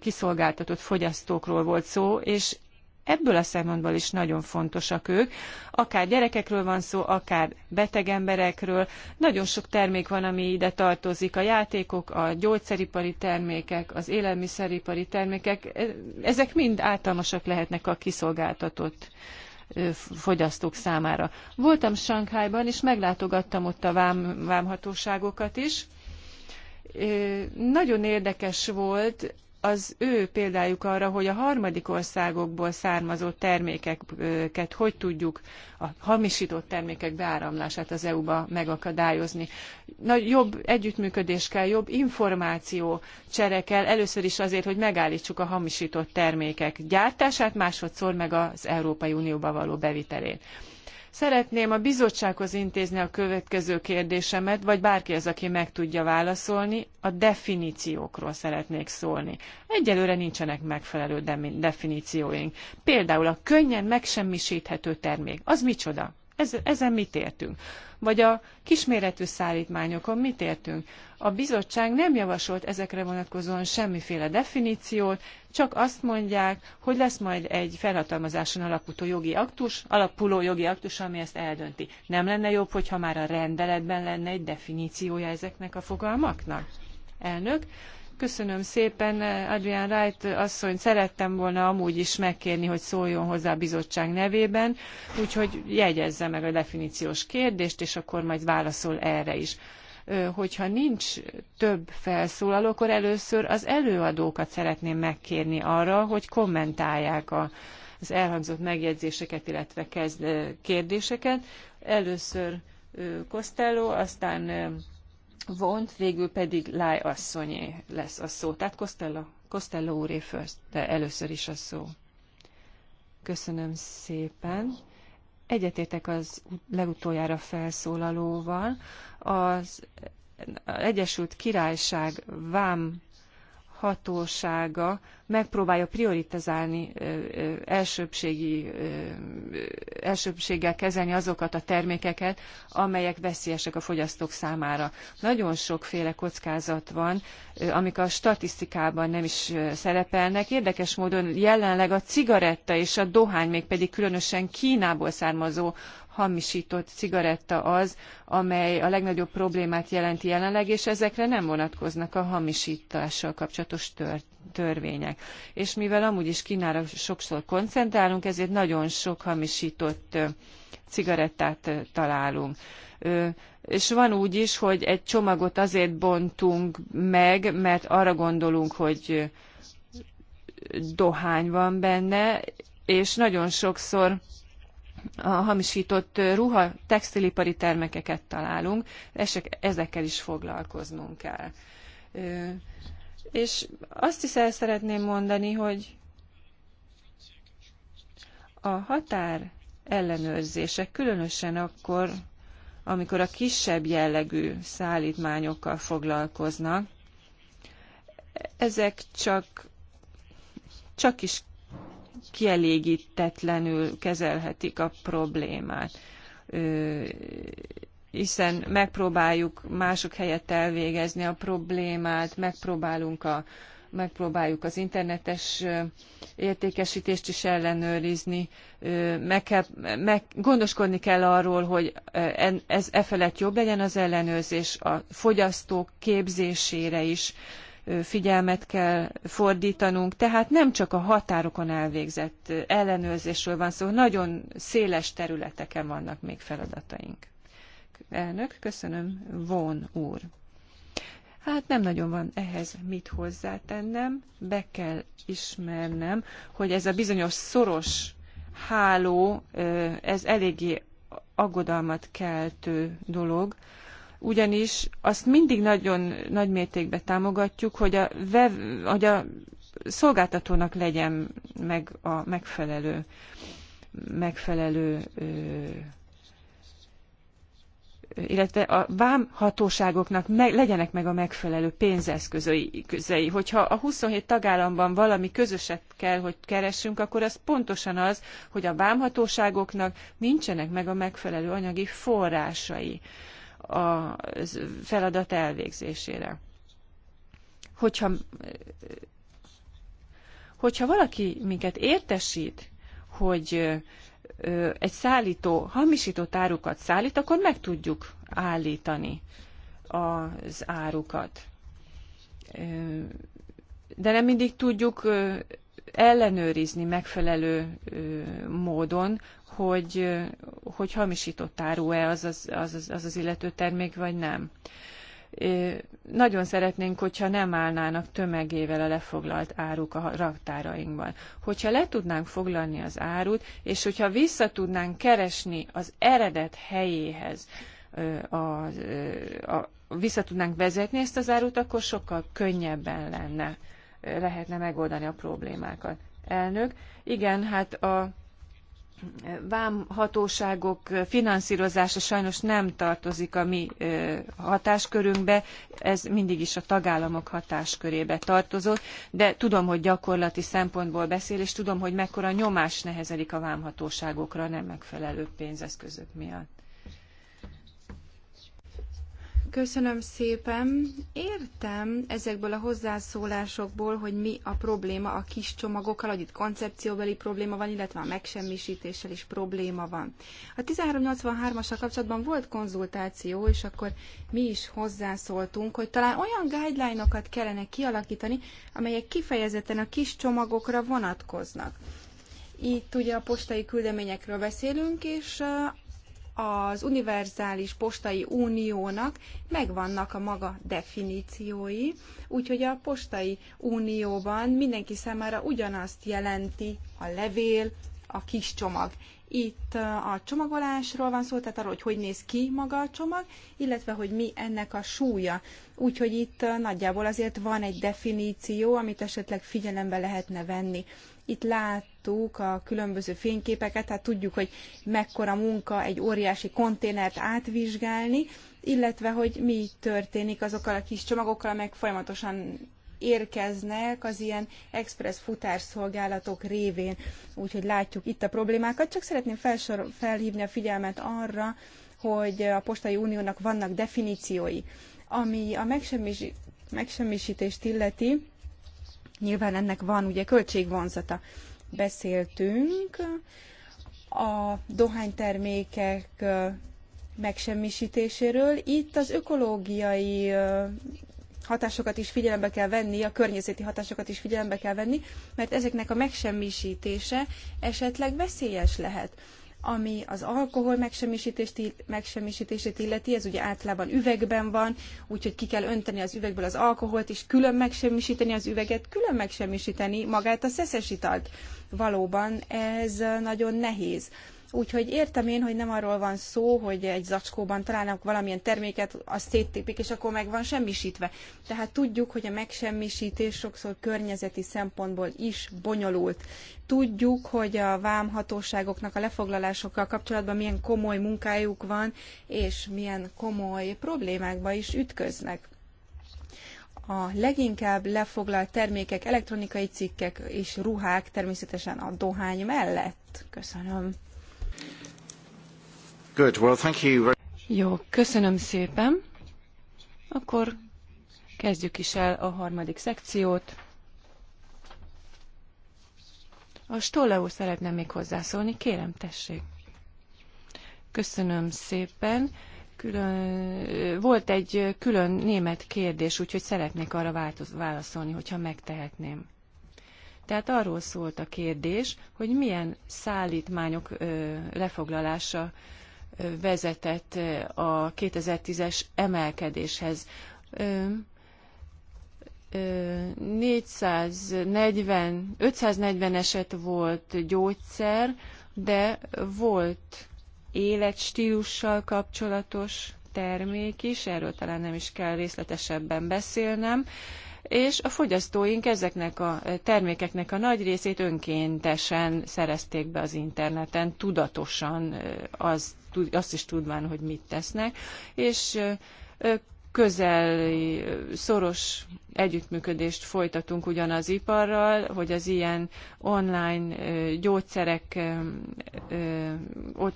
kiszolgáltatott fogyasztókról volt szó, és ebből a szempontból is nagyon fontosak ők. Akár gyerekekről van szó, akár beteg emberekről. Nagyon sok termék van, ami ide tartozik. A játékok, a gyógyszeripari termékek, az élelmiszeripari termékek, e, ezek mind általmasak lehetnek a kiszolgáltatott fogyasztók számára. Voltam Sankhájban, és meglátogattam ott a vám, vámhatóságokat is. Nagyon érdekes volt az ő példájuk arra, hogy a harmadik országokból származó termékeket hogy tudjuk a hamisított termékek beáramlását az EU-ba megakadályozni. Na, jobb együttműködés kell, jobb információ csere kell, először is azért, hogy megállítsuk a hamisított termékek gyártását, másodszor meg az Európai Unióba való bevitelét. Szeretném a bizottsághoz intézni a következő kérdésemet, vagy bárki az, aki meg tudja válaszolni, a definíciókról szeretnék szólni. Egyelőre nincsenek megfelelő definícióink. Például a könnyen megsemmisíthető termék. Az micsoda? Ez, ezen mit értünk? Vagy a kisméretű szállítmányokon mit értünk? A bizottság nem javasolt ezekre vonatkozóan semmiféle definíciót, csak azt mondják, hogy lesz majd egy felhatalmazáson alapuló jogi aktus, alapuló jogi aktus, ami ezt eldönti. Nem lenne jobb, hogyha már a rendeletben lenne egy definíciója ezeknek a fogalmaknak? Elnök, Köszönöm szépen, Adrian Wright asszony, szerettem volna amúgy is megkérni, hogy szóljon hozzá a bizottság nevében, úgyhogy jegyezze meg a definíciós kérdést, és akkor majd válaszol erre is. Hogyha nincs több felszólaló, akkor először az előadókat szeretném megkérni arra, hogy kommentálják a, az elhangzott megjegyzéseket, illetve kezd, kérdéseket. Először Costello, aztán vont, végül pedig Láj asszonyé lesz a szó. Tehát Costello, Costello úré first, de először is a szó. Köszönöm szépen. Egyetétek az legutoljára felszólalóval. Az Egyesült Királyság vám hatósága megpróbálja prioritizálni, elsőbségi, elsőbséggel kezelni azokat a termékeket, amelyek veszélyesek a fogyasztók számára. Nagyon sokféle kockázat van, amik a statisztikában nem is szerepelnek. Érdekes módon jelenleg a cigaretta és a dohány, mégpedig különösen Kínából származó hamisított cigaretta az, amely a legnagyobb problémát jelenti jelenleg, és ezekre nem vonatkoznak a hamisítással kapcsolatos tört törvények. És mivel amúgy is Kínára sokszor koncentrálunk, ezért nagyon sok hamisított cigarettát találunk. És van úgy is, hogy egy csomagot azért bontunk meg, mert arra gondolunk, hogy dohány van benne, és nagyon sokszor a hamisított ruha, textilipari termékeket találunk, ezekkel is foglalkoznunk kell. És azt is el szeretném mondani, hogy a határ ellenőrzések, különösen akkor, amikor a kisebb jellegű szállítmányokkal foglalkoznak, ezek csak, csak is kielégítetlenül kezelhetik a problémát. Hiszen megpróbáljuk mások helyett elvégezni a problémát, megpróbálunk a, megpróbáljuk az internetes értékesítést is ellenőrizni, meg kell, meg, gondoskodni kell arról, hogy ez e felett jobb legyen az ellenőrzés, a fogyasztók képzésére is figyelmet kell fordítanunk. Tehát nem csak a határokon elvégzett ellenőrzésről van szó, nagyon széles területeken vannak még feladataink. Elnök, köszönöm, Von úr. Hát nem nagyon van ehhez mit hozzátennem, be kell ismernem, hogy ez a bizonyos szoros háló, ez eléggé aggodalmat keltő dolog, ugyanis azt mindig nagyon nagy mértékben támogatjuk, hogy a, web, hogy a szolgáltatónak legyen meg a megfelelő, megfelelő illetve a vámhatóságoknak legyenek meg a megfelelő pénzeszközei. Hogyha a 27 tagállamban valami közöset kell, hogy keressünk, akkor az pontosan az, hogy a vámhatóságoknak nincsenek meg a megfelelő anyagi forrásai. Ö, a feladat elvégzésére. Hogyha, hogyha valaki minket értesít, hogy egy szállító hamisított árukat szállít, akkor meg tudjuk állítani az árukat. De nem mindig tudjuk ellenőrizni megfelelő módon, hogy, hogy hamisított áru-e az az, az, az az illető termék, vagy nem. Nagyon szeretnénk, hogyha nem állnának tömegével a lefoglalt áruk a raktárainkban. Hogyha le tudnánk foglalni az árut, és hogyha vissza tudnánk keresni az eredet helyéhez, a, a, vissza tudnánk vezetni ezt az árut, akkor sokkal könnyebben lenne, lehetne megoldani a problémákat. Elnök, igen, hát a vámhatóságok finanszírozása sajnos nem tartozik a mi hatáskörünkbe, ez mindig is a tagállamok hatáskörébe tartozott, de tudom, hogy gyakorlati szempontból beszél, és tudom, hogy mekkora nyomás nehezedik a vámhatóságokra nem megfelelő pénzeszközök miatt. Köszönöm szépen. Értem ezekből a hozzászólásokból, hogy mi a probléma a kis csomagokkal, hogy itt koncepcióbeli probléma van, illetve a megsemmisítéssel is probléma van. A 1383-assal kapcsolatban volt konzultáció, és akkor mi is hozzászóltunk, hogy talán olyan guideline-okat kellene kialakítani, amelyek kifejezetten a kis csomagokra vonatkoznak. Itt ugye a postai küldeményekről beszélünk, és az univerzális postai uniónak megvannak a maga definíciói, úgyhogy a postai unióban mindenki számára ugyanazt jelenti a levél, a kis csomag. Itt a csomagolásról van szó, tehát arról, hogy hogy néz ki maga a csomag, illetve hogy mi ennek a súlya. Úgyhogy itt nagyjából azért van egy definíció, amit esetleg figyelembe lehetne venni. Itt láttuk a különböző fényképeket, tehát tudjuk, hogy mekkora munka egy óriási konténert átvizsgálni, illetve hogy mi történik azokkal a kis csomagokkal, amelyek folyamatosan érkeznek az ilyen express futárszolgálatok révén. Úgyhogy látjuk itt a problémákat. Csak szeretném felsor, felhívni a figyelmet arra, hogy a Postai Uniónak vannak definíciói. Ami a megsemmisítést illeti, Nyilván ennek van ugye költségvonzata. Beszéltünk a dohánytermékek megsemmisítéséről. Itt az ökológiai hatásokat is figyelembe kell venni, a környezeti hatásokat is figyelembe kell venni, mert ezeknek a megsemmisítése esetleg veszélyes lehet. Ami az alkohol megsemmisítést, megsemmisítését illeti, ez ugye általában üvegben van, úgyhogy ki kell önteni az üvegből az alkoholt, és külön megsemmisíteni az üveget, külön megsemmisíteni magát a szeszes italt. Valóban ez nagyon nehéz. Úgyhogy értem én, hogy nem arról van szó, hogy egy zacskóban találnak valamilyen terméket, azt széttépik, és akkor meg van semmisítve. Tehát tudjuk, hogy a megsemmisítés sokszor környezeti szempontból is bonyolult. Tudjuk, hogy a vámhatóságoknak a lefoglalásokkal kapcsolatban milyen komoly munkájuk van, és milyen komoly problémákba is ütköznek a leginkább lefoglalt termékek elektronikai cikkek és ruhák természetesen a dohány mellett. Köszönöm. Good. Well, thank you very... Jó, köszönöm szépen. Akkor kezdjük is el a harmadik szekciót. A Stolleó szeretne még hozzászólni, kérem, tessék. Köszönöm szépen. Külön, volt egy külön német kérdés, úgyhogy szeretnék arra változ, válaszolni, hogyha megtehetném. Tehát arról szólt a kérdés, hogy milyen szállítmányok lefoglalása vezetett a 2010-es emelkedéshez. 440, 540 eset volt gyógyszer, de volt életstílussal kapcsolatos termék is, erről talán nem is kell részletesebben beszélnem és a fogyasztóink ezeknek a eh, termékeknek a nagy részét önkéntesen szerezték be az interneten, tudatosan eh, az, azt is tudván, hogy mit tesznek, és eh, közel szoros együttműködést folytatunk ugyanaz iparral, hogy az ilyen online gyógyszerek,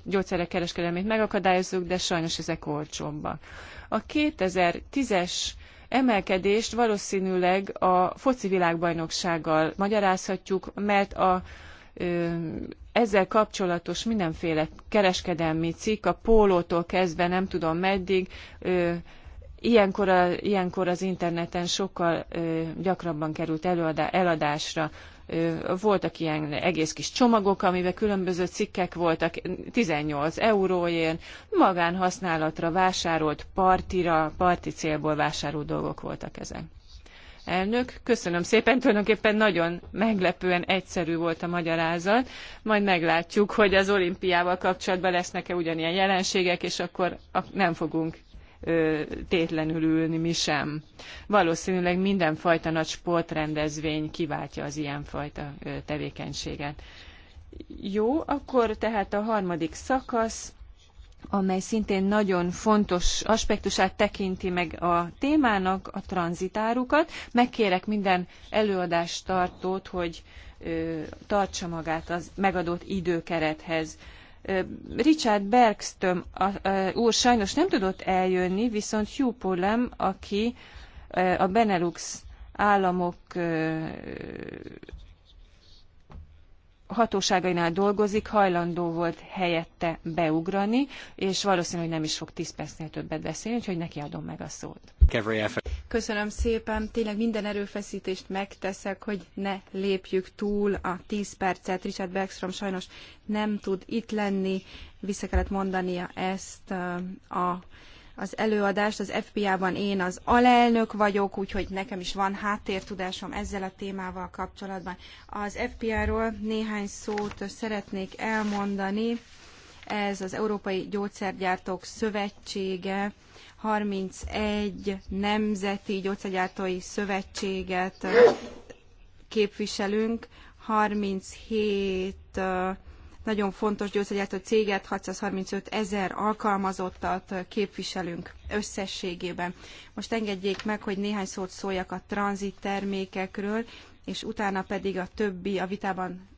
gyógyszerek kereskedelmét megakadályozzuk, de sajnos ezek olcsóbbak. A 2010-es emelkedést valószínűleg a foci világbajnoksággal magyarázhatjuk, mert a ezzel kapcsolatos mindenféle kereskedelmi cikk, a pólótól kezdve nem tudom meddig, ilyenkor, a, ilyenkor az interneten sokkal gyakrabban került előadásra. eladásra voltak ilyen egész kis csomagok, amiben különböző cikkek voltak, 18 euróért, magánhasználatra vásárolt, partira, parti célból vásárolt dolgok voltak ezek. Elnök, köszönöm szépen, tulajdonképpen nagyon meglepően egyszerű volt a magyarázat, majd meglátjuk, hogy az olimpiával kapcsolatban lesznek-e ugyanilyen jelenségek, és akkor nem fogunk tétlenül ülni mi sem. Valószínűleg mindenfajta nagy sportrendezvény kiváltja az ilyenfajta tevékenységet. Jó, akkor tehát a harmadik szakasz, amely szintén nagyon fontos aspektusát tekinti meg a témának, a tranzitárukat. Megkérek minden előadást tartót, hogy ö, tartsa magát az megadott időkerethez. Richard Bergström úr sajnos nem tudott eljönni, viszont Hugh Polem, aki a Benelux államok hatóságainál dolgozik, hajlandó volt helyette beugrani, és valószínű, hogy nem is fog 10 percnél többet beszélni, úgyhogy neki adom meg a szót. Köszönöm szépen, tényleg minden erőfeszítést megteszek, hogy ne lépjük túl a 10 percet. Richard Bergstrom sajnos nem tud itt lenni, vissza kellett mondania ezt a az előadást. Az FPA-ban én az alelnök vagyok, úgyhogy nekem is van háttértudásom ezzel a témával kapcsolatban. Az FPA-ról néhány szót szeretnék elmondani. Ez az Európai Gyógyszergyártók Szövetsége 31 nemzeti gyógyszergyártói szövetséget képviselünk, 37 nagyon fontos gyógyszergyártó céget, 635 ezer alkalmazottat képviselünk összességében. Most engedjék meg, hogy néhány szót szóljak a tranzit termékekről, és utána pedig a többi a vitában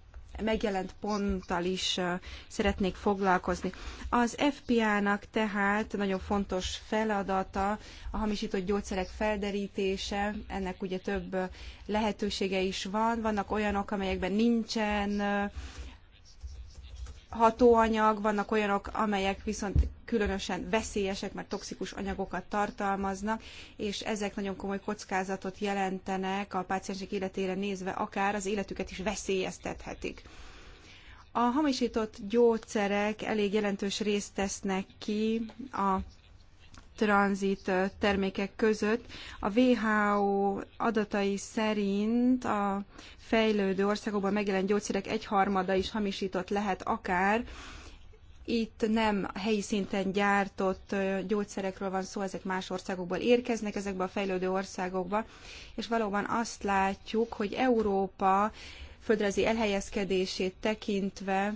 megjelent ponttal is szeretnék foglalkozni. Az FPA-nak tehát nagyon fontos feladata a hamisított gyógyszerek felderítése, ennek ugye több lehetősége is van, vannak olyanok, amelyekben nincsen hatóanyag, vannak olyanok, amelyek viszont különösen veszélyesek, mert toxikus anyagokat tartalmaznak, és ezek nagyon komoly kockázatot jelentenek a páciensek életére nézve, akár az életüket is veszélyeztethetik. A hamisított gyógyszerek elég jelentős részt tesznek ki a tranzit termékek között. A WHO adatai szerint a fejlődő országokban megjelent gyógyszerek egyharmada is hamisított lehet akár. Itt nem helyi szinten gyártott gyógyszerekről van szó, ezek más országokból érkeznek, ezekbe a fejlődő országokba, és valóban azt látjuk, hogy Európa földrajzi elhelyezkedését tekintve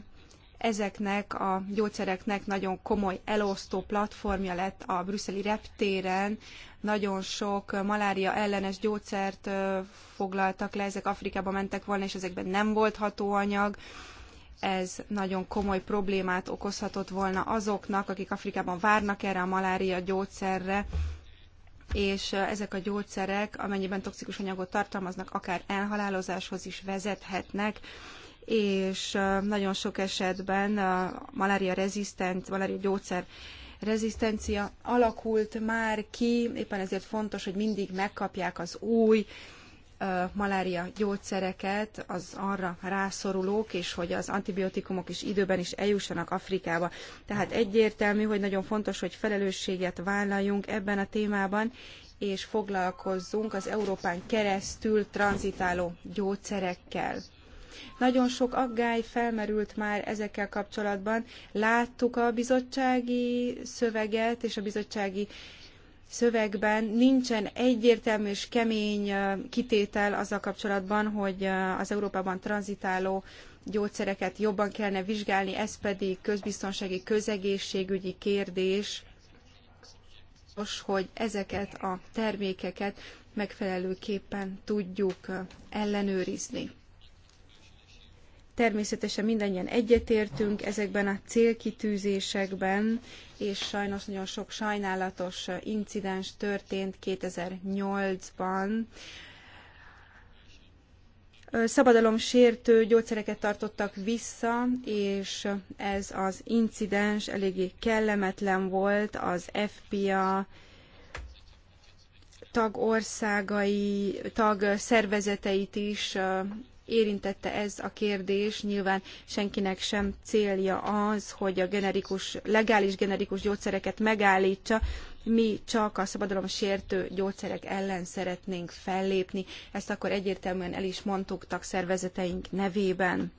Ezeknek a gyógyszereknek nagyon komoly elosztó platformja lett a brüsszeli reptéren, nagyon sok malária ellenes gyógyszert foglaltak le, ezek Afrikába mentek volna, és ezekben nem volt hatóanyag, ez nagyon komoly problémát okozhatott volna azoknak, akik Afrikában várnak erre a malária gyógyszerre, és ezek a gyógyszerek, amennyiben toxikus anyagot tartalmaznak, akár elhalálozáshoz is vezethetnek és nagyon sok esetben a malária rezisztent, malária gyógyszer rezisztencia alakult már ki, éppen ezért fontos, hogy mindig megkapják az új malária gyógyszereket az arra rászorulók, és hogy az antibiotikumok is időben is eljussanak Afrikába. Tehát egyértelmű, hogy nagyon fontos, hogy felelősséget vállaljunk ebben a témában, és foglalkozzunk az Európán keresztül tranzitáló gyógyszerekkel. Nagyon sok aggály felmerült már ezekkel kapcsolatban. Láttuk a bizottsági szöveget és a bizottsági szövegben nincsen egyértelmű és kemény kitétel azzal kapcsolatban, hogy az Európában tranzitáló gyógyszereket jobban kellene vizsgálni, ez pedig közbiztonsági, közegészségügyi kérdés, hogy ezeket a termékeket megfelelőképpen tudjuk ellenőrizni. Természetesen mindannyian egyetértünk ezekben a célkitűzésekben, és sajnos nagyon sok sajnálatos incidens történt 2008-ban. Szabadalom sértő gyógyszereket tartottak vissza, és ez az incidens eléggé kellemetlen volt az FPA tagországai, szervezeteit is érintette ez a kérdés. Nyilván senkinek sem célja az, hogy a generikus, legális generikus gyógyszereket megállítsa, mi csak a szabadalom sértő gyógyszerek ellen szeretnénk fellépni. Ezt akkor egyértelműen el is mondtuk tagszervezeteink nevében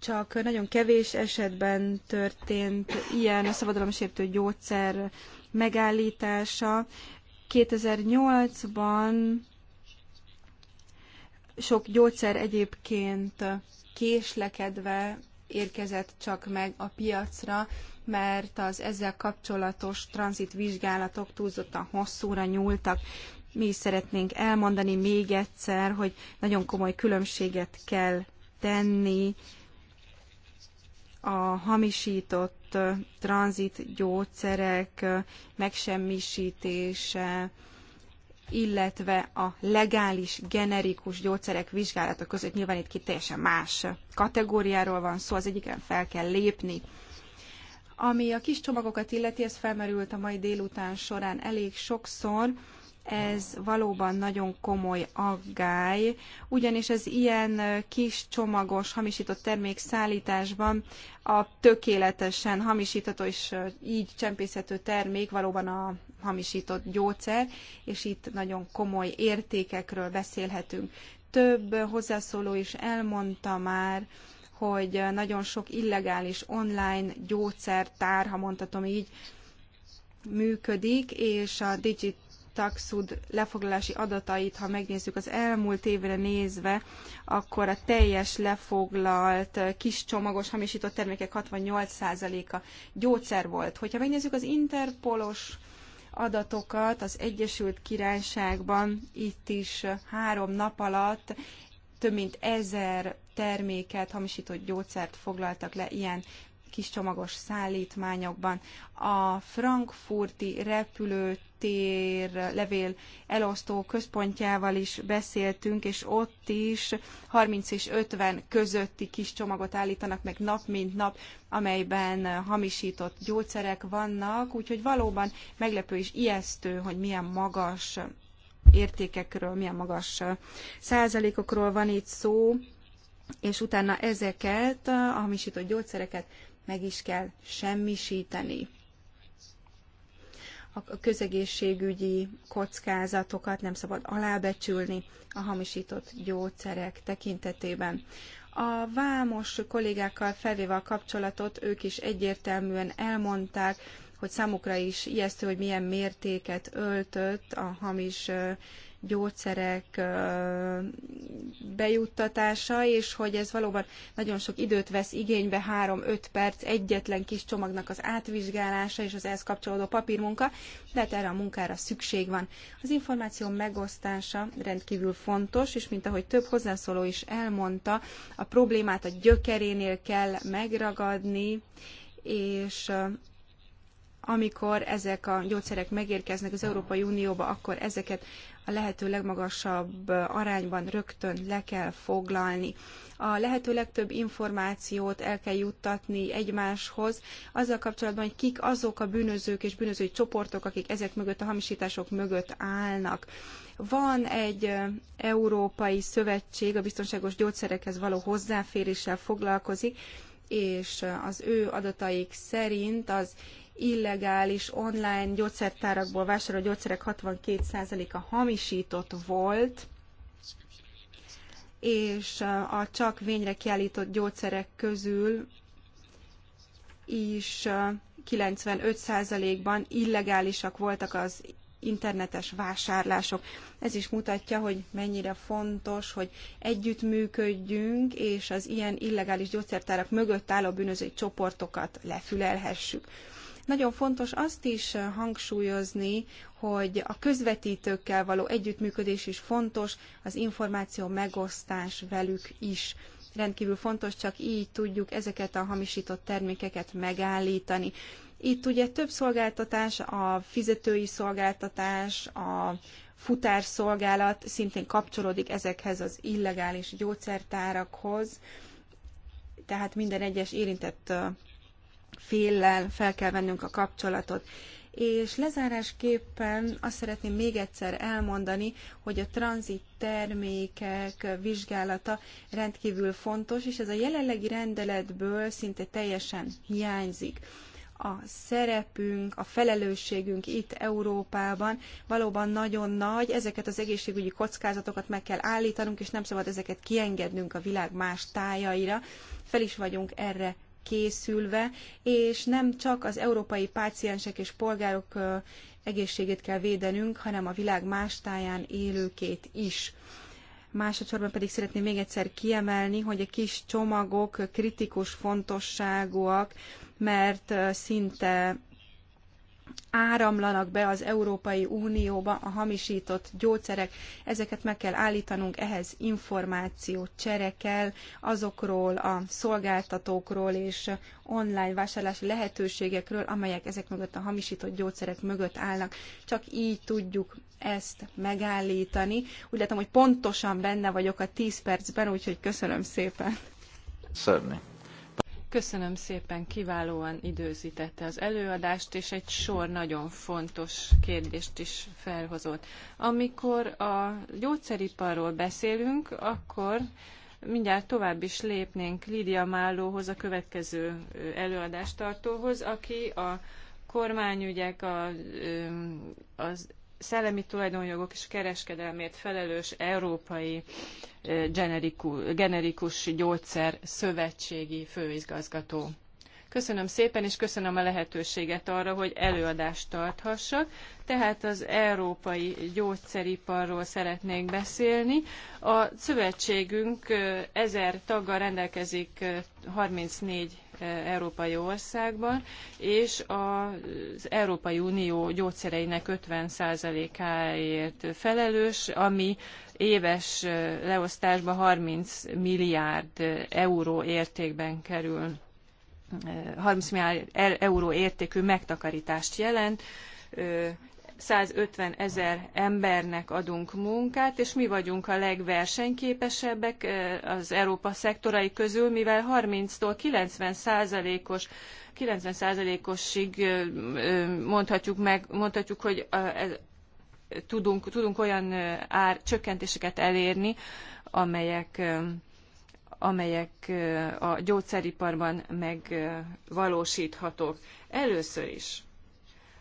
csak nagyon kevés esetben történt ilyen a sértő gyógyszer megállítása. 2008-ban sok gyógyszer egyébként késlekedve érkezett csak meg a piacra, mert az ezzel kapcsolatos tranzitvizsgálatok túlzottan hosszúra nyúltak. Mi is szeretnénk elmondani még egyszer, hogy nagyon komoly különbséget kell tenni a hamisított tranzitgyógyszerek megsemmisítése, illetve a legális generikus gyógyszerek vizsgálata között nyilván itt két teljesen más kategóriáról van szó, az egyiken fel kell lépni. Ami a kis csomagokat illeti, ez felmerült a mai délután során elég sokszor, ez valóban nagyon komoly aggály, ugyanis az ilyen kis csomagos hamisított termék szállításban a tökéletesen hamisítható és így csempészhető termék valóban a hamisított gyógyszer, és itt nagyon komoly értékekről beszélhetünk. Több hozzászóló is elmondta már, hogy nagyon sok illegális online gyógyszertár, ha mondhatom így, működik, és a Digit taxud lefoglalási adatait, ha megnézzük az elmúlt évre nézve, akkor a teljes lefoglalt kis csomagos hamisított termékek 68%-a gyógyszer volt. Hogyha megnézzük az interpolos adatokat az Egyesült Királyságban itt is három nap alatt több mint ezer terméket, hamisított gyógyszert foglaltak le ilyen kis csomagos szállítmányokban. A frankfurti repülőtér levél elosztó központjával is beszéltünk, és ott is 30 és 50 közötti kis csomagot állítanak meg nap mint nap, amelyben hamisított gyógyszerek vannak, úgyhogy valóban meglepő és ijesztő, hogy milyen magas értékekről, milyen magas százalékokról van itt szó, és utána ezeket a hamisított gyógyszereket meg is kell semmisíteni. A közegészségügyi kockázatokat nem szabad alábecsülni a hamisított gyógyszerek tekintetében. A vámos kollégákkal felvéve a kapcsolatot, ők is egyértelműen elmondták, hogy számukra is ijesztő, hogy milyen mértéket öltött a hamis gyógyszerek bejuttatása, és hogy ez valóban nagyon sok időt vesz igénybe, 3-5 perc egyetlen kis csomagnak az átvizsgálása és az ehhez kapcsolódó papírmunka, de hát erre a munkára szükség van. Az információ megosztása rendkívül fontos, és mint ahogy több hozzászóló is elmondta, a problémát a gyökerénél kell megragadni, és amikor ezek a gyógyszerek megérkeznek az Európai Unióba, akkor ezeket a lehető legmagasabb arányban rögtön le kell foglalni. A lehető legtöbb információt el kell juttatni egymáshoz, azzal kapcsolatban, hogy kik azok a bűnözők és bűnözői csoportok, akik ezek mögött, a hamisítások mögött állnak. Van egy Európai Szövetség, a biztonságos gyógyszerekhez való hozzáféréssel foglalkozik, és az ő adataik szerint az illegális online gyógyszertárakból vásárolt gyógyszerek 62%-a hamisított volt, és a csak vényre kiállított gyógyszerek közül is 95%-ban illegálisak voltak az internetes vásárlások. Ez is mutatja, hogy mennyire fontos, hogy együttműködjünk, és az ilyen illegális gyógyszertárak mögött álló bűnözői csoportokat lefülelhessük. Nagyon fontos azt is hangsúlyozni, hogy a közvetítőkkel való együttműködés is fontos, az információ megosztás velük is rendkívül fontos, csak így tudjuk ezeket a hamisított termékeket megállítani. Itt ugye több szolgáltatás, a fizetői szolgáltatás, a futárszolgálat szintén kapcsolódik ezekhez az illegális gyógyszertárakhoz, tehát minden egyes érintett féllel fel kell vennünk a kapcsolatot. És lezárásképpen azt szeretném még egyszer elmondani, hogy a tranzit termékek vizsgálata rendkívül fontos, és ez a jelenlegi rendeletből szinte teljesen hiányzik a szerepünk, a felelősségünk itt Európában valóban nagyon nagy, ezeket az egészségügyi kockázatokat meg kell állítanunk, és nem szabad ezeket kiengednünk a világ más tájaira. Fel is vagyunk erre készülve, és nem csak az európai páciensek és polgárok egészségét kell védenünk, hanem a világ más táján élőkét is. Másodszorban pedig szeretném még egyszer kiemelni, hogy a kis csomagok kritikus fontosságúak, mert szinte áramlanak be az Európai Unióba a hamisított gyógyszerek, ezeket meg kell állítanunk, ehhez információ csere kell azokról a szolgáltatókról és online vásárlási lehetőségekről, amelyek ezek mögött a hamisított gyógyszerek mögött állnak. Csak így tudjuk ezt megállítani. Úgy látom, hogy pontosan benne vagyok a 10 percben, úgyhogy köszönöm szépen. Certainly. Köszönöm szépen, kiválóan időzítette az előadást, és egy sor nagyon fontos kérdést is felhozott. Amikor a gyógyszeriparról beszélünk, akkor mindjárt tovább is lépnénk Lídia Málóhoz, a következő előadástartóhoz, aki a kormányügyek, a, az szellemi tulajdonjogok és kereskedelmért felelős európai generikus, generikus gyógyszer szövetségi főigazgató. Köszönöm szépen, és köszönöm a lehetőséget arra, hogy előadást tarthassak. Tehát az európai gyógyszeriparról szeretnék beszélni. A szövetségünk ezer taggal rendelkezik 34 Eh, európai országban, és az Európai Unió gyógyszereinek 50%-áért felelős, ami éves eh, leosztásban 30 milliárd eh, euró értékben kerül, 30 milliárd er, euró értékű megtakarítást jelent 150 ezer embernek adunk munkát, és mi vagyunk a legversenyképesebbek eh, az Európa szektorai közül, mivel 30-tól 90 százalékos 90 eh, eh, mondhatjuk meg, mondhatjuk, hogy tudunk, tudunk olyan ár csökkentéseket elérni, amelyek amelyek a gyógyszeriparban megvalósíthatók. Először is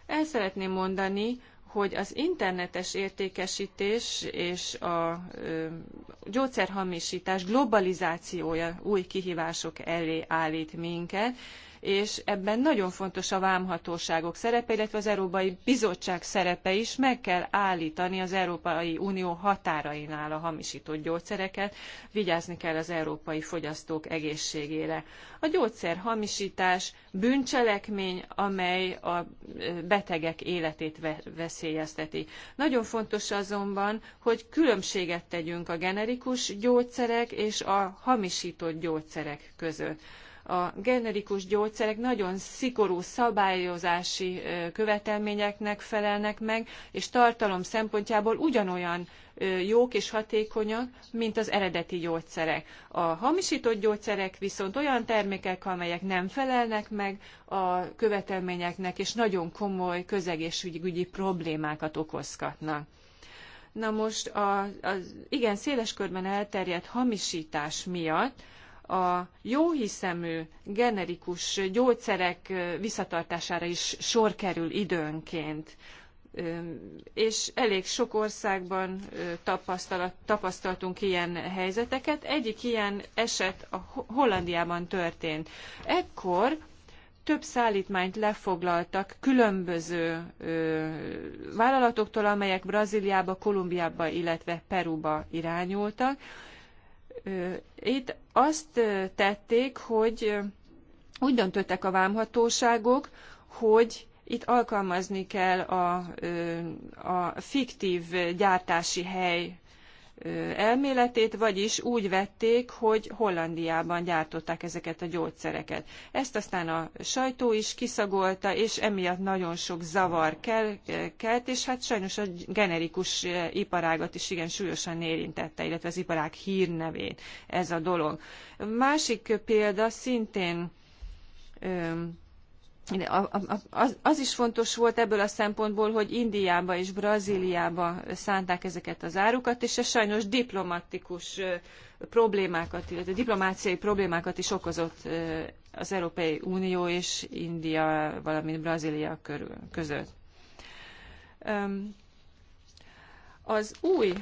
el szeretném mondani, hogy az internetes értékesítés és a gyógyszerhamisítás globalizációja új kihívások elé állít minket, és ebben nagyon fontos a vámhatóságok szerepe, illetve az Európai Bizottság szerepe is, meg kell állítani az Európai Unió határainál a hamisított gyógyszereket, vigyázni kell az európai fogyasztók egészségére. A gyógyszer hamisítás bűncselekmény, amely a betegek életét veszélyezteti. Nagyon fontos azonban, hogy különbséget tegyünk a generikus gyógyszerek és a hamisított gyógyszerek között a generikus gyógyszerek nagyon szigorú szabályozási követelményeknek felelnek meg, és tartalom szempontjából ugyanolyan jók és hatékonyak, mint az eredeti gyógyszerek. A hamisított gyógyszerek viszont olyan termékek, amelyek nem felelnek meg a követelményeknek, és nagyon komoly közegészségügyi problémákat okozhatnak. Na most az igen széles körben elterjedt hamisítás miatt a jóhiszemű generikus gyógyszerek visszatartására is sor kerül időnként. És elég sok országban tapasztaltunk ilyen helyzeteket. Egyik ilyen eset a Hollandiában történt. Ekkor több szállítmányt lefoglaltak különböző ö, vállalatoktól, amelyek Brazíliába, Kolumbiába, illetve Peruba irányultak itt azt tették, hogy úgy döntöttek a vámhatóságok, hogy itt alkalmazni kell a, a fiktív gyártási hely elméletét, vagyis úgy vették, hogy Hollandiában gyártották ezeket a gyógyszereket. Ezt aztán a sajtó is kiszagolta, és emiatt nagyon sok zavar kelt, és hát sajnos a generikus iparágat is igen súlyosan érintette, illetve az iparág hírnevét ez a dolog. Másik példa szintén öm, az, az is fontos volt ebből a szempontból, hogy Indiába és Brazíliába szánták ezeket az árukat, és ez sajnos diplomatikus problémákat, illetve diplomáciai problémákat is okozott az Európai Unió és India, valamint Brazília körül, között. Az új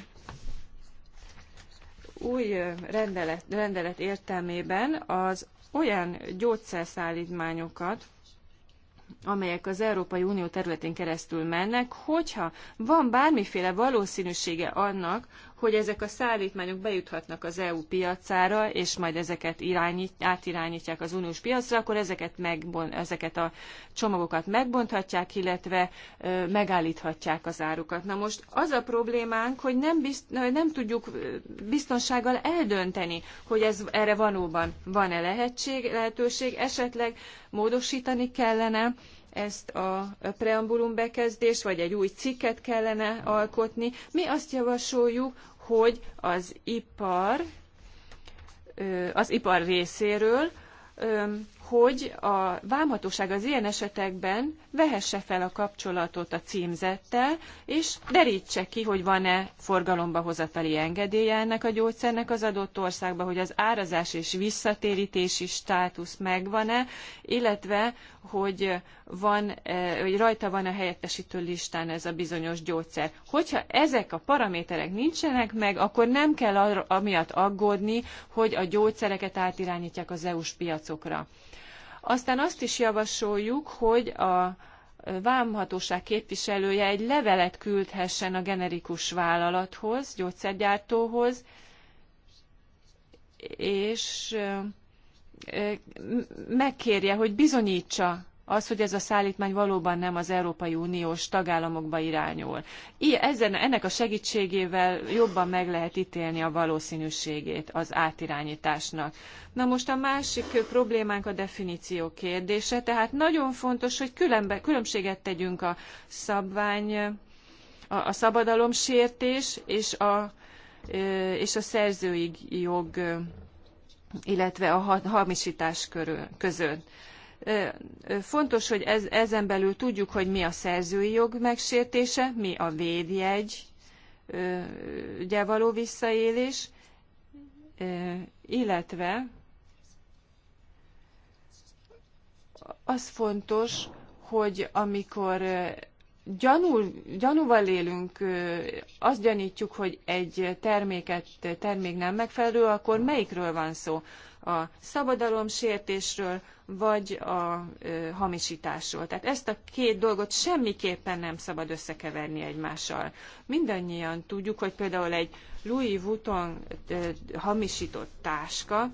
új rendelet, rendelet értelmében az olyan gyógyszerszállítmányokat, amelyek az Európai Unió területén keresztül mennek, hogyha van bármiféle valószínűsége annak, hogy ezek a szállítmányok bejuthatnak az EU piacára, és majd ezeket irányít, átirányítják az uniós piacra, akkor ezeket, megbon, ezeket a csomagokat megbonthatják, illetve ö, megállíthatják az árukat. Na most az a problémánk, hogy nem, bizt, nem tudjuk biztonsággal eldönteni, hogy ez erre valóban van-e lehetség, lehetőség, esetleg módosítani kellene, ezt a preambulum bekezdést, vagy egy új cikket kellene alkotni. Mi azt javasoljuk, hogy az ipar, az ipar részéről, hogy a vámhatóság az ilyen esetekben vehesse fel a kapcsolatot a címzettel, és derítse ki, hogy van-e forgalomba hozatali engedélye ennek a gyógyszernek az adott országban, hogy az árazás és visszatérítési státusz megvan-e, illetve hogy, van, eh, hogy rajta van a helyettesítő listán ez a bizonyos gyógyszer. Hogyha ezek a paraméterek nincsenek meg, akkor nem kell arra, amiatt aggódni, hogy a gyógyszereket átirányítják az EU-s piacokra. Aztán azt is javasoljuk, hogy a vámhatóság képviselője egy levelet küldhessen a generikus vállalathoz, gyógyszergyártóhoz, és megkérje, hogy bizonyítsa az, hogy ez a szállítmány valóban nem az Európai Uniós tagállamokba irányul. Ezen, ennek a segítségével jobban meg lehet ítélni a valószínűségét az átirányításnak. Na most a másik problémánk a definíció kérdése, tehát nagyon fontos, hogy különbe, különbséget tegyünk a szabvány, a, a szabadalomsértés és a, és a szerzői jog illetve a hamisítás körül, között. Fontos, hogy ez, ezen belül tudjuk, hogy mi a szerzői jog megsértése, mi a védjegy, ugye való visszaélés, illetve az fontos, hogy amikor gyanú, gyanúval élünk, azt gyanítjuk, hogy egy terméket, termék nem megfelelő, akkor melyikről van szó? A szabadalom sértésről, vagy a hamisításról. Tehát ezt a két dolgot semmiképpen nem szabad összekeverni egymással. Mindannyian tudjuk, hogy például egy Louis Vuitton hamisított táska,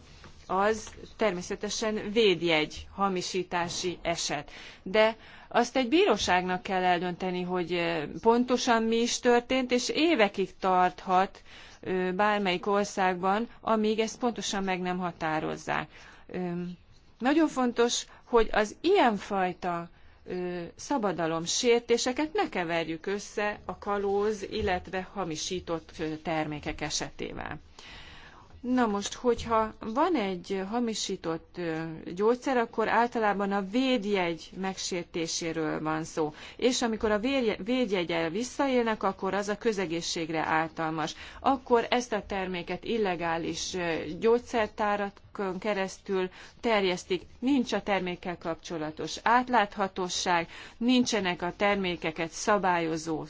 az természetesen védjegy hamisítási eset. De azt egy bíróságnak kell eldönteni, hogy pontosan mi is történt, és évekig tarthat bármelyik országban, amíg ezt pontosan meg nem határozzák. Nagyon fontos, hogy az ilyenfajta szabadalom sértéseket ne keverjük össze a kalóz, illetve hamisított termékek esetével. Na most, hogyha van egy hamisított gyógyszer, akkor általában a védjegy megsértéséről van szó. És amikor a védjegyel visszaélnek, akkor az a közegészségre általmas. Akkor ezt a terméket illegális gyógyszertárat cégekön keresztül terjesztik, nincs a termékkel kapcsolatos átláthatóság, nincsenek a termékeket szabályozó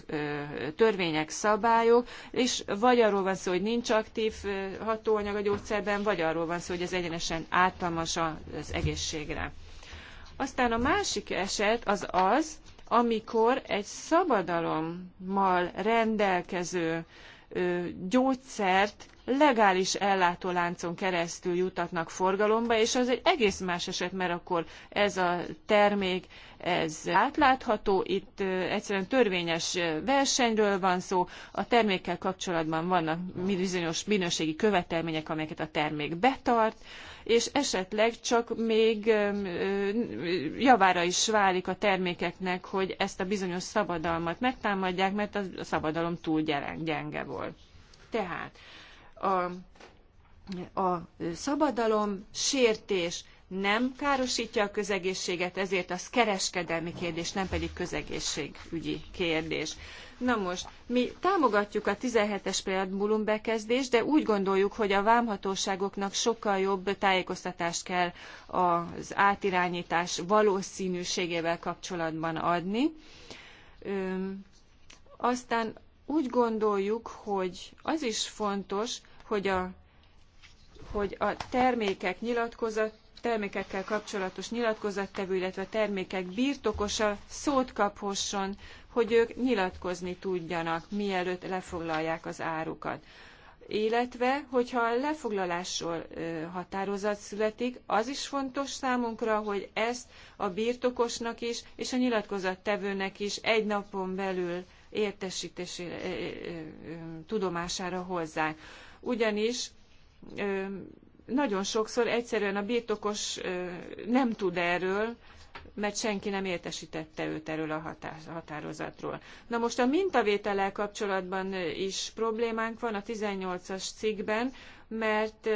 törvények, szabályok, és vagy arról van szó, hogy nincs aktív hatóanyag a gyógyszerben, vagy arról van szó, hogy ez egyenesen ártalmas az egészségre. Aztán a másik eset az az, amikor egy szabadalommal rendelkező gyógyszert legális ellátóláncon keresztül juttatnak forgalomba, és az egy egész más eset, mert akkor ez a termék, ez átlátható, itt egyszerűen törvényes versenyről van szó, a termékkel kapcsolatban vannak bizonyos minőségi követelmények, amelyeket a termék betart, és esetleg csak még javára is válik a termékeknek, hogy ezt a bizonyos szabadalmat megtámadják, mert a szabadalom túl gyenge volt. Tehát a, a szabadalom sértés nem károsítja a közegészséget, ezért az kereskedelmi kérdés, nem pedig közegészségügyi kérdés. Na most, mi támogatjuk a 17-es preambulum bekezdést, de úgy gondoljuk, hogy a vámhatóságoknak sokkal jobb tájékoztatást kell az átirányítás valószínűségével kapcsolatban adni. Öm, aztán úgy gondoljuk, hogy az is fontos, hogy a, hogy a termékek nyilatkozat termékekkel kapcsolatos nyilatkozattevő, illetve a termékek birtokosa szót kaphasson, hogy ők nyilatkozni tudjanak, mielőtt lefoglalják az árukat. Illetve, hogyha a lefoglalásról határozat születik, az is fontos számunkra, hogy ezt a birtokosnak is és a nyilatkozattevőnek is egy napon belül értesítésére, tudomására hozzák. Ugyanis nagyon sokszor egyszerűen a birtokos nem tud erről, mert senki nem értesítette őt erről a határozatról. Na most a mintavétellel kapcsolatban is problémánk van a 18-as cikkben, mert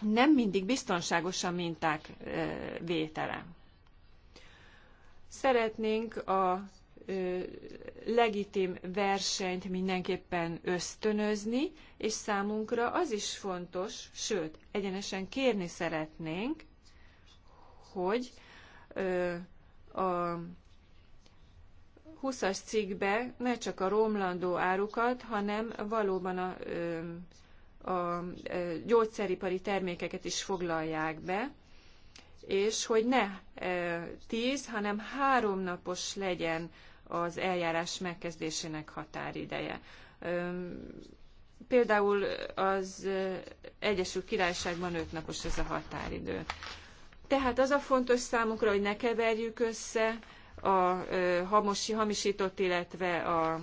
nem mindig biztonságos a minták vétele. Szeretnénk a legitim versenyt mindenképpen ösztönözni, és számunkra az is fontos, sőt, egyenesen kérni szeretnénk, hogy a 20-as cikkbe ne csak a romlandó árukat, hanem valóban a, a gyógyszeripari termékeket is foglalják be, és hogy ne 10, hanem háromnapos legyen az eljárás megkezdésének határideje. Például az Egyesült Királyságban öt napos ez a határidő. Tehát az a fontos számunkra, hogy ne keverjük össze a hamosi, hamisított, illetve a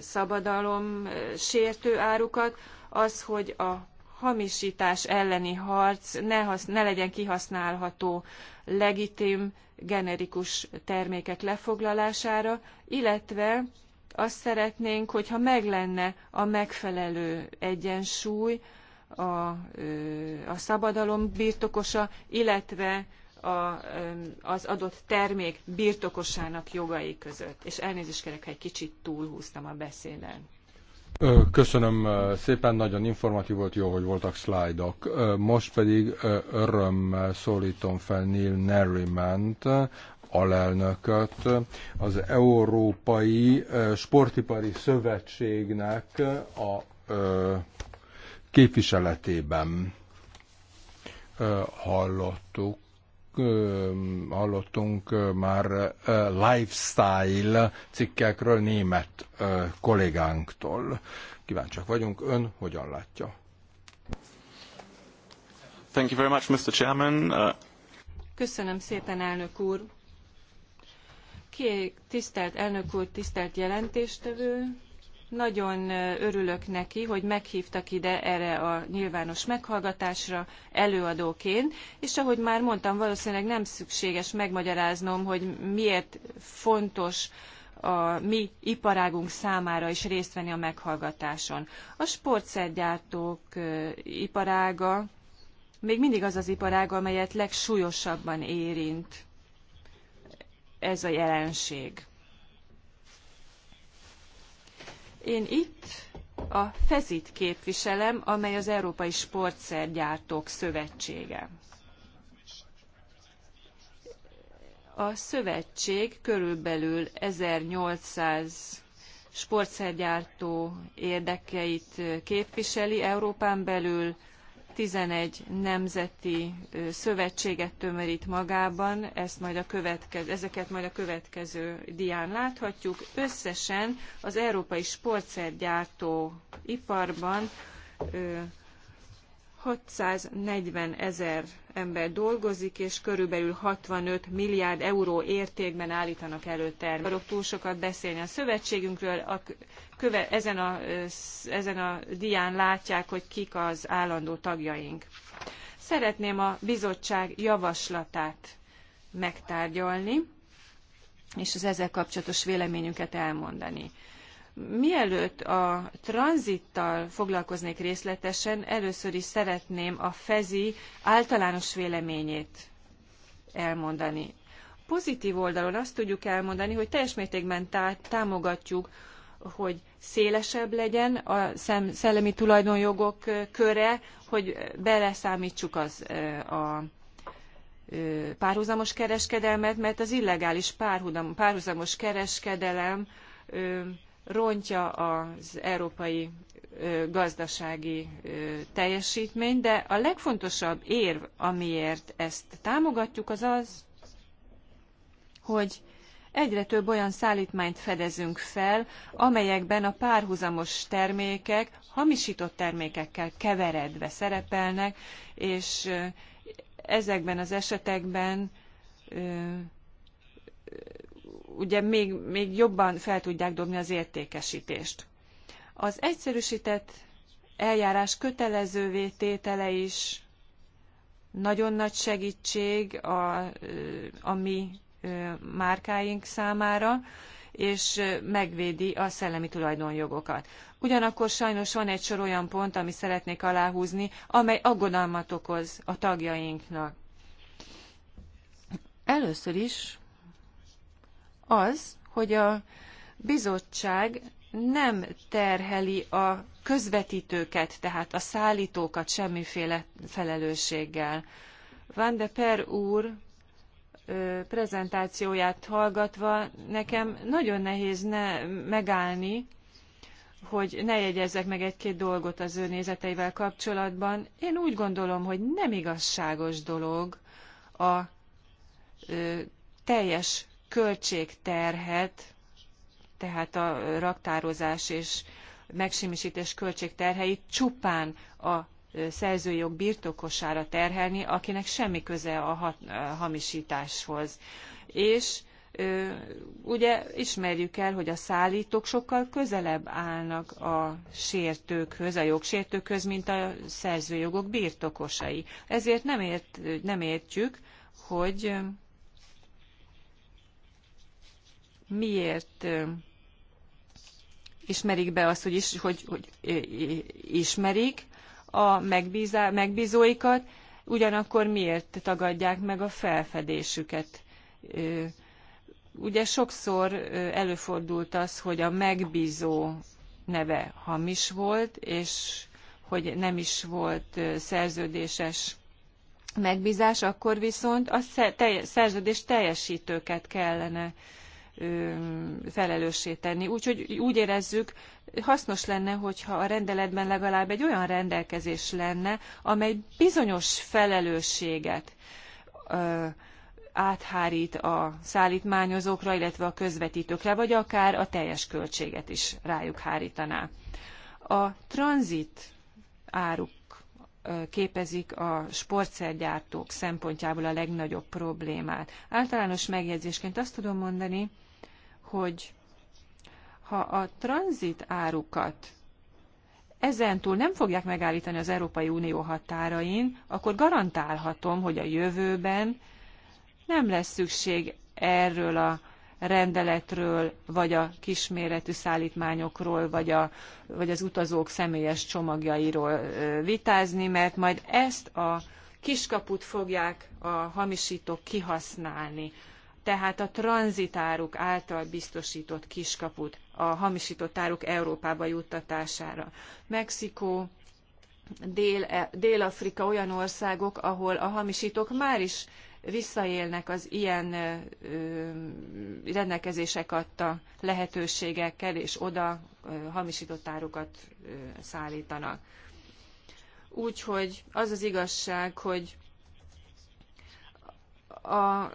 szabadalom sértő árukat, az, hogy a hamisítás elleni harc ne, hasz, ne legyen kihasználható legitim, generikus termékek lefoglalására, illetve azt szeretnénk, hogyha meglenne a megfelelő egyensúly a, a szabadalom birtokosa, illetve a, az adott termék birtokosának jogai között. És elnézést kérek, ha egy kicsit túlhúztam a beszélen. Köszönöm szépen, nagyon informatív volt, jó, hogy voltak szlájdok. Most pedig örömmel szólítom fel Neil Nerriment, alelnököt, az Európai Sportipari Szövetségnek a képviseletében hallottuk hallottunk már lifestyle cikkekről német kollégánktól. Kíváncsiak vagyunk, ön hogyan látja? Thank you very much, Mr. Chairman. Uh, Köszönöm szépen, elnök úr. Ki, tisztelt elnök úr, tisztelt jelentéstevő, nagyon örülök neki, hogy meghívtak ide erre a nyilvános meghallgatásra előadóként, és ahogy már mondtam, valószínűleg nem szükséges megmagyaráznom, hogy miért fontos a mi iparágunk számára is részt venni a meghallgatáson. A sportszergyártók iparága még mindig az az iparág, amelyet legsúlyosabban érint ez a jelenség. Én itt a Fezit képviselem, amely az Európai Sportszergyártók Szövetsége. A szövetség körülbelül 1800 sportszergyártó érdekeit képviseli Európán belül, 11 nemzeti szövetséget tömörít magában, ezt majd a következő, ezeket majd a következő dián láthatjuk. Összesen az európai sportszergyártó iparban 640 ezer ember dolgozik, és körülbelül 65 milliárd euró értékben állítanak elő terméket. Arról túl sokat beszélni a szövetségünkről, a köve, ezen, a, ezen a dián látják, hogy kik az állandó tagjaink. Szeretném a bizottság javaslatát megtárgyalni, és az ezzel kapcsolatos véleményünket elmondani. Mielőtt a tranzittal foglalkoznék részletesen, először is szeretném a FEZI általános véleményét elmondani. Pozitív oldalon azt tudjuk elmondani, hogy teljes mértékben támogatjuk hogy szélesebb legyen a szellemi tulajdonjogok köre, hogy beleszámítsuk az, a párhuzamos kereskedelmet, mert az illegális párhuzamos kereskedelem rontja az európai gazdasági teljesítményt, de a legfontosabb érv, amiért ezt támogatjuk, az az, hogy egyre több olyan szállítmányt fedezünk fel, amelyekben a párhuzamos termékek hamisított termékekkel keveredve szerepelnek, és ezekben az esetekben ugye még, még jobban fel tudják dobni az értékesítést. Az egyszerűsített eljárás kötelezővé tétele is nagyon nagy segítség a, a mi márkáink számára, és megvédi a szellemi tulajdonjogokat. Ugyanakkor sajnos van egy sor olyan pont, ami szeretnék aláhúzni, amely aggodalmat okoz a tagjainknak. Először is az, hogy a bizottság nem terheli a közvetítőket, tehát a szállítókat semmiféle felelősséggel. Van de Per úr prezentációját hallgatva nekem nagyon nehéz ne megállni, hogy ne jegyezzek meg egy-két dolgot az ő nézeteivel kapcsolatban. Én úgy gondolom, hogy nem igazságos dolog a ö, teljes költségterhet, tehát a raktározás és megsimisítés költségterheit csupán a szerzőjog birtokosára terhelni, akinek semmi köze a, hamistáshoz hamisításhoz. És ugye ismerjük el, hogy a szállítók sokkal közelebb állnak a sértőkhöz, a jogsértőkhöz, mint a szerzőjogok birtokosai. Ezért nem, ért, nem értjük, hogy miért ismerik be azt, hogy, is, hogy, hogy ismerik, a megbízá, megbízóikat, ugyanakkor miért tagadják meg a felfedésüket? Ugye sokszor előfordult az, hogy a megbízó neve hamis volt, és hogy nem is volt szerződéses megbízás, akkor viszont a szerződés teljesítőket kellene felelőssé tenni. Úgyhogy úgy érezzük, hasznos lenne, hogyha a rendeletben legalább egy olyan rendelkezés lenne, amely bizonyos felelősséget ö, áthárít a szállítmányozókra, illetve a közvetítőkre, vagy akár a teljes költséget is rájuk hárítaná. A tranzit áruk képezik a sportszergyártók szempontjából a legnagyobb problémát. Általános megjegyzésként azt tudom mondani, hogy ha a tranzit árukat ezentúl nem fogják megállítani az Európai Unió határain, akkor garantálhatom, hogy a jövőben nem lesz szükség erről a rendeletről, vagy a kisméretű szállítmányokról, vagy, a, vagy az utazók személyes csomagjairól vitázni, mert majd ezt a kiskaput fogják a hamisítók kihasználni tehát a tranzitáruk által biztosított kiskaput a hamisított áruk Európába juttatására. Mexikó, e- Dél-Afrika olyan országok, ahol a hamisítók már is visszaélnek az ilyen ö, rendelkezések adta lehetőségekkel, és oda ö, hamisított árukat ö, szállítanak. Úgyhogy az az igazság, hogy a,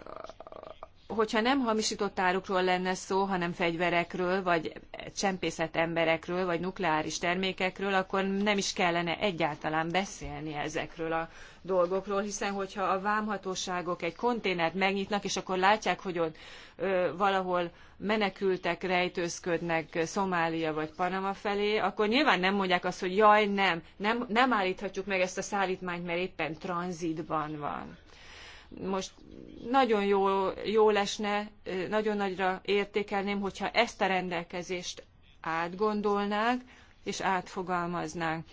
hogyha nem hamisított árukról lenne szó, hanem fegyverekről, vagy csempészet emberekről, vagy nukleáris termékekről, akkor nem is kellene egyáltalán beszélni ezekről a dolgokról, hiszen hogyha a vámhatóságok egy konténert megnyitnak, és akkor látják, hogy ott ö, valahol menekültek, rejtőzködnek Szomália vagy Panama felé, akkor nyilván nem mondják azt, hogy jaj, nem, nem, nem állíthatjuk meg ezt a szállítmányt, mert éppen tranzitban van most nagyon jó, jó lesne, nagyon nagyra értékelném, hogyha ezt a rendelkezést átgondolnák és átfogalmaznánk.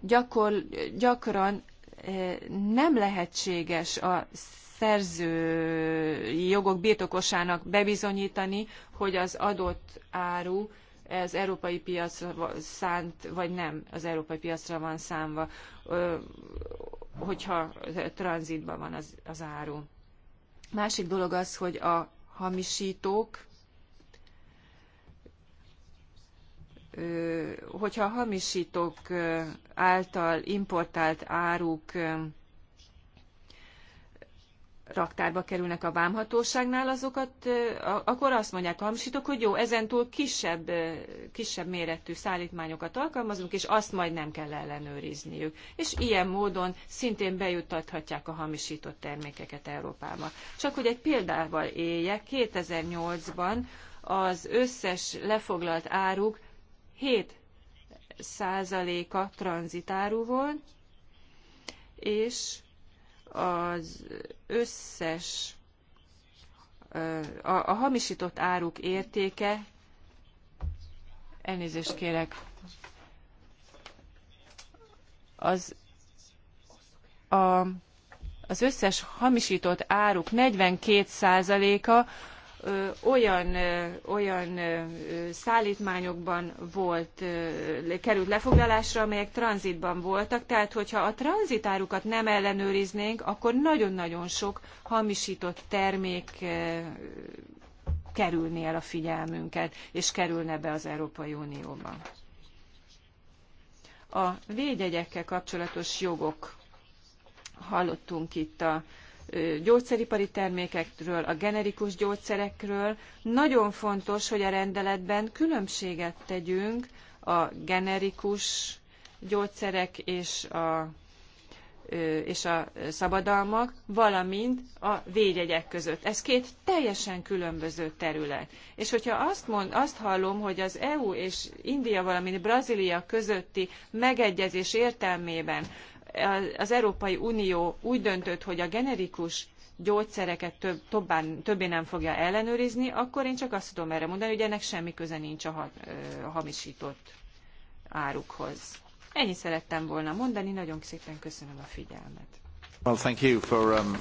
Gyakor, gyakran nem lehetséges a szerzői jogok birtokosának bebizonyítani, hogy az adott áru az európai piacra szánt, vagy nem az európai piacra van számva hogyha tranzitban van az, az áru. Másik dolog az, hogy a hamisítók, hogyha a hamisítók által importált áruk raktárba kerülnek a vámhatóságnál, azokat akkor azt mondják a hogy jó, ezentúl kisebb, kisebb méretű szállítmányokat alkalmazunk, és azt majd nem kell ellenőrizniük. És ilyen módon szintén bejuttathatják a hamisított termékeket Európába. Csak hogy egy példával éljek, 2008-ban az összes lefoglalt áruk 7 százaléka tranzitáru volt, és az összes a, a hamisított áruk értéke, elnézést kérek, az a, az összes hamisított áruk 42%-a olyan, olyan szállítmányokban volt, került lefoglalásra, amelyek tranzitban voltak, tehát hogyha a tranzitárukat nem ellenőriznénk, akkor nagyon-nagyon sok hamisított termék kerülné el a figyelmünket, és kerülne be az Európai Unióba. A védjegyekkel kapcsolatos jogok. Hallottunk itt a gyógyszeripari termékekről, a generikus gyógyszerekről. Nagyon fontos, hogy a rendeletben különbséget tegyünk a generikus gyógyszerek és a és a szabadalmak, valamint a védjegyek között. Ez két teljesen különböző terület. És hogyha azt, mond, azt hallom, hogy az EU és India, valamint Brazília közötti megegyezés értelmében az Európai Unió úgy döntött, hogy a generikus gyógyszereket több, tobbán, többé nem fogja ellenőrizni, akkor én csak azt tudom erre mondani, hogy ennek semmi köze nincs a, ha, a hamisított árukhoz. Ennyi szerettem volna mondani, nagyon szépen köszönöm a figyelmet. Um,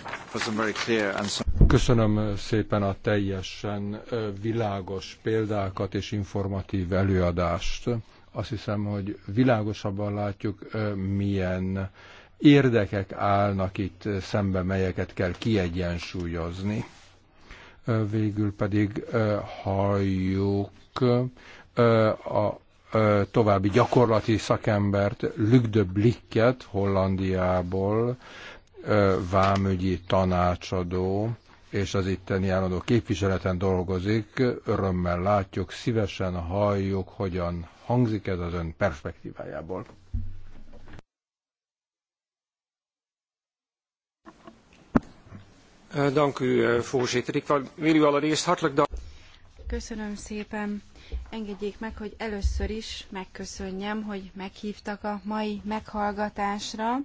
köszönöm szépen a teljesen világos példákat és informatív előadást. Azt hiszem, hogy világosabban látjuk, milyen érdekek állnak itt szembe melyeket kell kiegyensúlyozni. Végül pedig halljuk a további gyakorlati szakembert, Lügdö Blikket Hollandiából, vámügyi tanácsadó, és az itteni állandó képviseleten dolgozik. Örömmel látjuk, szívesen halljuk, hogyan hangzik ez az ön perspektívájából. Köszönöm szépen. Engedjék meg, hogy először is megköszönjem, hogy meghívtak a mai meghallgatásra.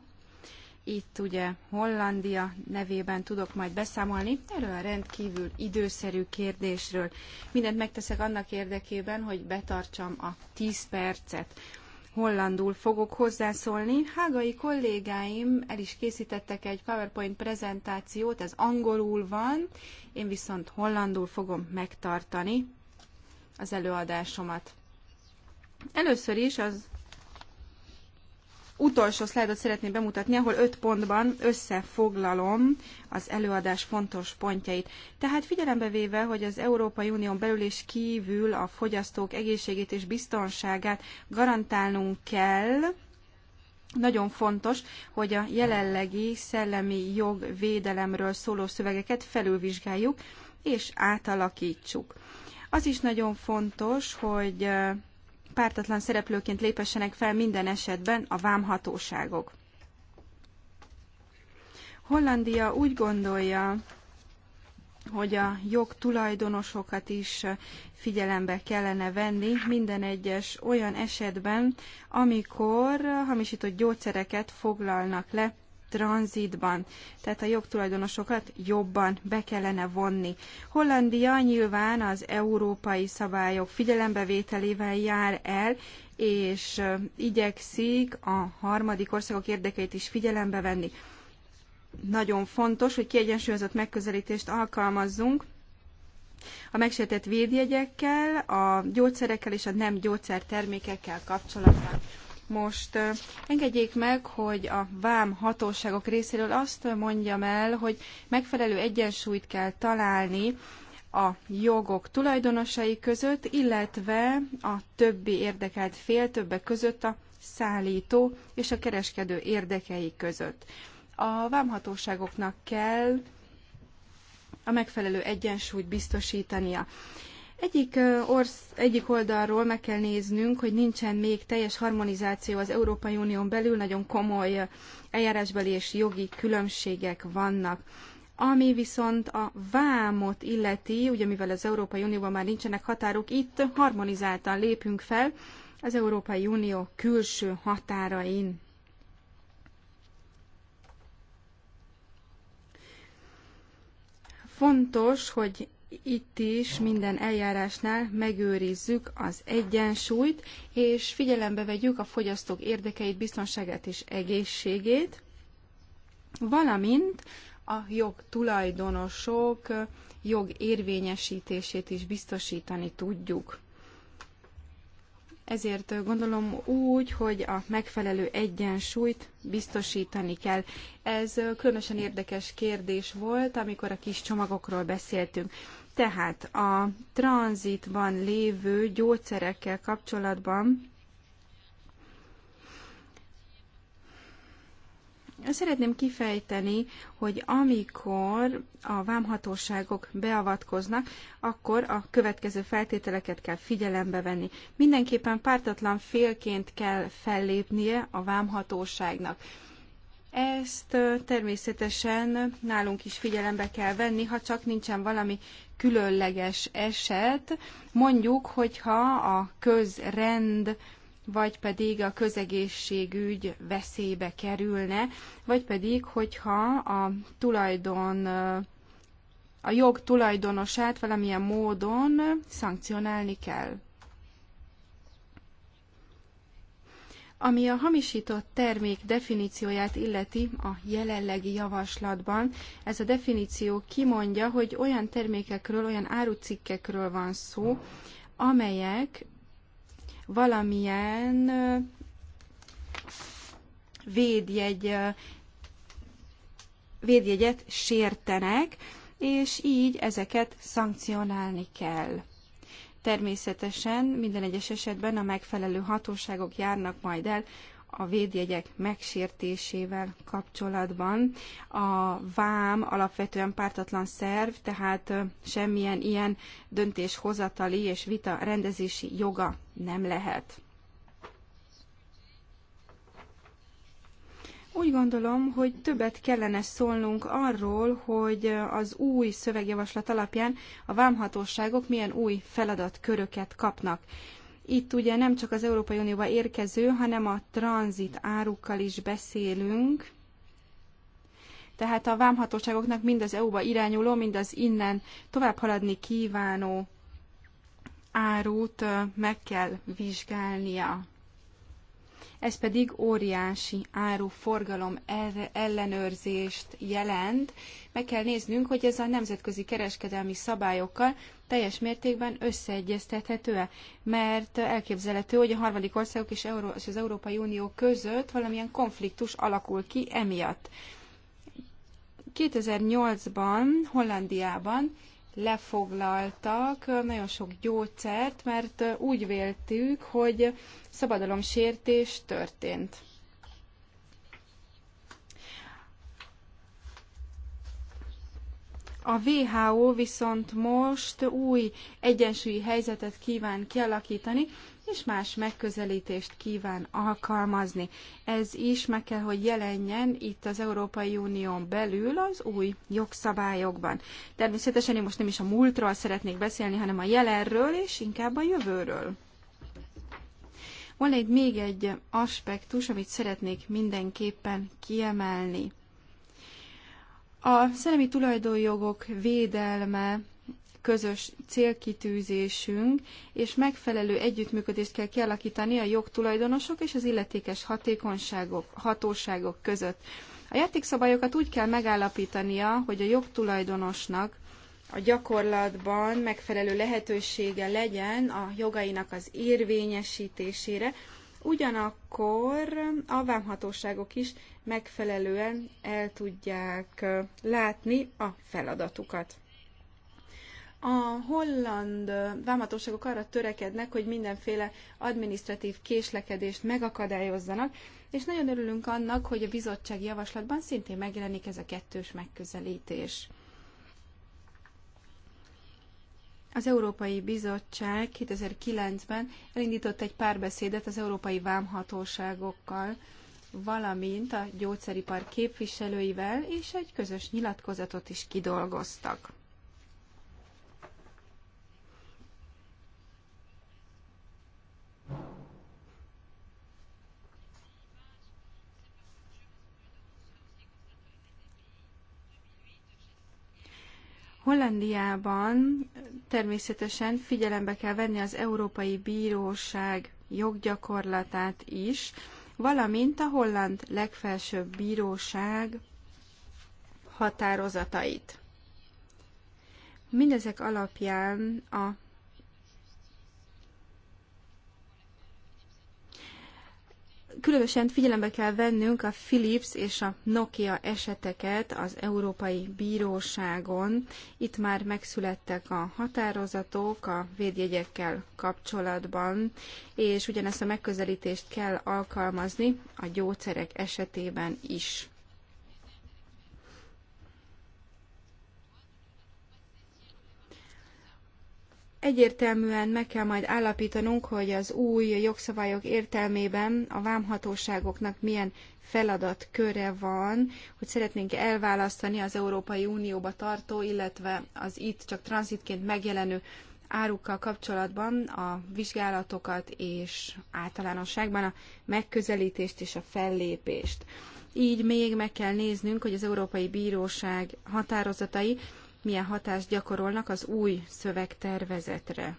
Itt ugye Hollandia nevében tudok majd beszámolni erről a rendkívül időszerű kérdésről. Mindent megteszek annak érdekében, hogy betartsam a 10 percet. Hollandul fogok hozzászólni. Hágai kollégáim el is készítettek egy PowerPoint prezentációt, ez angolul van, én viszont hollandul fogom megtartani az előadásomat. Először is az utolsó szlájdot szeretném bemutatni, ahol öt pontban összefoglalom az előadás fontos pontjait. Tehát figyelembe véve, hogy az Európai Unión belül és kívül a fogyasztók egészségét és biztonságát garantálnunk kell, nagyon fontos, hogy a jelenlegi szellemi jogvédelemről szóló szövegeket felülvizsgáljuk és átalakítsuk. Az is nagyon fontos, hogy pártatlan szereplőként lépessenek fel minden esetben a vámhatóságok. Hollandia úgy gondolja, hogy a jogtulajdonosokat is figyelembe kellene venni minden egyes olyan esetben, amikor hamisított gyógyszereket foglalnak le tranzitban, tehát a jogtulajdonosokat jobban be kellene vonni. Hollandia nyilván az európai szabályok figyelembevételével jár el, és igyekszik a harmadik országok érdekeit is figyelembe venni. Nagyon fontos, hogy kiegyensúlyozott megközelítést alkalmazzunk, a megsértett védjegyekkel, a gyógyszerekkel és a nem gyógyszertermékekkel kapcsolatban. Most engedjék meg, hogy a vám hatóságok részéről azt mondjam el, hogy megfelelő egyensúlyt kell találni a jogok tulajdonosai között, illetve a többi érdekelt fél többek között a szállító és a kereskedő érdekei között. A vámhatóságoknak kell a megfelelő egyensúlyt biztosítania. Egyik, orsz, egyik oldalról meg kell néznünk, hogy nincsen még teljes harmonizáció az Európai Unión belül, nagyon komoly eljárásbeli és jogi különbségek vannak. Ami viszont a vámot illeti, ugye mivel az Európai Unióban már nincsenek határok, itt harmonizáltan lépünk fel az Európai Unió külső határain. Fontos, hogy itt is minden eljárásnál megőrizzük az egyensúlyt, és figyelembe vegyük a fogyasztók érdekeit, biztonságát és egészségét, valamint a jogtulajdonosok jogérvényesítését is biztosítani tudjuk. Ezért gondolom úgy, hogy a megfelelő egyensúlyt biztosítani kell. Ez különösen érdekes kérdés volt, amikor a kis csomagokról beszéltünk. Tehát a tranzitban lévő gyógyszerekkel kapcsolatban Szeretném kifejteni, hogy amikor a vámhatóságok beavatkoznak, akkor a következő feltételeket kell figyelembe venni. Mindenképpen pártatlan félként kell fellépnie a vámhatóságnak. Ezt természetesen nálunk is figyelembe kell venni, ha csak nincsen valami különleges eset, mondjuk, hogyha a közrend vagy pedig a közegészségügy veszélybe kerülne, vagy pedig, hogyha a tulajdon a jog tulajdonosát valamilyen módon szankcionálni kell. Ami a hamisított termék definícióját illeti a jelenlegi javaslatban, ez a definíció kimondja, hogy olyan termékekről, olyan árucikkekről van szó, amelyek valamilyen védjegy, védjegyet sértenek, és így ezeket szankcionálni kell. Természetesen minden egyes esetben a megfelelő hatóságok járnak majd el a védjegyek megsértésével kapcsolatban. A vám alapvetően pártatlan szerv, tehát semmilyen ilyen döntéshozatali és vita rendezési joga nem lehet. Úgy gondolom, hogy többet kellene szólnunk arról, hogy az új szövegjavaslat alapján a vámhatóságok milyen új feladatköröket kapnak. Itt ugye nem csak az Európai Unióba érkező, hanem a tranzit árukkal is beszélünk, tehát a vámhatóságoknak mind az EU-ba irányuló, mind az innen tovább haladni kívánó árut meg kell vizsgálnia ez pedig óriási áruforgalom ellenőrzést jelent. Meg kell néznünk, hogy ez a nemzetközi kereskedelmi szabályokkal teljes mértékben összeegyeztethető-e, mert elképzelhető, hogy a harmadik országok és az Európai Unió között valamilyen konfliktus alakul ki emiatt. 2008-ban Hollandiában lefoglaltak nagyon sok gyógyszert, mert úgy véltük, hogy szabadalomsértés történt. A WHO viszont most új egyensúlyi helyzetet kíván kialakítani, és más megközelítést kíván alkalmazni. Ez is meg kell, hogy jelenjen itt az Európai Unión belül az új jogszabályokban. Természetesen én most nem is a múltról szeretnék beszélni, hanem a jelenről és inkább a jövőről. Van egy még egy aspektus, amit szeretnék mindenképpen kiemelni. A szellemi tulajdonjogok védelme közös célkitűzésünk, és megfelelő együttműködést kell kialakítani a jogtulajdonosok és az illetékes hatékonyságok, hatóságok között. A játékszabályokat úgy kell megállapítania, hogy a jogtulajdonosnak a gyakorlatban megfelelő lehetősége legyen a jogainak az érvényesítésére, ugyanakkor a vámhatóságok is megfelelően el tudják látni a feladatukat a holland vámhatóságok arra törekednek, hogy mindenféle adminisztratív késlekedést megakadályozzanak, és nagyon örülünk annak, hogy a bizottság javaslatban szintén megjelenik ez a kettős megközelítés. Az Európai Bizottság 2009-ben elindított egy párbeszédet az európai vámhatóságokkal, valamint a gyógyszeripar képviselőivel, és egy közös nyilatkozatot is kidolgoztak. Hollandiában természetesen figyelembe kell venni az Európai Bíróság joggyakorlatát is, valamint a holland legfelsőbb bíróság határozatait. Mindezek alapján a Különösen figyelembe kell vennünk a Philips és a Nokia eseteket az Európai Bíróságon. Itt már megszülettek a határozatok a védjegyekkel kapcsolatban, és ugyanezt a megközelítést kell alkalmazni a gyógyszerek esetében is. Egyértelműen meg kell majd állapítanunk, hogy az új jogszabályok értelmében a vámhatóságoknak milyen feladatköre van, hogy szeretnénk elválasztani az Európai Unióba tartó, illetve az itt csak tranzitként megjelenő árukkal kapcsolatban a vizsgálatokat és általánosságban a megközelítést és a fellépést. Így még meg kell néznünk, hogy az Európai Bíróság határozatai milyen hatást gyakorolnak az új szövegtervezetre.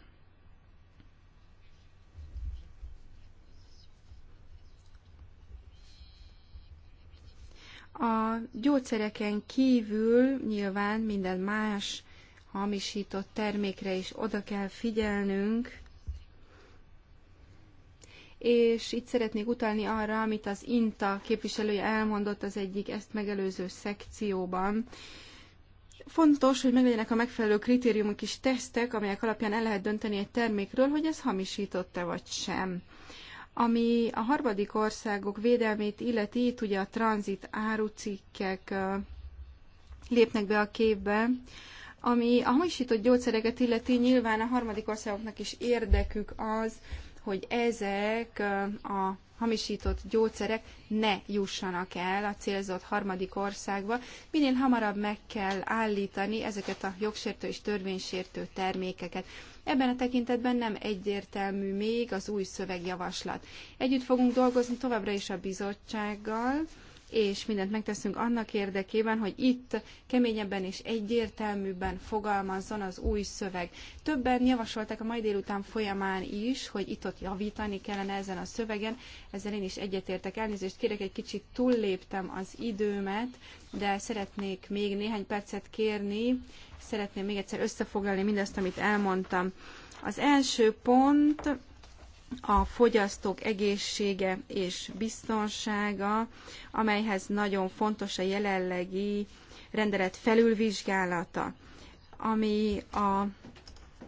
A gyógyszereken kívül nyilván minden más hamisított termékre is oda kell figyelnünk, és itt szeretnék utalni arra, amit az INTA képviselője elmondott az egyik ezt megelőző szekcióban, Fontos, hogy meglegyenek a megfelelő kritériumok és tesztek, amelyek alapján el lehet dönteni egy termékről, hogy ez hamisított-e vagy sem. Ami a harmadik országok védelmét illeti, itt ugye a tranzit árucikkek lépnek be a képbe, ami a hamisított gyógyszereket illeti, nyilván a harmadik országoknak is érdekük az, hogy ezek a hamisított gyógyszerek ne jussanak el a célzott harmadik országba. Minél hamarabb meg kell állítani ezeket a jogsértő és törvénysértő termékeket. Ebben a tekintetben nem egyértelmű még az új szövegjavaslat. Együtt fogunk dolgozni továbbra is a bizottsággal, és mindent megteszünk annak érdekében, hogy itt keményebben és egyértelműbben fogalmazzon az új szöveg. Többen javasolták a mai délután folyamán is, hogy itt-ott javítani kellene ezen a szövegen, ezzel én is egyetértek. Elnézést kérek, egy kicsit túlléptem az időmet, de szeretnék még néhány percet kérni, szeretném még egyszer összefoglalni mindazt, amit elmondtam. Az első pont a fogyasztók egészsége és biztonsága, amelyhez nagyon fontos a jelenlegi rendelet felülvizsgálata, ami a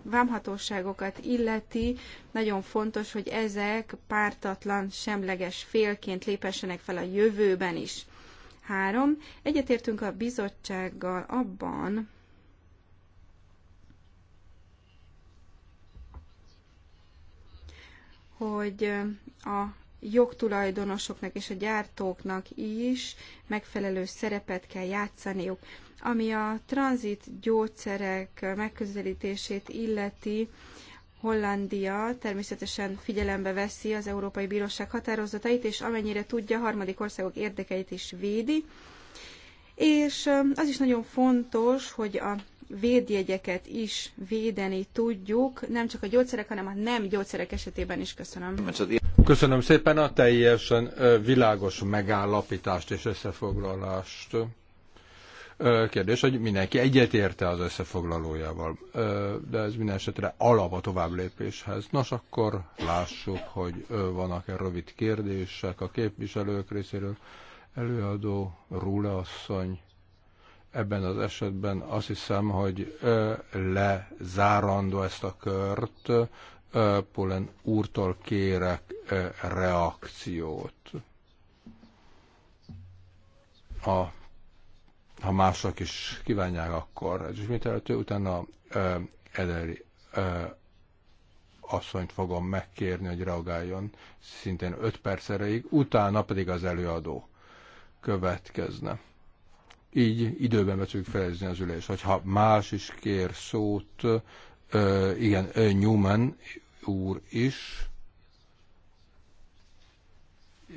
vámhatóságokat illeti, nagyon fontos, hogy ezek pártatlan, semleges félként lépessenek fel a jövőben is. Három. Egyetértünk a bizottsággal abban, hogy a jogtulajdonosoknak és a gyártóknak is megfelelő szerepet kell játszaniuk. Ami a tranzit gyógyszerek megközelítését illeti, Hollandia természetesen figyelembe veszi az Európai Bíróság határozatait, és amennyire tudja, harmadik országok érdekeit is védi. És az is nagyon fontos, hogy a védjegyeket is védeni tudjuk, nem csak a gyógyszerek, hanem a nem gyógyszerek esetében is. Köszönöm. Köszönöm szépen a teljesen világos megállapítást és összefoglalást. Kérdés, hogy mindenki egyetérte az összefoglalójával, de ez minden esetre alap a tovább lépéshez. Nos, akkor lássuk, hogy vannak-e rövid kérdések a képviselők részéről. Előadó Rúle asszony. Ebben az esetben azt hiszem, hogy lezárandó ezt a kört, Polen úrtól kérek reakciót. A, ha mások is kívánják, akkor ez mitelhető. Utána Ederi asszonyt fogom megkérni, hogy reagáljon szintén 5 perc erejéig, utána pedig az előadó következne így időben be tudjuk fejezni az ülést. Hogyha más is kér szót, igen, Newman úr is,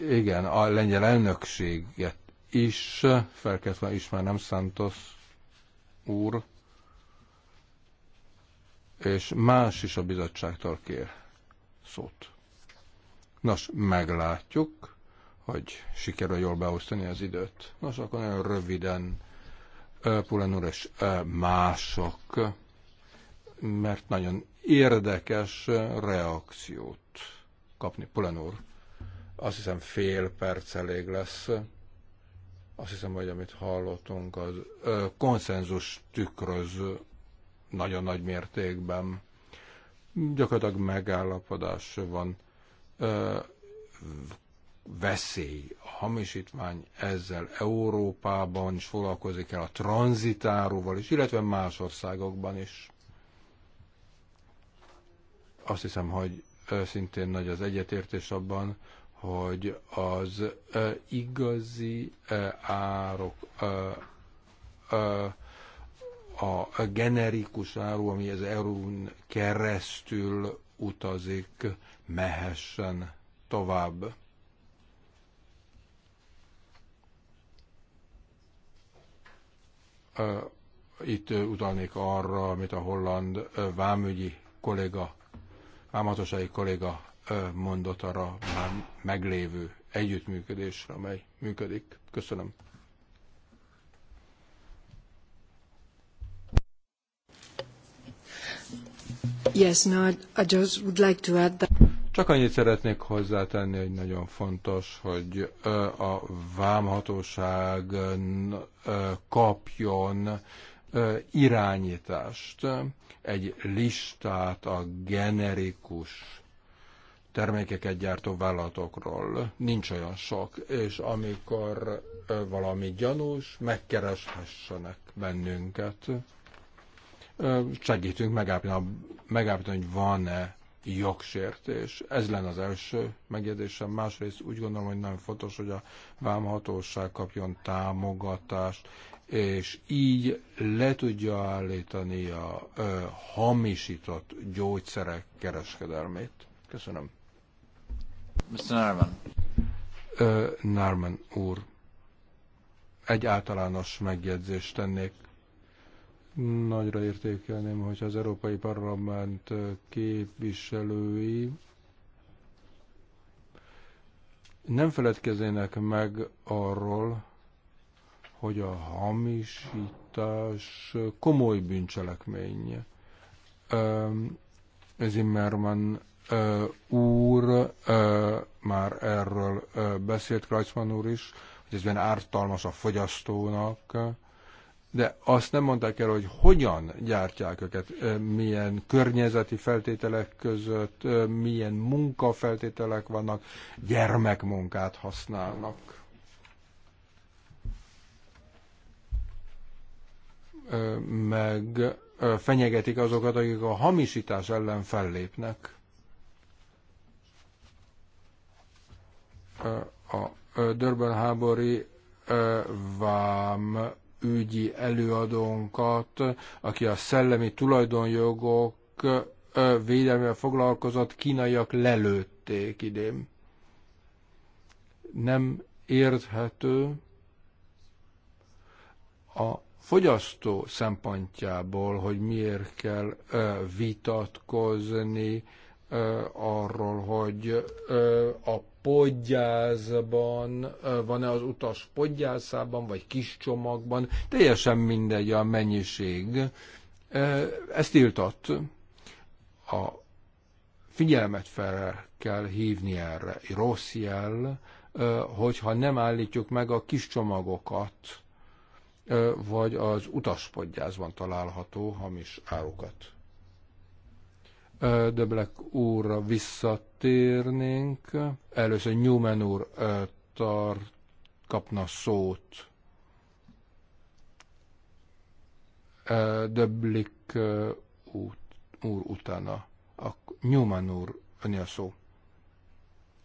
igen, a lengyel elnökséget is felkezdve ismernem Santos úr, és más is a bizottságtól kér szót. Nos, meglátjuk hogy sikerül jól beosztani az időt. Nos, akkor nagyon röviden Pulenur és mások, mert nagyon érdekes reakciót kapni. Pulenur, azt hiszem fél perc elég lesz. Azt hiszem, hogy amit hallottunk, az konszenzus tükröz nagyon nagy mértékben. Gyakorlatilag megállapodás van veszély. A hamisítvány ezzel Európában is foglalkozik el a tranzitáróval is, illetve más országokban is. Azt hiszem, hogy szintén nagy az egyetértés abban, hogy az igazi ö, árok, a generikus áru, ami az EU-n keresztül utazik, mehessen tovább Itt utalnék arra, amit a holland vámügyi kolléga, vámhatósági kolléga mondott arra már meglévő együttműködésre, amely működik. Köszönöm. Yes, no, I just would like to add that. Csak annyit szeretnék hozzátenni, hogy nagyon fontos, hogy a vámhatóság kapjon irányítást, egy listát a generikus termékeket gyártó vállalatokról. Nincs olyan sok, és amikor valami gyanús, megkereshessenek bennünket. Segítünk megállapítani, megállapítani hogy van-e jogsértés. Ez lenne az első megjegyzésem. Másrészt úgy gondolom, hogy nagyon fontos, hogy a vámhatóság kapjon támogatást, és így le tudja állítani a ö, hamisított gyógyszerek kereskedelmét. Köszönöm. Mr. Narman. Ö, Narman úr, egy általános megjegyzést tennék Nagyra értékelném, hogy az Európai Parlament képviselői nem feledkezének meg arról, hogy a hamisítás komoly bűncselekmény. Zimmermann úr már erről beszélt, Kreuzmann úr is, hogy ezben ártalmas a fogyasztónak, de azt nem mondták el, hogy hogyan gyártják őket, milyen környezeti feltételek között, milyen munkafeltételek vannak, gyermekmunkát használnak. Meg fenyegetik azokat, akik a hamisítás ellen fellépnek. A Durban hábori, vám ügyi előadónkat, aki a szellemi tulajdonjogok védelmével foglalkozott, kínaiak lelőtték idén. Nem érthető a fogyasztó szempontjából, hogy miért kell vitatkozni, arról, hogy a podgyászban, van-e az utas podgyászában, vagy kis csomagban, teljesen mindegy a mennyiség. Ezt tiltott. A figyelmet fel kell hívni erre. Rossz jel, hogyha nem állítjuk meg a kis csomagokat, vagy az utaspodgyászban található hamis árukat. Döblek úrra visszatérnénk. Először Newman úr tart, kapna szót. Döblik úr utána. A Newman úr, a szó.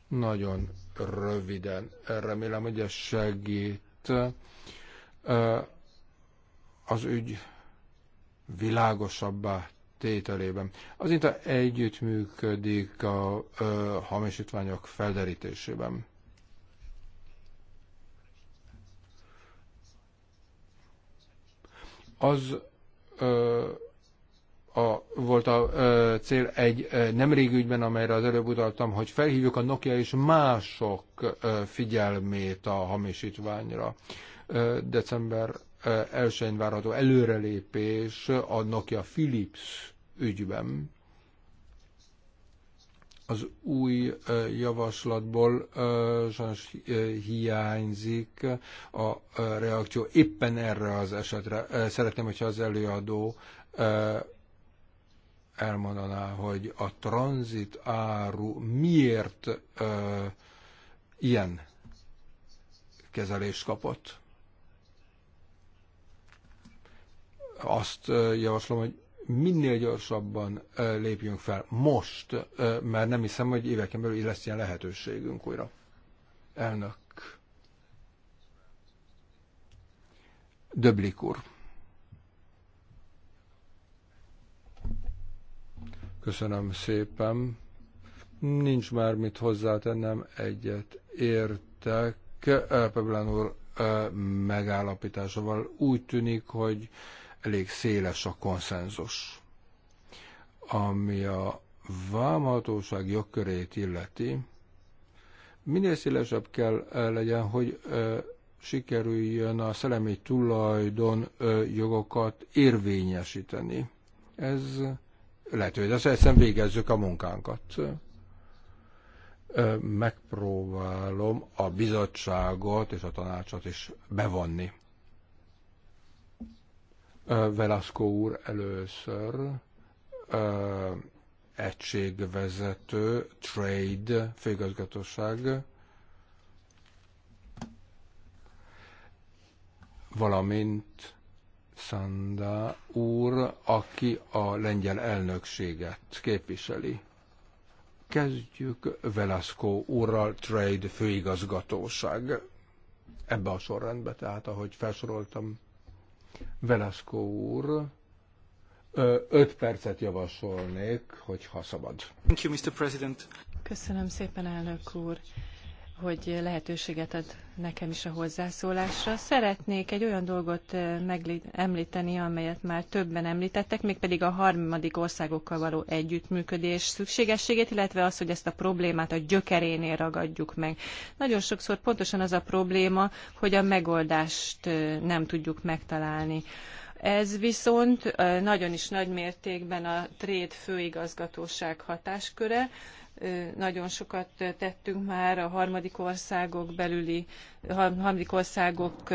Nagyon röviden. Remélem, hogy ez segít. Az ügy világosabbá tételében. Az INTA együttműködik a ö, hamisítványok felderítésében. Az ö, a, volt a ö, cél egy ö, nemrég ügyben, amelyre az előbb utaltam, hogy felhívjuk a Nokia és mások ö, figyelmét a hamisítványra. Ö, december 1-én várható előrelépés a Nokia Philips ügyben. Az új javaslatból sajnos hiányzik a reakció éppen erre az esetre. Szeretném, hogyha az előadó elmondaná, hogy a tranzit áru miért ilyen kezelést kapott. Azt javaslom, hogy minél gyorsabban lépjünk fel. Most, mert nem hiszem, hogy éveken belül így lesz ilyen lehetőségünk újra. Elnök. Döblik úr. Köszönöm szépen. Nincs már mit hozzátennem, egyet értek. Peblán úr megállapításával úgy tűnik, hogy elég széles a konszenzus. Ami a vámhatóság jogkörét illeti, minél szélesebb kell legyen, hogy sikerüljön a szellemi tulajdon jogokat érvényesíteni. Ez lehet, hogy ezt egyszerűen végezzük a munkánkat. Megpróbálom a bizottságot és a tanácsot is bevonni Velasco úr először egységvezető, trade, főigazgatóság, valamint Szanda úr, aki a lengyel elnökséget képviseli. Kezdjük Velasco úrral, trade főigazgatóság. Ebbe a sorrendbe, tehát ahogy felsoroltam Velasco úr, öt percet javasolnék, hogyha szabad. Thank you, Mr. President. Köszönöm szépen, elnök úr hogy lehetőséget ad nekem is a hozzászólásra. Szeretnék egy olyan dolgot eh, említeni, amelyet már többen említettek, mégpedig a harmadik országokkal való együttműködés szükségességét, illetve az, hogy ezt a problémát a gyökerénél ragadjuk meg. Nagyon sokszor pontosan az a probléma, hogy a megoldást eh, nem tudjuk megtalálni. Ez viszont eh, nagyon is nagy mértékben a Tréd főigazgatóság hatásköre, nagyon sokat tettünk már a harmadik országok belüli, harmadik országok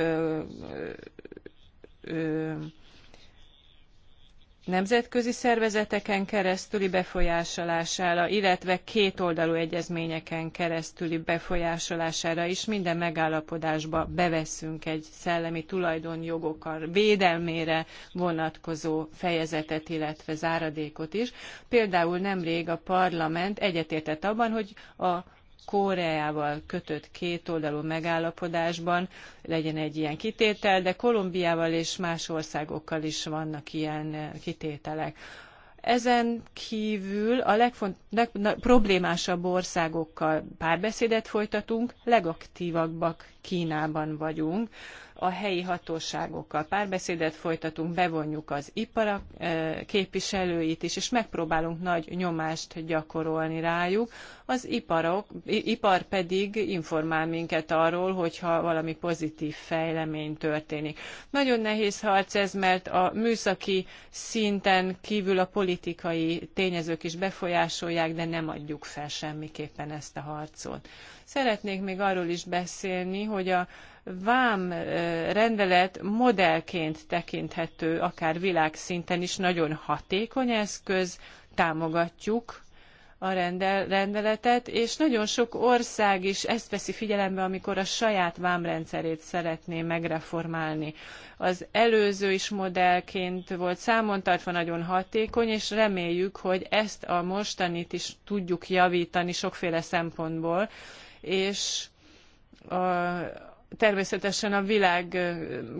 nemzetközi szervezeteken keresztüli befolyásolására, illetve kétoldalú egyezményeken keresztüli befolyásolására is minden megállapodásba beveszünk egy szellemi tulajdonjogok védelmére vonatkozó fejezetet, illetve záradékot is. Például nemrég a parlament egyetértett abban, hogy a Koreával kötött kétoldalú megállapodásban legyen egy ilyen kitétel, de Kolumbiával és más országokkal is vannak ilyen eh, kitételek. Ezen kívül a legfont, problémásabb országokkal párbeszédet folytatunk, legaktívabbak Kínában vagyunk a helyi hatóságokkal párbeszédet folytatunk, bevonjuk az ipar eh, képviselőit is, és megpróbálunk nagy nyomást gyakorolni rájuk. Az iparok, ipar pedig informál minket arról, hogyha valami pozitív fejlemény történik. Nagyon nehéz harc ez, mert a műszaki szinten kívül a politikai tényezők is befolyásolják, de nem adjuk fel semmiképpen ezt a harcot. Szeretnék még arról is beszélni, hogy a vám eh, rendelet modellként tekinthető, akár világszinten is nagyon hatékony eszköz, támogatjuk a rendel, rendeletet, és nagyon sok ország is ezt veszi figyelembe, amikor a saját vámrendszerét szeretné megreformálni. Az előző is modellként volt számon tartva nagyon hatékony, és reméljük, hogy ezt a mostanit is tudjuk javítani sokféle szempontból, és a, természetesen a világ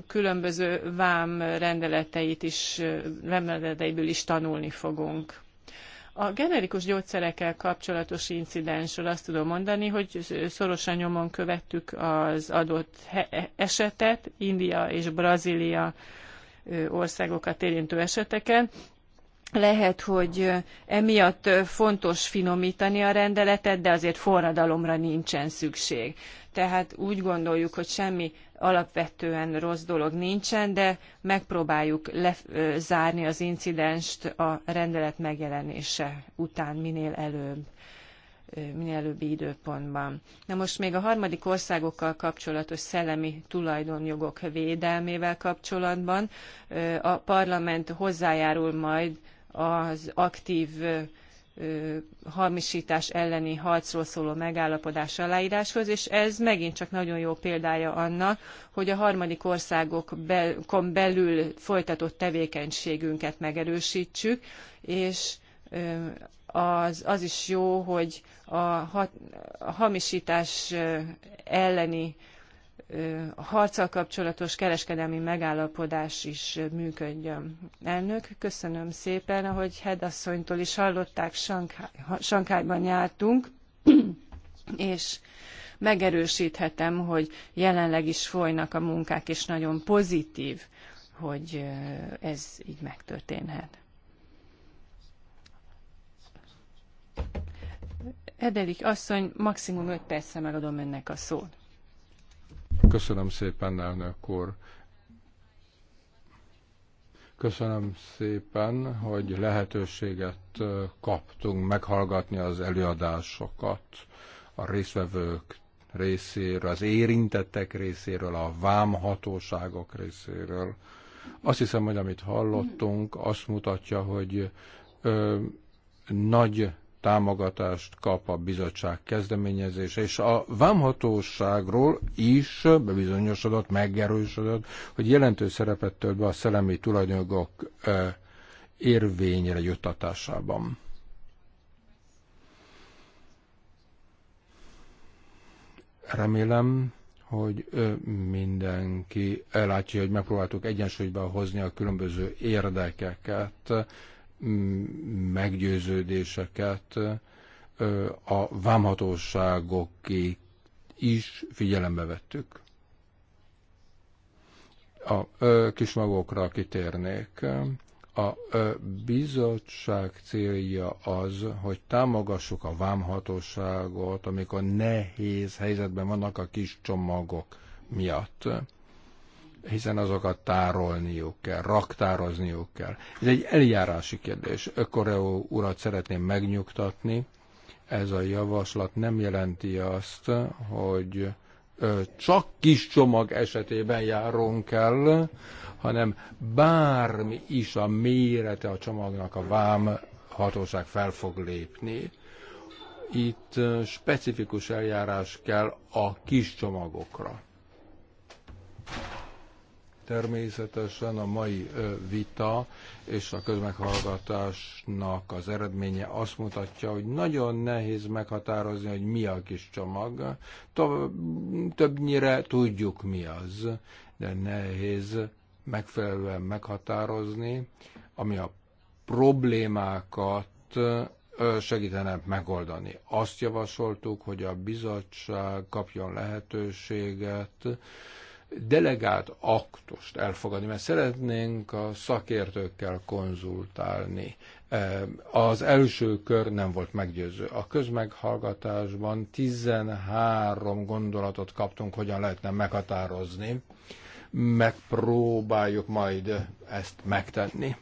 különböző vám rendeleteit is, rendeleteiből is tanulni fogunk. A generikus gyógyszerekkel kapcsolatos incidensről azt tudom mondani, hogy szorosan nyomon követtük az adott e-, esetet, India és Brazília országokat érintő eseteken, lehet, hogy emiatt fontos finomtani a rendeletet, de azért forradalomra nincsen szükség. Tehát úgy gondoljuk, hogy semmi alapvetően rossz dolog nincsen, de megpróbáljuk lezárni az incidenst a rendelet megjelenése után minél előbb minél előbbi időpontban. Na most még a harmadik országokkal kapcsolatos szellemi tulajdonjogok védelmével kapcsolatban a parlament hozzájárul majd az aktív hamisítás elleni harcról szóló megállapodás aláíráshoz, és ez megint csak nagyon jó példája annak, hogy a harmadik országokon belül folytatott tevékenységünket megerősítsük, és az, az is jó, hogy a, hat, a hamisítás elleni harccal kapcsolatos kereskedelmi megállapodás is működjön. Elnök, köszönöm szépen, ahogy Hedasszonytól is hallották, Sankályban jártunk, és megerősíthetem, hogy jelenleg is folynak a munkák, és nagyon pozitív, hogy ez így megtörténhet. Edelik asszony, maximum 5 percre megadom önnek a szót. Köszönöm szépen, elnök úr. Köszönöm szépen, hogy lehetőséget kaptunk meghallgatni az előadásokat a részvevők részéről, az érintettek részéről, a vámhatóságok részéről. Azt hiszem, hogy amit hallottunk, azt mutatja, hogy ö, nagy támogatást kap a bizottság kezdeményezése, és a vámhatóságról is bebizonyosodott, megerősödött, hogy jelentős szerepet tölt be a szellemi tulajdonjogok érvényre juttatásában. Remélem, hogy mindenki látja, hogy megpróbáltuk egyensúlyba hozni a különböző érdekeket, meggyőződéseket a vámhatóságoké is figyelembe vettük. A kismagokra kitérnék. A bizottság célja az, hogy támogassuk a vámhatóságot, amikor nehéz helyzetben vannak a kis csomagok miatt hiszen azokat tárolniuk kell, raktározniuk kell. Ez egy eljárási kérdés. Ökoreó urat szeretném megnyugtatni. Ez a javaslat nem jelenti azt, hogy csak kis csomag esetében járunk el, hanem bármi is a mérete a csomagnak a vám hatóság fel fog lépni. Itt specifikus eljárás kell a kis csomagokra. Természetesen a mai vita és a közmeghallgatásnak az eredménye azt mutatja, hogy nagyon nehéz meghatározni, hogy mi a kis csomag. Többnyire tudjuk mi az, de nehéz megfelelően meghatározni, ami a problémákat segítene megoldani. Azt javasoltuk, hogy a bizottság kapjon lehetőséget, delegált aktust elfogadni, mert szeretnénk a szakértőkkel konzultálni. Az első kör nem volt meggyőző. A közmeghallgatásban 13 gondolatot kaptunk, hogyan lehetne meghatározni. Megpróbáljuk majd ezt megtenni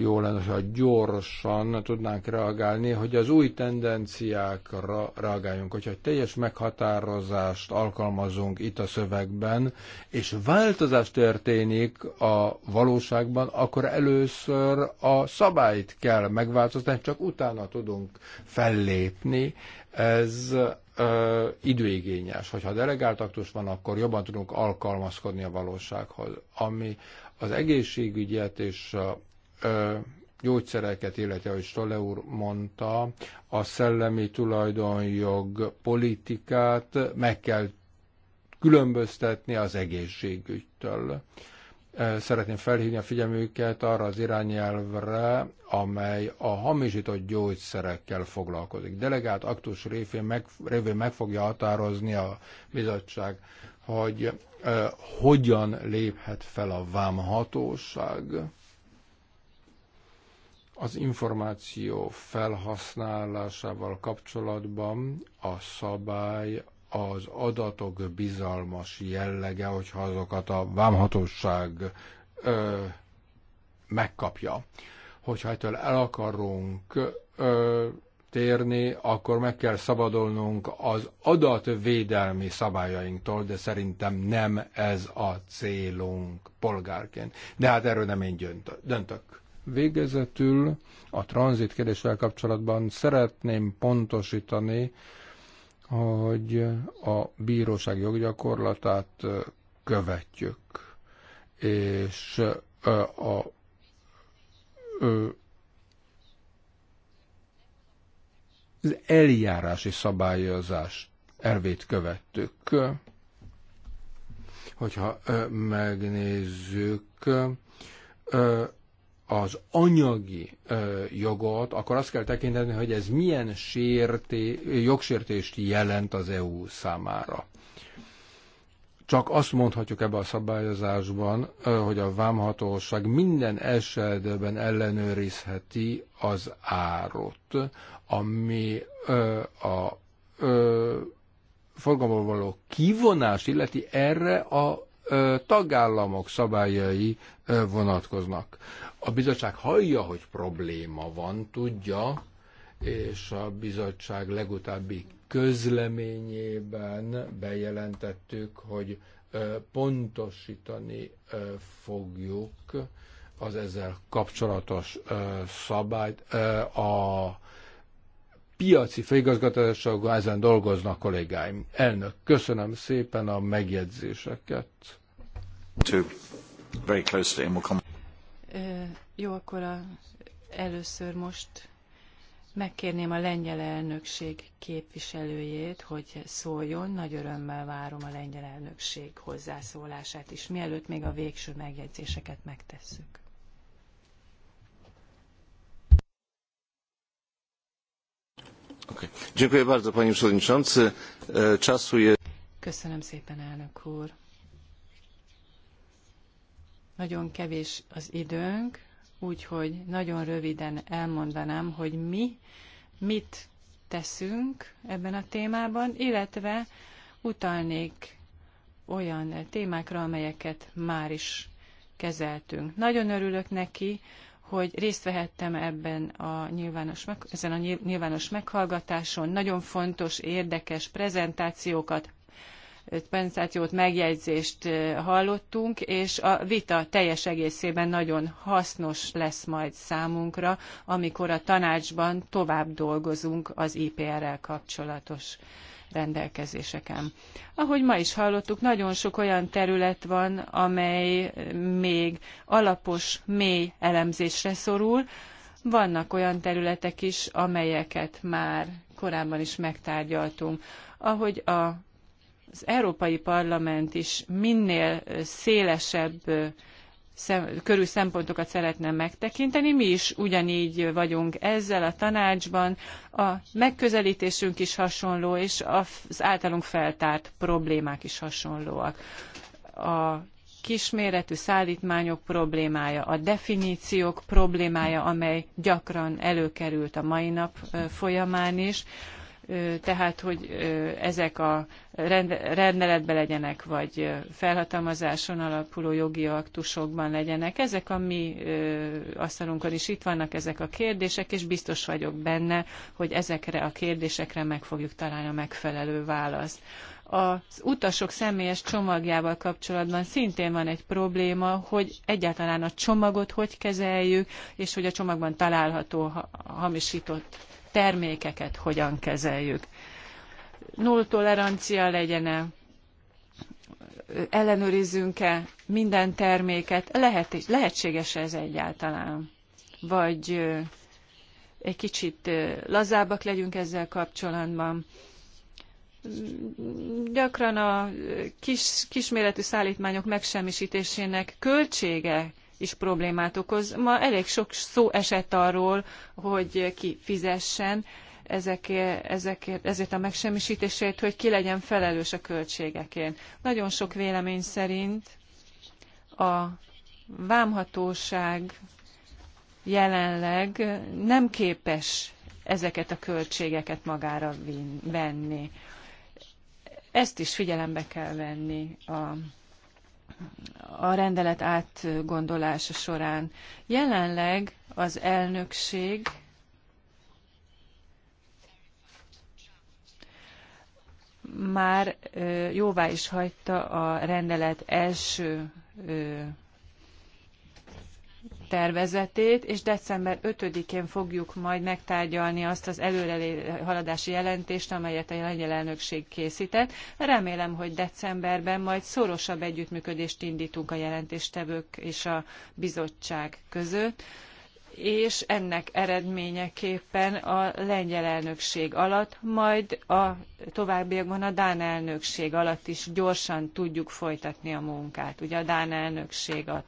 jó lenne, ha gyorsan tudnánk reagálni, hogy az új tendenciákra reagáljunk. Hogyha egy teljes meghatározást alkalmazunk itt a szövegben, és változás történik a valóságban, akkor először a szabályt kell megváltoztatni, csak utána tudunk fellépni. Ez ö, időigényes. Hogyha delegált aktus van, akkor jobban tudunk alkalmazkodni a valósághoz. Ami az egészségügyet és a gyógyszereket, illetve, ahogy Stolle úr mondta, a szellemi tulajdonjog politikát meg kell különböztetni az egészségügytől. Szeretném felhívni a figyelmüket arra az irányelvre, amely a hamisított gyógyszerekkel foglalkozik. Delegált aktus révén meg, révén meg fogja határozni a bizottság, hogy eh, hogyan léphet fel a vámhatóság az információ felhasználásával kapcsolatban a szabály az adatok bizalmas jellege, hogyha azokat a vámhatóság ö, megkapja. Hogyha ettől el akarunk ö, térni, akkor meg kell szabadulnunk az adatvédelmi szabályainktól, de szerintem nem ez a célunk polgárként. De hát erről nem én döntök. Végezetül a tranzit kérdéssel kapcsolatban szeretném pontosítani, hogy a bíróság joggyakorlatát követjük, és a, a, a az eljárási szabályozás elvét követtük. Hogyha megnézzük az anyagi ö, jogot, akkor azt kell tekinteni, hogy ez milyen sérté, jogsértést jelent az EU számára. Csak azt mondhatjuk ebbe a szabályozásban, ö, hogy a vámhatóság minden esetben ellenőrizheti az árot, ami ö, a ö, forgalomból való kivonás illeti erre a tagállamok szabályai vonatkoznak. A bizottság hallja, hogy probléma van, tudja, és a bizottság legutóbbi közleményében bejelentettük, hogy pontosítani fogjuk az ezzel kapcsolatos szabályt. A piaci főigazgatásokon ezen dolgoznak kollégáim. Elnök, köszönöm szépen a megjegyzéseket. Very closely and we'll come. Jó, akkor a, először most megkérném a lengyel elnökség képviselőjét, hogy szóljon. Nagy örömmel várom a lengyel elnökség hozzászólását is, mielőtt még a végső megjegyzéseket megtesszük. Okay. E, Köszönöm szépen, elnök úr. Nagyon kevés az időnk, úgyhogy nagyon röviden elmondanám, hogy mi mit teszünk ebben a témában, illetve utalnék olyan témákra, amelyeket már is kezeltünk. Nagyon örülök neki, hogy részt vehettem ebben a nyilvános, ezen a nyilvános meghallgatáson. Nagyon fontos, érdekes prezentációkat kompenzációt, megjegyzést hallottunk, és a vita teljes egészében nagyon hasznos lesz majd számunkra, amikor a tanácsban tovább dolgozunk az IPR-rel kapcsolatos rendelkezéseken. Ahogy ma is hallottuk, nagyon sok olyan terület van, amely még alapos, mély elemzésre szorul. Vannak olyan területek is, amelyeket már korábban is megtárgyaltunk. Ahogy a az Európai Parlament is minél szélesebb körű szempontokat szeretne megtekinteni. Mi is ugyanígy vagyunk ezzel a tanácsban. A megközelítésünk is hasonló, és az általunk feltárt problémák is hasonlóak. A kisméretű szállítmányok problémája, a definíciók problémája, amely gyakran előkerült a mai nap folyamán is, tehát hogy ezek a rendeletben legyenek, vagy felhatalmazáson alapuló jogi aktusokban legyenek. Ezek a mi asztalunkon is itt vannak ezek a kérdések, és biztos vagyok benne, hogy ezekre a kérdésekre meg fogjuk találni a megfelelő választ. Az utasok személyes csomagjával kapcsolatban szintén van egy probléma, hogy egyáltalán a csomagot hogy kezeljük, és hogy a csomagban található hamisított termékeket hogyan kezeljük. Null tolerancia legyen-e, ellenőrizzünk-e minden terméket, lehet, lehetséges ez egyáltalán? Vagy egy kicsit lazábbak legyünk ezzel kapcsolatban. Gyakran a kis, kisméretű szállítmányok megsemmisítésének költsége is problémát okoz. Ma elég sok szó esett arról, hogy ki fizessen ezekért, ezekért, ezért a megsemmisítésért, hogy ki legyen felelős a költségekért. Nagyon sok vélemény szerint a vámhatóság jelenleg nem képes ezeket a költségeket magára venni. Ezt is figyelembe kell venni a a rendelet átgondolása során. Jelenleg az elnökség már jóvá is hagyta a rendelet első tervezetét, és december 5-én fogjuk majd megtárgyalni azt az előrehaladási jelentést, amelyet a lengyel elnökség készített. Remélem, hogy decemberben majd szorosabb együttműködést indítunk a jelentéstevők és a bizottság között és ennek eredményeképpen a lengyel elnökség alatt, majd a továbbiakban a Dán elnökség alatt is gyorsan tudjuk folytatni a munkát. Ugye a Dán elnökség alatt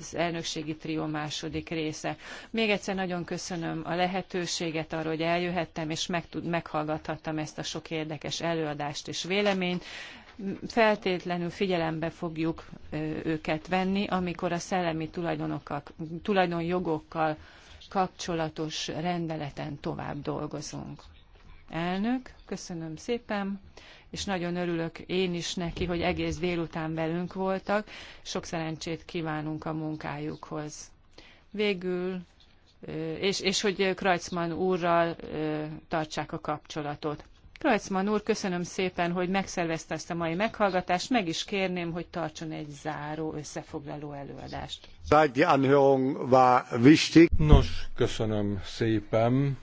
az elnökségi trió második része. Még egyszer nagyon köszönöm a lehetőséget arra, hogy eljöhettem, és meg tud, meghallgathattam ezt a sok érdekes előadást és véleményt feltétlenül figyelembe fogjuk őket venni, amikor a szellemi tulajdonokkal, tulajdonjogokkal kapcsolatos rendeleten tovább dolgozunk. Elnök, köszönöm szépen és nagyon örülök én is neki, hogy egész délután velünk voltak. Sok szerencsét kívánunk a munkájukhoz. Végül és, és hogy Krajcman úrral tartsák a kapcsolatot. Krajcman úr, köszönöm szépen, hogy megszervezte ezt a mai meghallgatást, meg is kérném, hogy tartson egy záró összefoglaló előadást. Nos, köszönöm szépen.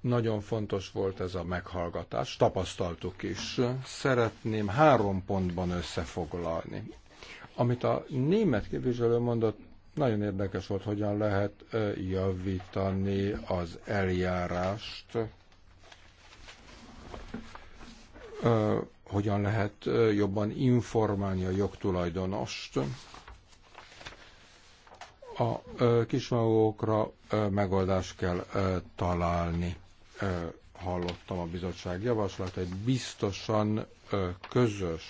Nagyon fontos volt ez a meghallgatás, tapasztaltuk is. Szeretném három pontban összefoglalni. Amit a német képviselő mondott, nagyon érdekes volt, hogyan lehet javítani az eljárást, hogyan lehet jobban informálni a jogtulajdonost. A kismagokra megoldást kell találni hallottam a bizottság javaslatait, biztosan közös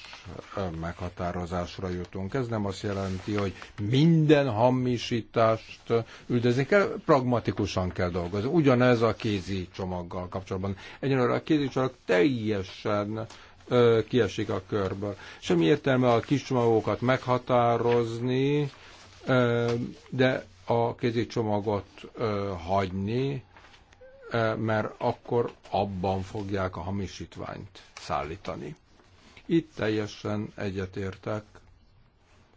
meghatározásra jutunk. Ez nem azt jelenti, hogy minden hamisítást üldözni kell, pragmatikusan kell dolgozni. Ugyanez a kézi csomaggal kapcsolatban. egyenlőre a kézi csomag teljesen kiesik a körből. Semmi értelme a kis csomagokat meghatározni, de a kézi csomagot hagyni, Eh, mert akkor abban fogják a hamisítványt szállítani. Itt teljesen egyetértek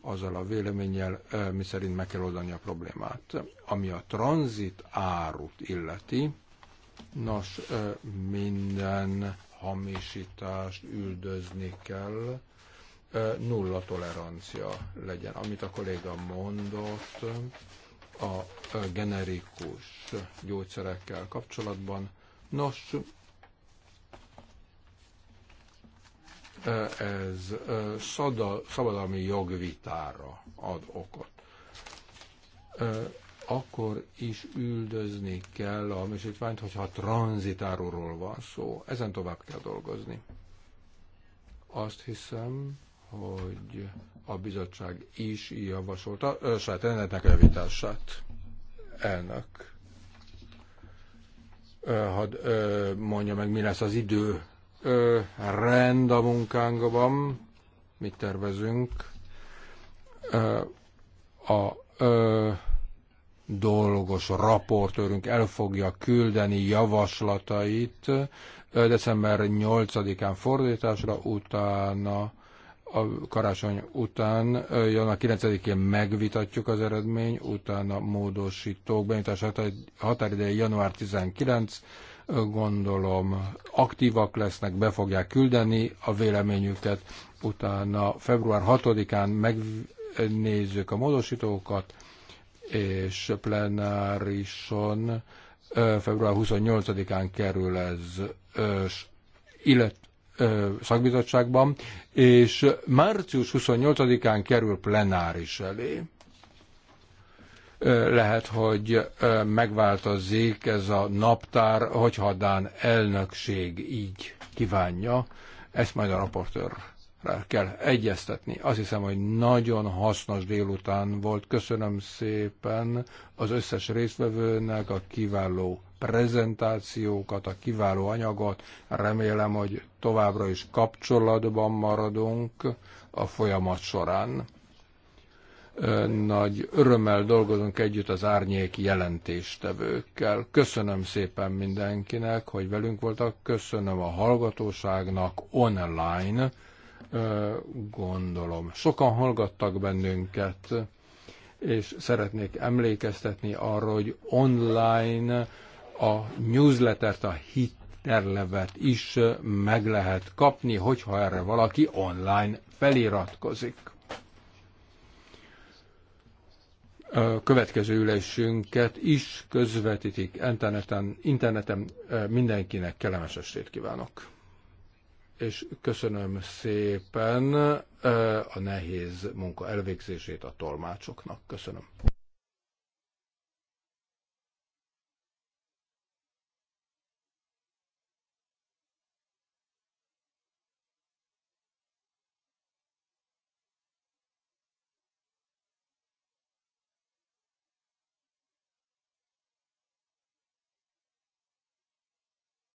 azzal a véleménnyel, eh, miszerint meg kell oldani a problémát. Ami a tranzit árut illeti, nos, eh, minden hamisítást üldözni kell, nulla tolerancia legyen. Amit a kolléga mondott, a generikus gyógyszerekkel kapcsolatban. Nos, ez szabadalmi jogvitára ad okot. Akkor is üldözni kell a műsítványt, hogyha tranzitáról van szó. Ezen tovább kell dolgozni. Azt hiszem, hogy a bizottság is javasolta ö, saját rendetnek javítását. Elnök. Ö, hadd ö, mondja meg, mi lesz az idő. Ö, rend a munkánkban. Mit tervezünk? Ö, a ö, dolgos raportőrünk el fogja küldeni javaslatait december 8-án fordításra, utána a karácsony után, január 9-én megvitatjuk az eredmény, utána módosítók benyújtás határideje január 19, gondolom aktívak lesznek, be fogják küldeni a véleményüket, utána február 6-án megnézzük a módosítókat, és plenárison február 28-án kerül ez, illetve szakbizottságban, és március 28-án kerül plenáris elé. Lehet, hogy megváltozik ez a naptár, hogyha Dán elnökség így kívánja. Ezt majd a raportőr kell egyeztetni. Azt hiszem, hogy nagyon hasznos délután volt. Köszönöm szépen az összes résztvevőnek a kiváló prezentációkat, a kiváló anyagot. Remélem, hogy továbbra is kapcsolatban maradunk a folyamat során. Nagy örömmel dolgozunk együtt az árnyék jelentéstevőkkel. Köszönöm szépen mindenkinek, hogy velünk voltak. Köszönöm a hallgatóságnak online gondolom. Sokan hallgattak bennünket, és szeretnék emlékeztetni arra, hogy online a newslettert, a hitterlevet is meg lehet kapni, hogyha erre valaki online feliratkozik. A következő ülésünket is közvetítik interneten, interneten mindenkinek kellemes estét kívánok és köszönöm szépen eh, a nehéz munka elvégzését a tolmácsoknak. Köszönöm.